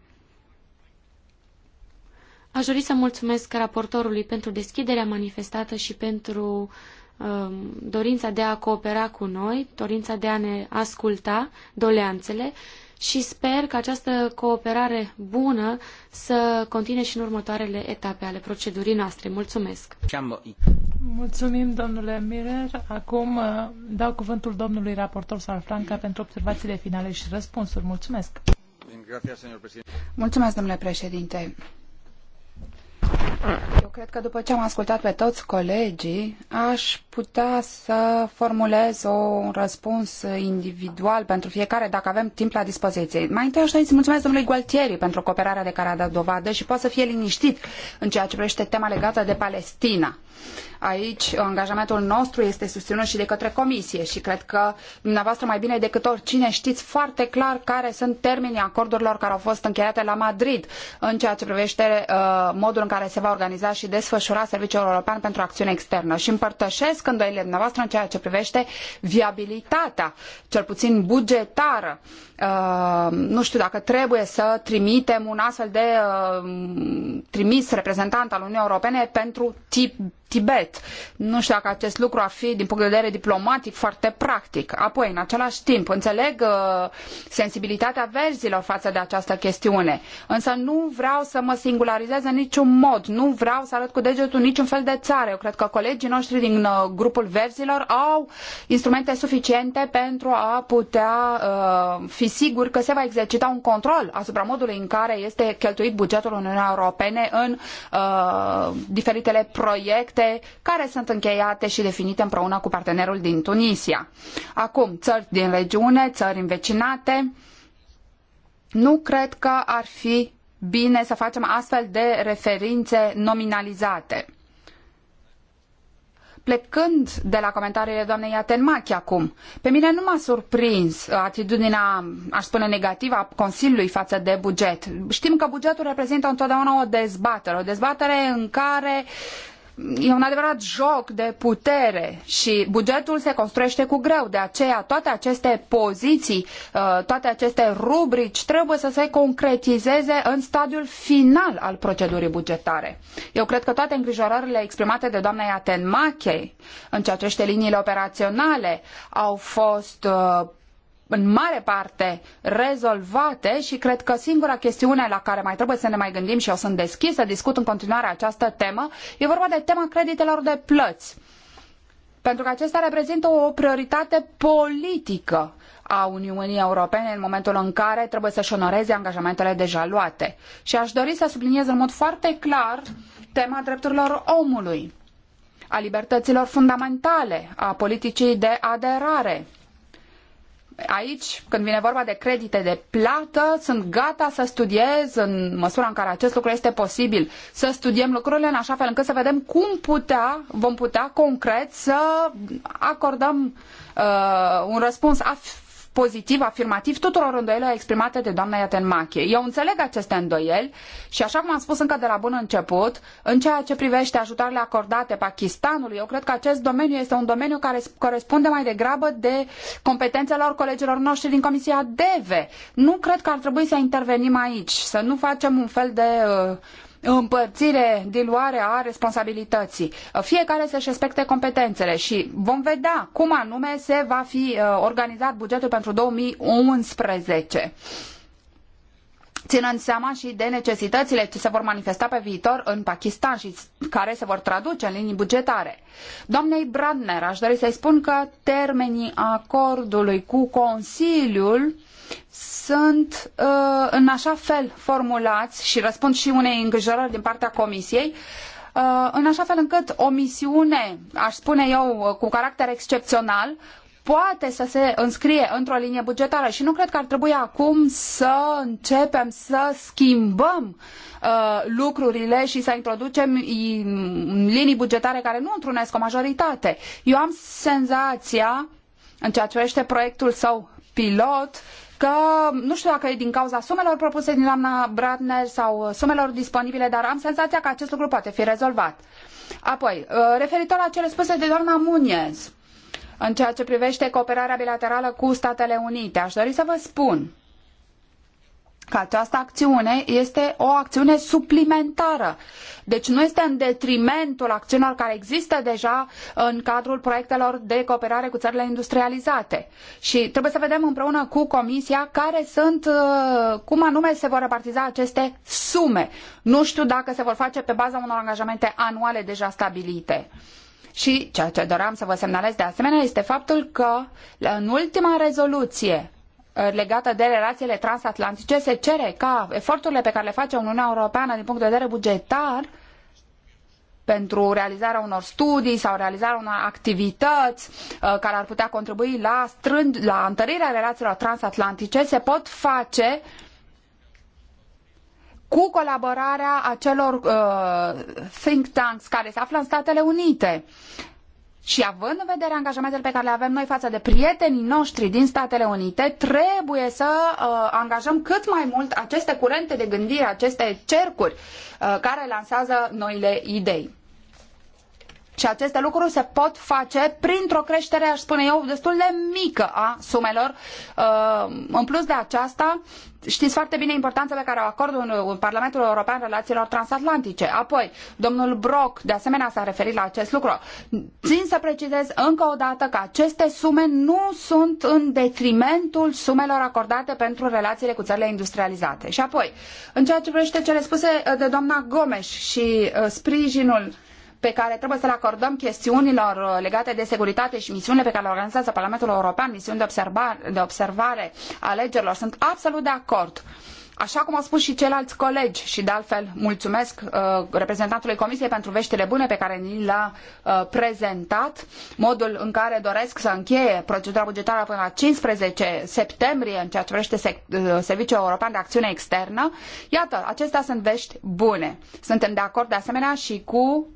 Aș dori să mulțumesc raportorului pentru deschiderea manifestată și pentru um, dorința de a coopera cu noi, dorința de a ne asculta doleanțele și sper că această cooperare bună să continue și în următoarele etape ale procedurii noastre. Mulțumesc! Mulțumim, domnule Mirer. Acum uh, dau cuvântul domnului raportor Salfranca pentru observațiile finale și răspunsuri. Mulțumesc. Mulțumesc, domnule președinte. Eu cred că după ce am ascultat pe toți colegii, aș putea să formulez un răspuns individual pentru fiecare, dacă avem timp la dispoziție. Mai întâi aș dori să mulțumesc domnului Gualtieri pentru cooperarea de care a dat dovadă și poate să fie liniștit în ceea ce privește tema legată de Palestina. Aici uh, angajamentul nostru este susținut și de către comisie și cred că dumneavoastră mai bine decât oricine știți foarte clar care sunt termenii acordurilor care au fost încheiate la Madrid în ceea ce privește uh, modul în care se va organiza și desfășura Serviciul European pentru Acțiune Externă și împărtășesc îndoielile dumneavoastră în ceea ce privește viabilitatea, cel puțin bugetară, uh, Uh, nu știu dacă trebuie să trimitem un astfel de uh, trimis reprezentant al Uniunii Europene pentru Tibet. Nu știu dacă acest lucru ar fi, din punct de vedere diplomatic, foarte practic. Apoi, în același timp, înțeleg uh, sensibilitatea verzilor față de această chestiune, însă nu vreau să mă singularizez în niciun mod, nu vreau să arăt cu degetul niciun fel de țară. Eu cred că colegii noștri din grupul verzilor au instrumente suficiente pentru a putea fi sigur că se va exercita un control asupra modului în care este cheltuit bugetul Uniunii Europene în uh, diferitele proiecte care sunt încheiate și definite împreună cu partenerul din Tunisia. Acum, țări din regiune, țări învecinate, nu cred că ar fi bine să facem astfel de referințe nominalizate. Plecând de la comentariile doamnei Iatenmachi acum, pe mine nu m-a surprins uh, atitudinea, aș spune, negativă a Consiliului față de buget. Știm că bugetul reprezintă întotdeauna o dezbatere, o dezbatere în care e un adevărat joc de putere și bugetul se construiește cu greu. De aceea toate aceste poziții, uh, toate aceste rubrici trebuie să se concretizeze în stadiul final al procedurii bugetare. Eu cred că toate îngrijorările exprimate de doamna Iatenmache în ceea ce este liniile operaționale au fost uh, în mare parte rezolvate și cred că singura chestiune la care mai trebuie să ne mai gândim și eu sunt deschis să discut în continuare această temă, e vorba de tema creditelor de plăți. Pentru că acestea reprezintă o prioritate politică a Uniunii Europene în momentul în care trebuie să-și onoreze angajamentele deja luate. Și aș dori să subliniez în mod foarte clar tema drepturilor omului, a libertăților fundamentale, a politicii de aderare, aici, când vine vorba de credite de plată, sunt gata să studiez în măsura în care acest lucru este posibil, să studiem lucrurile în așa fel încât să vedem cum putea, vom putea concret să acordăm uh, un răspuns pozitiv, afirmativ tuturor îndoielilor exprimate de doamna Iatenmache. Eu înțeleg aceste îndoieli și așa cum am spus încă de la bun început, în ceea ce privește ajutoarele acordate Pakistanului, eu cred că acest domeniu este un domeniu care corespunde mai degrabă de competențelor colegilor noștri din Comisia DEVE. Nu cred că ar trebui să intervenim aici, să nu facem un fel de uh, împărțire, diluare a responsabilității. Fiecare să-și respecte competențele și vom vedea cum anume se va fi uh, organizat bugetul pentru 2011 ținând seama și de necesitățile ce se vor manifesta pe viitor în Pakistan și care se vor traduce în linii bugetare. Doamnei Bradner, aș dori să-i spun că termenii acordului cu Consiliul sunt uh, în așa fel formulați și răspund și unei îngrijorări din partea Comisiei, uh, în așa fel încât o misiune, aș spune eu, uh, cu caracter excepțional, poate să se înscrie într-o linie bugetară și nu cred că ar trebui acum să începem să schimbăm uh, lucrurile și să introducem mm, linii bugetare care nu întrunesc o majoritate. Eu am senzația, în ceea ce privește proiectul său pilot, uh, că nu știu dacă e din cauza sumelor propuse din doamna Bradner sau uh, sumelor disponibile, dar am senzația că acest lucru poate fi rezolvat. Apoi, uh, referitor la cele spuse de doamna Muniez, în ceea ce privește cooperarea bilaterală cu Statele Unite, aș dori să vă spun că această acțiune este o acțiune suplimentară. Deci nu este în detrimentul acțiunilor care există deja în cadrul proiectelor de cooperare cu țările industrializate. Și trebuie să vedem împreună cu Comisia care sunt, uh, cum anume se vor repartiza aceste sume. Nu știu dacă se vor face pe baza unor angajamente anuale deja stabilite. Și ceea ce doream să vă semnalez de asemenea este faptul că în ultima rezoluție Uh, legată de relaiile transatlantice, se cere ca eforturile pe care le face Uniunea Europeană din punct de vedere bugetar pentru realizarea unor studii sau realizarea unor activităi uh, care ar putea contribui la, strând, la întărirea relaiilor transatlantice se pot face cu colaborarea acelor uh, think tanks care se află în Statele Unite. Și având în vedere angajamentele pe care le avem noi față de prietenii noștri din Statele Unite, trebuie să uh, angajăm cât mai mult aceste curente de gândire, aceste cercuri uh, care lansează noile idei. Și aceste lucruri se pot face printr-o creștere, aș spune eu, destul de mică a sumelor. Uh, în plus de aceasta, știți foarte bine importanța pe care o acordă un, Parlamentul European relațiilor transatlantice. Apoi, domnul Brok, de asemenea, s-a referit la acest lucru. Țin să precizez încă o dată că aceste sume nu sunt în detrimentul sumelor acordate pentru relațiile cu țările industrializate. Și apoi, în ceea ce privește cele spuse de doamna Gomes și uh, sprijinul pe care trebuie să le acordăm chestiunilor uh, legate de securitate și misiunile pe care le organizează Parlamentul European, misiuni de observare, de observare alegerilor, sunt absolut de acord. Așa cum au spus și ceilalți colegi și de altfel mulțumesc uh, reprezentantului Comisiei pentru veștile bune pe care ni l-a uh, prezentat, modul în care doresc să încheie procedura bugetară până la 15 septembrie în ceea ce privește sec- uh, Serviciul European de Acțiune Externă. Iată, acestea sunt vești bune. Suntem de acord de asemenea și cu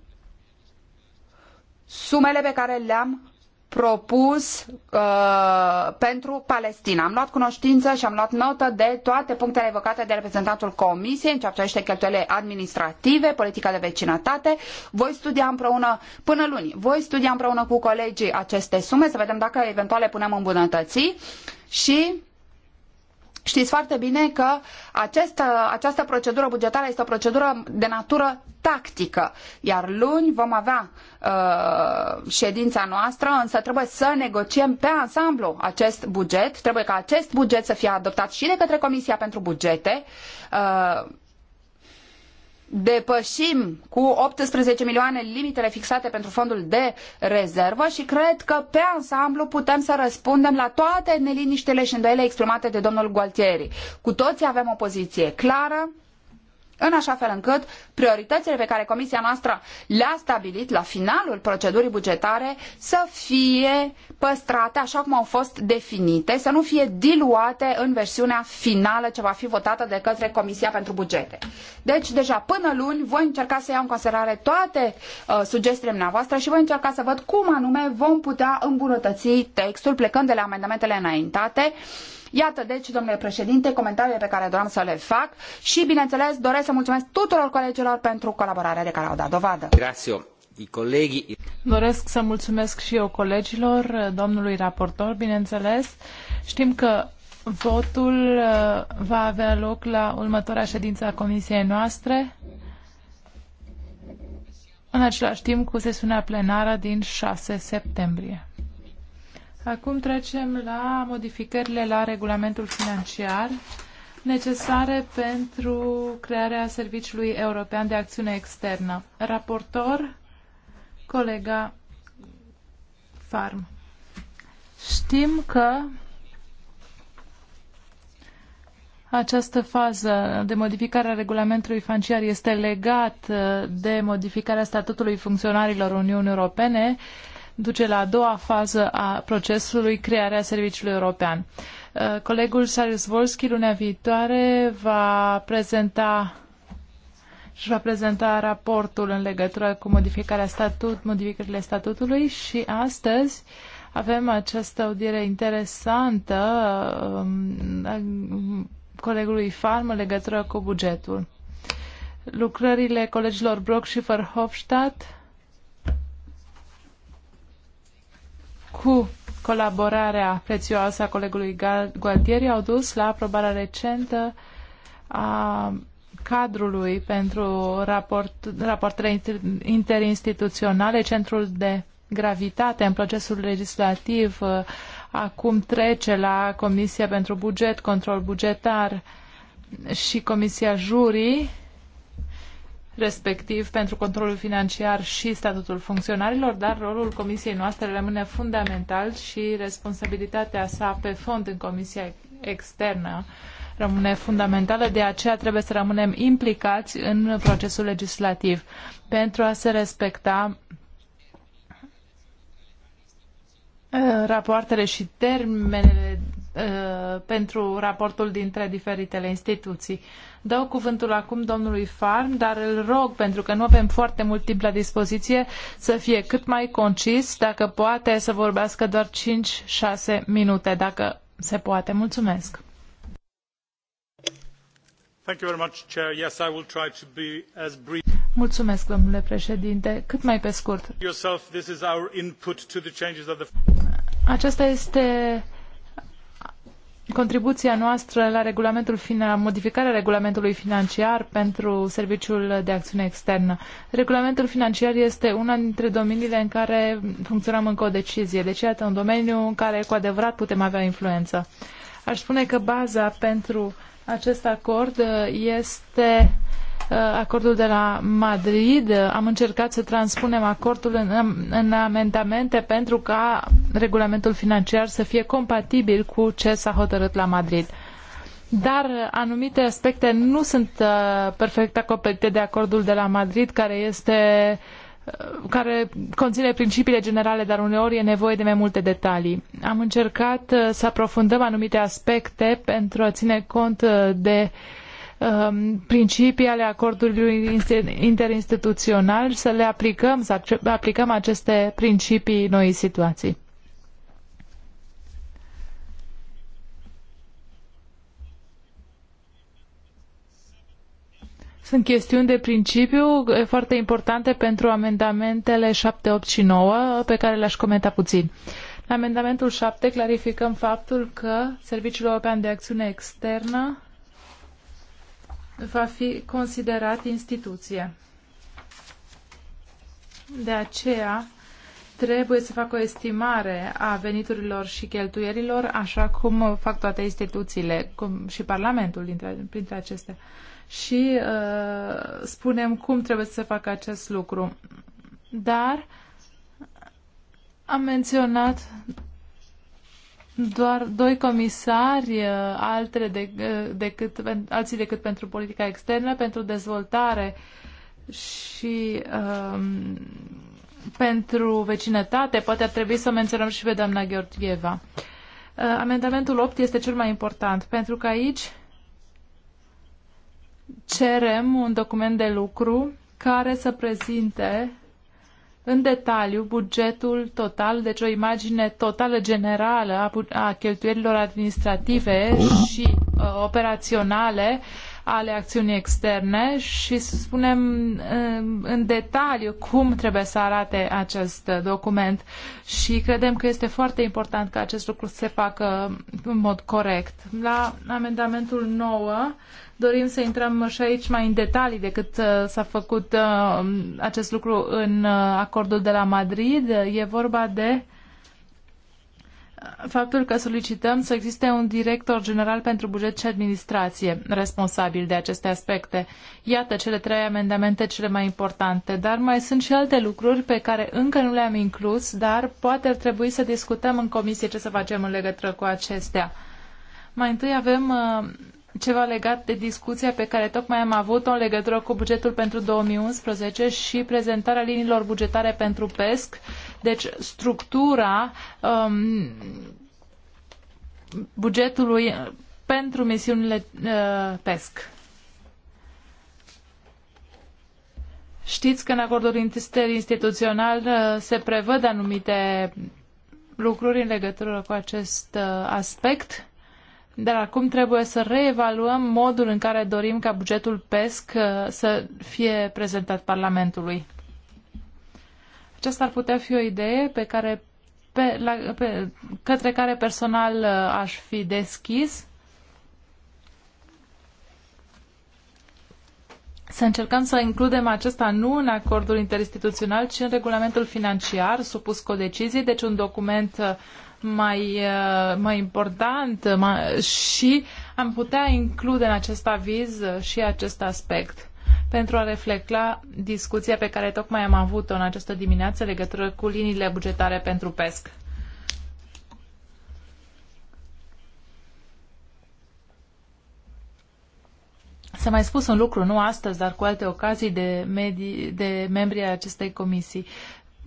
sumele pe care le-am propus uh, pentru Palestina. Am luat cunoștință și am luat notă de toate punctele evocate de reprezentantul Comisiei în ceea ce privește cheltuielile administrative, politica de vecinătate. Voi studia împreună, până luni, voi studia împreună cu colegii aceste sume, să vedem dacă eventual le punem îmbunătăți și Știți foarte bine că acest, această procedură bugetară este o procedură de natură tactică, iar luni vom avea uh, ședința noastră, însă trebuie să negociem pe ansamblu acest buget, trebuie ca acest buget să fie adoptat și de către Comisia pentru Bugete. Uh, depăim cu 18 milioane limitele fixate pentru fondul de rezervă și cred că pe ansamblu putem să răspundem la toate neliniștile și îndoiele exprimate de domnul Gualtieri. Cu toții avem o poziție clară, în așa fel încât prioritățile pe care comisia noastră le-a stabilit la finalul procedurii bugetare să fie păstrate așa cum au fost definite, să nu fie diluate în versiunea finală ce va fi votată de către Comisia pentru Bugete. Deci, deja până luni, voi încerca să iau în considerare toate uh, sugestiile dumneavoastră și voi încerca să văd cum anume vom putea îmbunătăți textul plecând de la amendamentele înaintate uh, Iată, deci, domnule președinte, comentariile pe care doream să le fac și, bineînțeles, doresc să mulțumesc tuturor colegilor pentru colaborarea de care au dat dovadă. Grazie. Doresc să mulțumesc și eu colegilor, domnului raportor, bineînțeles. Știm că votul uh, va avea loc la următoarea ședință a comisiei noastre, în același timp cu sesiunea plenară din 6 septembrie. Acum trecem la modificările la regulamentul financiar necesare pentru crearea Serviciului European de Acțiune Externă. Raportor, colega Farm. Știm că această fază de modificare a regulamentului financiar este legată de modificarea statutului funcționarilor Uniunii Europene uh, duce la a doua fază a procesului, crearea Serviciului European. Uh, colegul Sarius Volski lunea viitoare va prezenta și va prezenta raportul în legătură cu modificarea statut, modificările statutului și astăzi avem această audiere interesantă um, colegului Farm în legătură cu bugetul. Lucrările colegilor Brock și Verhofstadt cu colaborarea prețioasă a colegului Gualtieri au dus la aprobarea recentă a cadrului pentru raport, rapoartele interinstituționale, centrul de gravitate în procesul legislativ uh, acum trece la Comisia pentru Buget, Control Bugetar și Comisia Jurii respectiv pentru controlul financiar și statutul funcționarilor, dar rolul comisiei noastre rămâne fundamental și responsabilitatea sa pe fond în comisia externă rămâne fundamentală, de aceea trebuie să rămânem implicați în procesul legislativ pentru a se respecta uh, rapoartele și termenele uh, pentru raportul dintre diferitele instituții. Dau cuvântul acum domnului Farm, dar îl rog, pentru că nu avem foarte mult timp la dispoziție, să fie cât mai concis, dacă poate să vorbească doar 5-6 minute, dacă se poate. Mulțumesc! Mulțumesc, domnule președinte. Cât mai pe scurt. Aceasta este contribuția noastră la regulamentul final, modificarea regulamentului financiar pentru serviciul de acțiune externă. Regulamentul financiar este una dintre domeniile în care funcționăm în codecizie, deci iată un domeniu în care cu adevărat putem avea influență. Aș spune că baza pentru uh, acest acord uh, este uh, acordul de la Madrid. Am încercat să transpunem acordul în, în amendamente pentru ca regulamentul financiar să fie compatibil cu ce s-a hotărât la Madrid. Dar anumite aspecte nu sunt uh, perfect acoperite de acordul de la Madrid, care este uh, care conține principiile generale, dar uneori e nevoie de mai multe detalii. Am încercat uh, să aprofundăm anumite aspecte pentru a ține cont uh, de um, principii ale acordului interinstituțional, să le aplicăm, să aplicăm aceste principii noi situații. Sunt chestiuni de principiu foarte importante pentru amendamentele 7, 8 și 9, pe care le-aș comenta puțin. La amendamentul 7 clarificăm faptul că Serviciul European de Acțiune Externă va fi considerat instituție. De aceea trebuie să facă o estimare a veniturilor și cheltuierilor, așa cum fac toate instituțiile, cum și Parlamentul dintre, printre acestea și uh, spunem cum trebuie să se facă acest lucru. Dar am menționat doar doi comisari, uh, altele de, uh, decât, alții decât pentru politica externă, pentru dezvoltare și um, pentru vecinătate. Poate ar trebui să menționăm și pe doamna Gheorgheva. Uh, amendamentul 8 este cel mai important, pentru că aici cerem un document de lucru care să prezinte în detaliu bugetul total, deci o imagine totală generală a, cheltuielilor administrative și uh, operaționale ale acțiunii externe și să spunem uh, în detaliu cum trebuie să arate acest document și credem că este foarte important ca acest lucru să se facă în mod corect. La amendamentul 9 dorim să intrăm și aici mai în detalii decât uh, s-a făcut uh, acest lucru în uh, acordul de la Madrid. E vorba de faptul că solicităm să existe un director general pentru buget și administrație responsabil de aceste aspecte. Iată cele trei amendamente cele mai importante, dar mai sunt și alte lucruri pe care încă nu le-am inclus, dar poate ar trebui să discutăm în comisie ce să facem în legătură cu acestea. Mai întâi avem ceva legat de discuția pe care tocmai am avut-o în legătură cu bugetul pentru 2011 și prezentarea liniilor bugetare pentru PESC. Deci structura um, bugetului uh, pentru misiunile uh, PESC. Știți că în acordul interinstituțional uh, se prevăd anumite lucruri în legătură cu acest uh, aspect dar acum trebuie să reevaluăm modul în care dorim ca bugetul PESC uh, să fie prezentat Parlamentului. Aceasta ar putea fi o idee pe care, pe, la, pe, către care personal uh, aș fi deschis. Să încercăm să includem acesta nu în acordul interinstituțional, ci în regulamentul financiar supus decizie, deci un document uh, mai, uh, mai important mai, și am putea include în acest aviz uh, și acest aspect pentru a reflecta discuția pe care tocmai am avut-o în această dimineață legătură cu liniile bugetare pentru pesc. S-a mai spus un lucru, nu astăzi, dar cu alte ocazii de, medii, de membrii acestei comisii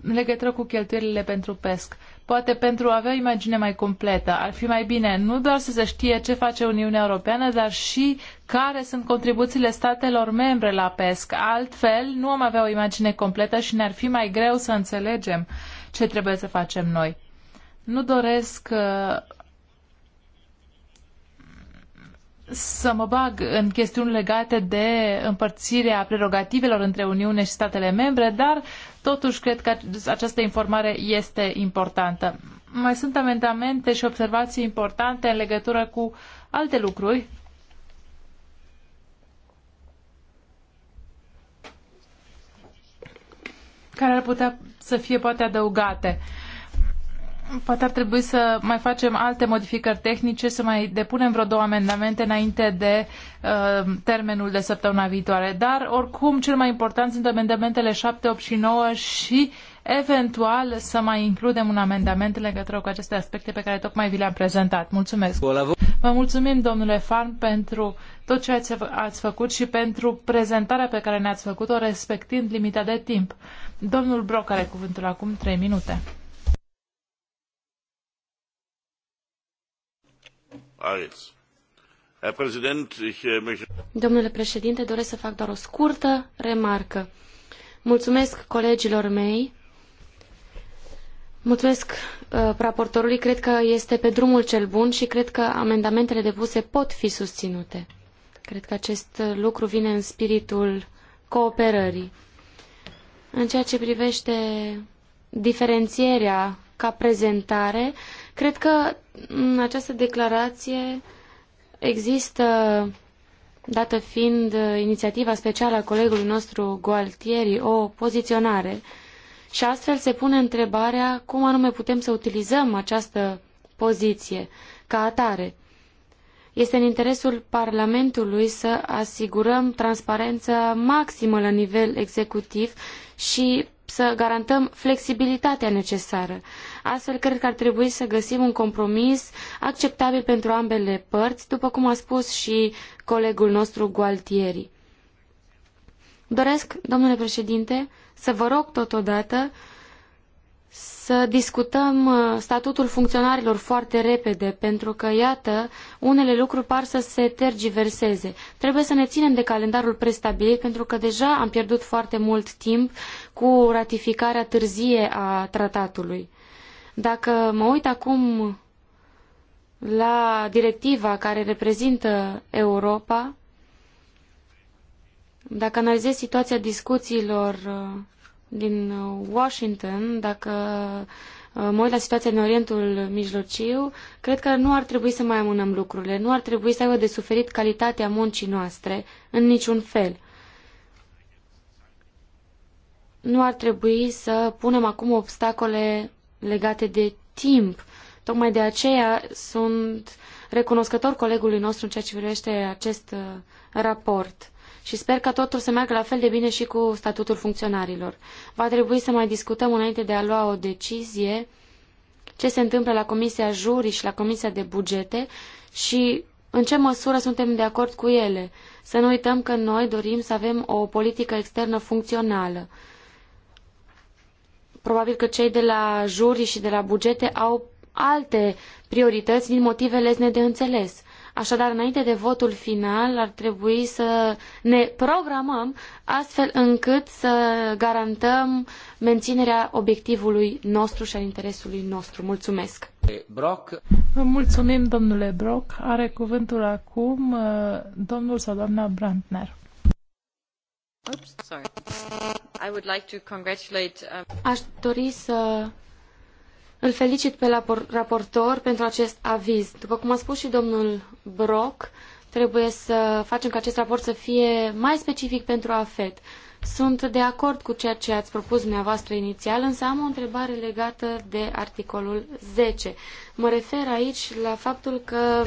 în legătură cu cheltuielile pentru pesc. Poate pentru a avea o imagine mai completă, ar fi mai bine nu doar să se știe ce face Uniunea Europeană, dar și care sunt contribuțiile statelor membre la pesc. Altfel, nu am avea o imagine completă și ne-ar fi mai greu să înțelegem ce trebuie să facem noi. Nu doresc uh, să mă bag în chestiuni legate de împărțirea prerogativelor între Uniune și statele membre, dar totuși cred că această informare este importantă. Mai sunt amendamente și observații importante în legătură cu alte lucruri. care ar putea să fie poate adăugate. Uh, Poate ar trebui să mai facem alte modificări tehnice, să mai depunem vreo două amendamente înainte de uh, termenul de săptămâna viitoare. Dar, oricum, cel mai important sunt amendamentele 7, 8 și 9 și, eventual, să mai includem un amendament în legătură cu aceste aspecte pe care tocmai vi le-am prezentat. Mulțumesc! Vă mulțumim, domnule Fan, pentru tot ce ați, ați făcut și pentru prezentarea pe care ne-ați făcut-o, respectând limita de timp. Domnul Broc are cuvântul acum 3 minute. Äh, Domnule președinte, doresc să fac doar o scurtă remarcă. Mulțumesc colegilor mei, mulțumesc uh, raportorului, cred că este pe drumul cel bun și cred că amendamentele depuse pot fi susținute. Cred că acest lucru vine în spiritul cooperării. În ceea ce privește diferențierea ca prezentare, Cred că în această declarație există, dată fiind inițiativa specială a colegului nostru Gualtieri, o poziționare și astfel se pune întrebarea cum anume putem să utilizăm această poziție ca atare. Este în interesul Parlamentului să asigurăm transparența maximă la nivel executiv și să garantăm flexibilitatea necesară. Astfel, cred că ar trebui să găsim un compromis acceptabil pentru ambele părți, după cum a spus și colegul nostru Gualtieri. Doresc, domnule președinte, să vă rog totodată să discutăm uh, statutul funcționarilor foarte repede, pentru că, iată, unele lucruri par să se tergiverseze. Trebuie să ne ținem de calendarul prestabilit, pentru că deja am pierdut foarte mult timp cu ratificarea târzie a tratatului. Dacă mă uit acum la directiva care reprezintă Europa, dacă analizez situația discuțiilor uh, din Washington, dacă uh, mă uit la situația din Orientul Mijlociu, cred că nu ar trebui să mai amânăm lucrurile, nu ar trebui să aibă de suferit calitatea muncii noastre în niciun fel. Nu ar trebui să punem acum obstacole legate de timp. Tocmai de aceea sunt recunoscător colegului nostru în ceea ce privește acest uh, raport și sper ca totul să meargă la fel de bine și cu statutul funcționarilor. Va trebui să mai discutăm înainte de a lua o decizie ce se întâmplă la Comisia Juri și la Comisia de Bugete și în ce măsură suntem de acord cu ele. Să nu uităm că noi dorim să avem o politică externă funcțională. Probabil că cei de la juri și de la bugete au alte priorități din motive lesne de înțeles. Așadar, înainte de votul final, ar trebui să ne programăm astfel încât să garantăm menținerea obiectivului nostru și a interesului nostru. Mulțumesc! Brock. Vă mulțumim, domnule Brock. Are cuvântul acum uh, domnul sau doamna Brandner. Oops, sorry. I would like to congratulate... Uh, Aș dori să îl felicit pe raportor pentru acest aviz. După cum a spus și domnul Brok, trebuie să facem ca acest raport să fie mai specific pentru AFET. Sunt de acord cu ceea ce ați propus dumneavoastră inițial, însă am o întrebare legată de articolul 10. Mă refer aici la faptul că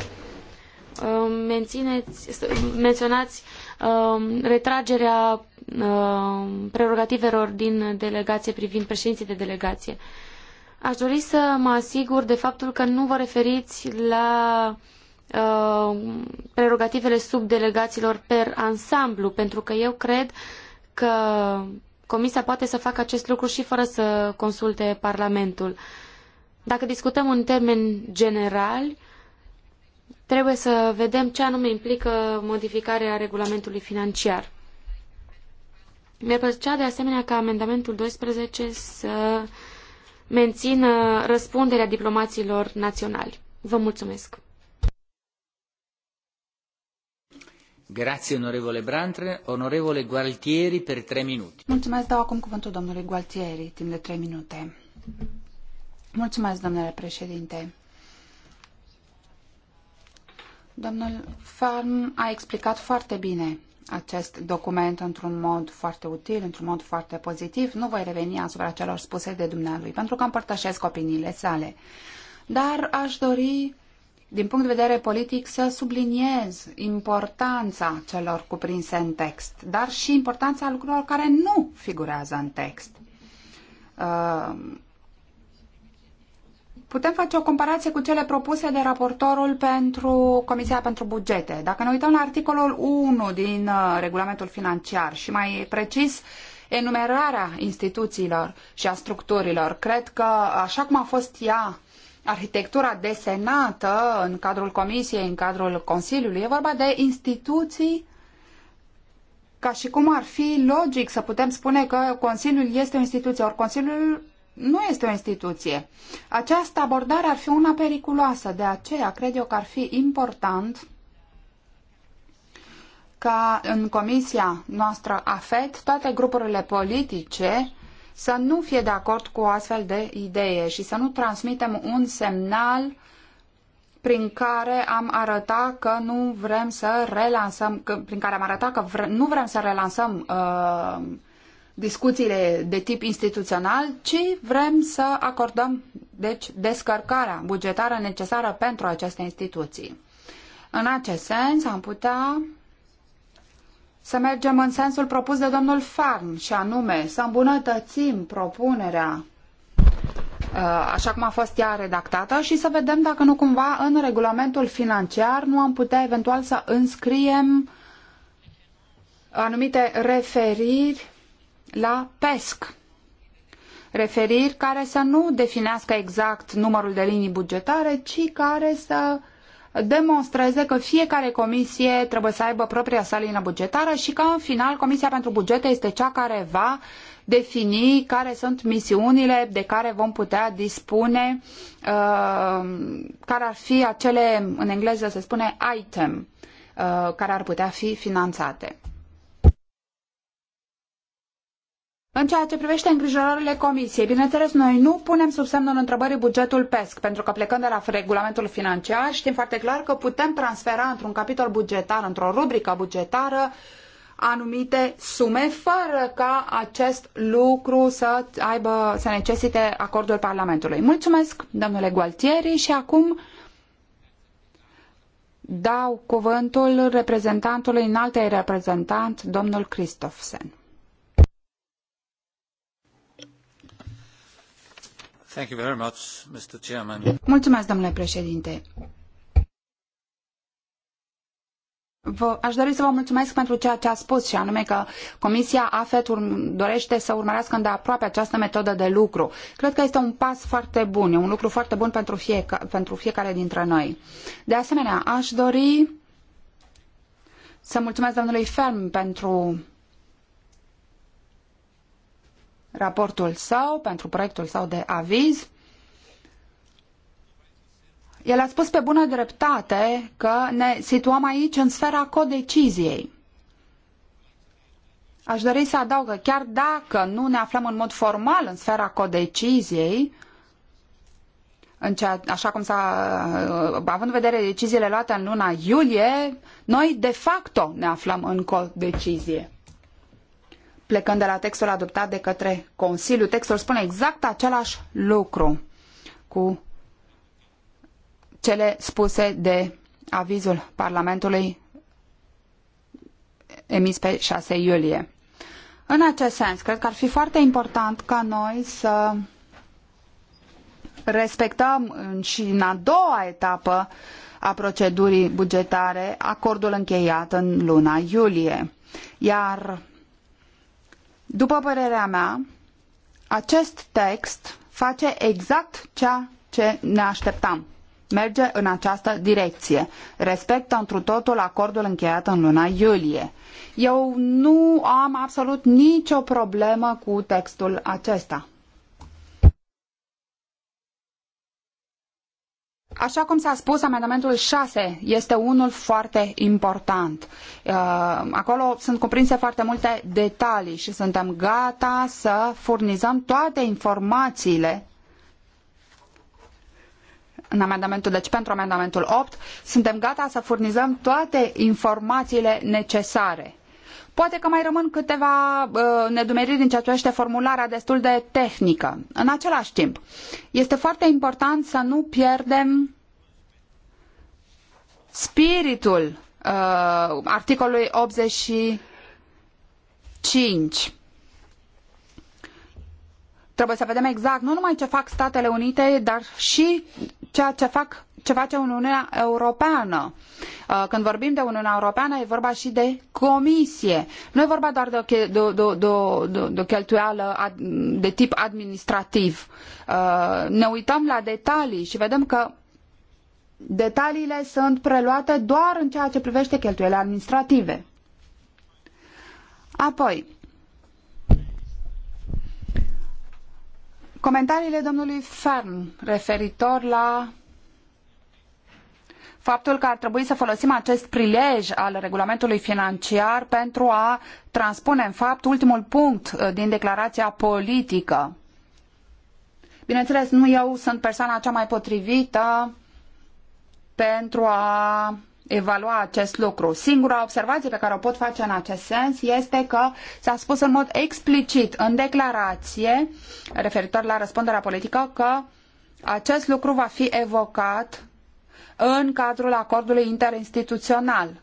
um, mențineți, menționați um, retragerea Uh, prerogativelor din delegație privind președinții de delegație. Aș dori să mă asigur de faptul că nu vă referiți la uh, prerogativele subdelegațiilor per ansamblu, pentru că eu cred că Comisia poate să facă acest lucru și fără să consulte Parlamentul. Dacă discutăm în termeni generali, trebuie să vedem ce anume implică modificarea regulamentului financiar. Mi-ar plăcea de asemenea ca amendamentul 12 să mențină răspunderea diplomaților naționali. Vă mulțumesc! Grazie, onorevole Brantre. Onorevole Gualtieri, per trei Mulțumesc, dau acum cuvântul domnului Gualtieri, timp de trei minute. Mulțumesc, domnule președinte. Domnul Farm a explicat foarte bine acest document într-un mod foarte util, într-un mod foarte pozitiv. Nu voi reveni asupra celor spuse de dumnealui, pentru că împărtășesc opiniile sale. Dar aș dori, din punct de vedere politic, să subliniez importanța celor cuprinse în text, dar și importanța lucrurilor care nu figurează în text. Uh, Putem face o comparație cu cele propuse de raportorul pentru Comisia pentru Bugete. Dacă ne uităm la articolul 1 din uh, regulamentul financiar și mai precis enumerarea instituțiilor și a structurilor, cred că așa cum a fost ea arhitectura desenată în cadrul Comisiei, în cadrul Consiliului, e vorba de instituții ca și cum ar fi logic să putem spune că Consiliul este o instituție, ori Consiliul nu este o instituție. Această abordare ar fi una periculoasă, de aceea cred eu că ar fi important ca în comisia noastră AFET toate grupurile politice să nu fie de acord cu o astfel de idee și să nu transmitem un semnal prin care am arăta că nu vrem să relansăm, că, prin care am arătat că vre, nu vrem să relansăm uh, discuțiile de tip instituțional, ci vrem să acordăm deci, descărcarea bugetară necesară pentru aceste instituții. În acest sens, am putea să mergem în sensul propus de domnul Farn, și anume să îmbunătățim propunerea uh, așa cum a fost ea redactată și să vedem dacă nu cumva în regulamentul financiar nu am putea eventual să înscriem anumite referiri la PESC. Referiri care să nu definească exact numărul de linii bugetare, ci care să demonstreze că fiecare comisie trebuie să aibă propria sa linie bugetară și că în final Comisia pentru Bugete este cea care va defini care sunt misiunile de care vom putea dispune, uh, care ar fi acele, în engleză se spune, item, uh, care ar putea fi finanțate. În ceea ce privește îngrijorările Comisiei, bineînțeles, noi nu punem sub semnul întrebării bugetul PESC, pentru că plecând de la regulamentul financiar, știm foarte clar că putem transfera într-un capitol bugetar, într-o rubrică bugetară, anumite sume fără ca acest lucru să aibă, să necesite acordul Parlamentului. Mulțumesc, domnule Gualtieri, și acum dau cuvântul reprezentantului înaltei reprezentant, domnul Christofsen. Mulțumesc, domnule președinte. aș dori să vă mulțumesc pentru ceea ce ați spus și anume că Comisia AFET dorește să urmărească îndeaproape această metodă de lucru. Cred că este un pas foarte bun, e un lucru foarte bun pentru, pentru fiecare dintre noi. De asemenea, aș dori să mulțumesc domnului Ferm pentru raportul său, pentru proiectul său de aviz. El a spus pe bună dreptate că ne situăm aici în sfera codeciziei. Aș dori să adaug că chiar dacă nu ne aflăm în mod formal în sfera codeciziei, în așa cum s-a, având în vedere deciziile luate în luna iulie, noi de facto ne aflăm în codecizie plecând de la textul adoptat de către Consiliu, textul spune exact același lucru cu cele spuse de avizul Parlamentului emis pe 6 iulie. În acest sens, cred că ar fi foarte important ca noi să respectăm și în a doua etapă a procedurii bugetare acordul încheiat în luna iulie. Iar după părerea mea, acest text face exact ceea ce ne așteptam. Merge în această direcție. Respectă întru totul acordul încheiat în luna iulie. Eu nu am absolut nicio problemă cu textul acesta. Așa cum s-a spus, amendamentul 6 este unul foarte important. Uh, acolo sunt cuprinse foarte multe detalii și suntem gata să furnizăm toate informațiile în amendamentul, deci pentru amendamentul opt, suntem gata să furnizăm toate informațiile necesare. Poate că mai rămân câteva uh, nedumeriri în ceea ce este formularea destul de tehnică. În același timp, este foarte important să nu pierdem spiritul uh, articolului 85 trebuie să vedem exact nu numai ce fac Statele Unite, dar și ceea ce fac ce face Uniunea Europeană. Uh, când vorbim de Uniunea Europeană, e vorba și de Comisie. Nu e vorba doar de o, de, de, de, cheltuială de tip administrativ. Uh, ne uităm la detalii și vedem că detaliile sunt preluate doar în ceea ce privește cheltuielile administrative. Apoi, comentariile domnului Fern referitor la faptul că ar trebui să folosim acest prilej al regulamentului financiar pentru a transpune în fapt ultimul punct uh, din declarația politică. Bineînțeles, nu eu sunt persoana cea mai potrivită pentru a evalua acest lucru. Singura observație pe care o pot face în acest sens este că s-a spus în mod explicit în declarație referitor la răspunderea politică că acest lucru va fi evocat în cadrul acordului interinstituțional.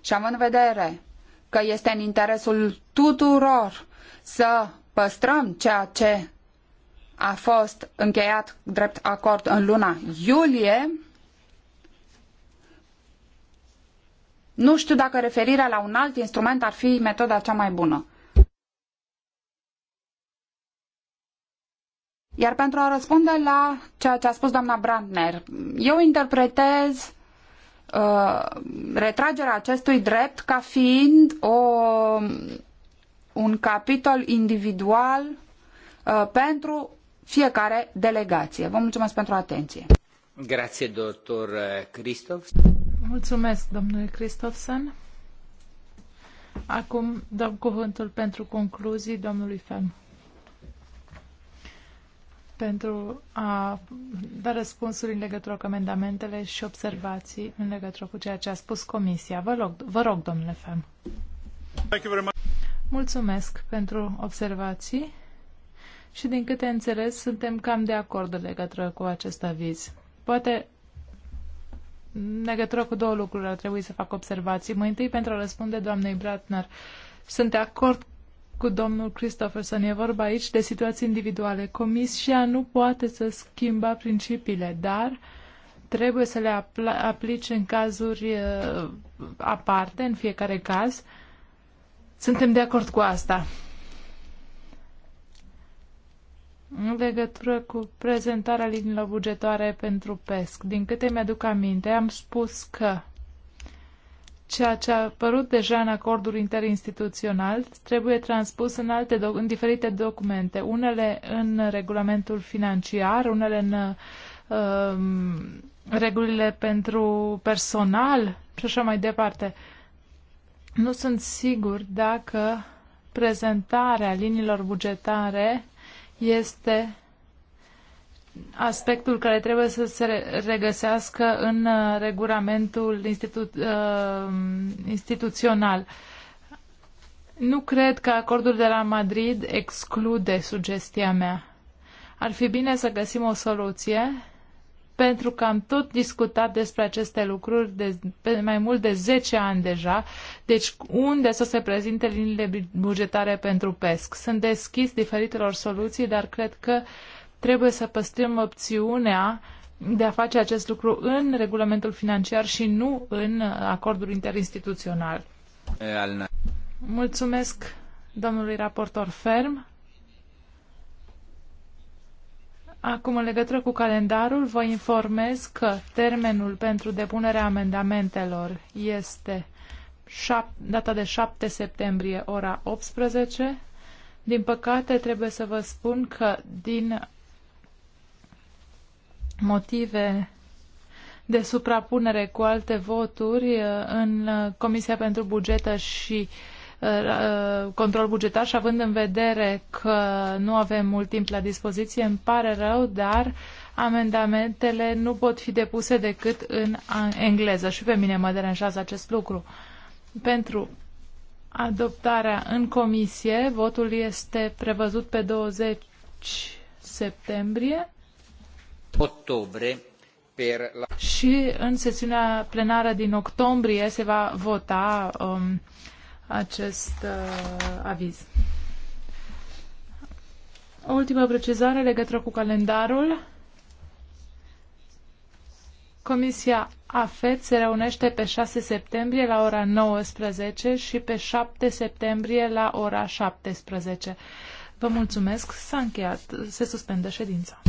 Și având în vedere că este în interesul tuturor să păstrăm ceea ce a fost încheiat drept acord în luna iulie, nu știu dacă referirea la un alt instrument ar fi metoda cea mai bună. Iar pentru a răspunde la ceea ce a spus doamna Brandner, eu interpretez uh, retragerea acestui drept ca fiind o, un capitol individual uh, pentru fiecare delegație. Vă mulțumesc pentru atenție. Grazie, doctor Christophs. Mulțumesc, domnule Christophsen. Acum dăm cuvântul pentru concluzii domnului Fem pentru a da răspunsuri în legătură cu amendamentele și observații în legătură cu ceea ce a spus Comisia. Vă rog, vă rog domnule Fem. Mulțumesc pentru observații și din câte înțeles suntem cam de acord în legătură cu acest aviz. Poate în legătură cu două lucruri ar trebui să fac observații. Mai întâi pentru a răspunde doamnei Bratner. Sunt de acord cu domnul Christopherson. E vorba aici de situații individuale. Comisia nu poate să schimba principiile, dar trebuie să le apl- aplice în cazuri uh, aparte, în fiecare caz. Suntem de acord cu asta. În legătură cu prezentarea liniilor bugetare pentru PESC, din câte mi-aduc aminte, am spus că ceea ce a apărut deja în acordul interinstituțional trebuie transpus în, alte doc- în diferite documente, unele în regulamentul financiar, unele în uh, regulile pentru personal și așa mai departe. Nu sunt sigur dacă prezentarea liniilor bugetare este aspectul care trebuie să se regăsească în uh, regulamentul institu- uh, instituțional. Nu cred că acordul de la Madrid exclude sugestia mea. Ar fi bine să găsim o soluție pentru că am tot discutat despre aceste lucruri de, de mai mult de 10 ani deja. Deci unde să se prezinte liniile bugetare pentru PESC? Sunt deschis diferitelor soluții, dar cred că uh, Trebuie să păstrăm opțiunea de a face acest lucru în regulamentul financiar și nu în acordul interinstituțional. Mulțumesc domnului raportor ferm. Acum, în legătură cu calendarul, vă informez că termenul pentru depunerea amendamentelor este data de 7 septembrie, ora 18. Din păcate, trebuie să vă spun că din motive de suprapunere cu alte voturi uh, în uh, Comisia pentru Bugetă și uh, control bugetar și având în vedere că nu avem mult timp la dispoziție, îmi pare rău, dar amendamentele nu pot fi depuse decât în engleză și pe mine mă deranjează acest lucru. Pentru adoptarea în comisie, votul este prevăzut pe 20 septembrie Octobre per la... Și în sesiunea plenară din octombrie se va vota um, acest uh, aviz. O ultimă precizare legătură cu calendarul. Comisia AFET se reunește pe 6 septembrie la ora 19 și pe 7 septembrie la ora 17. Vă mulțumesc, s-a încheiat, se suspendă ședința.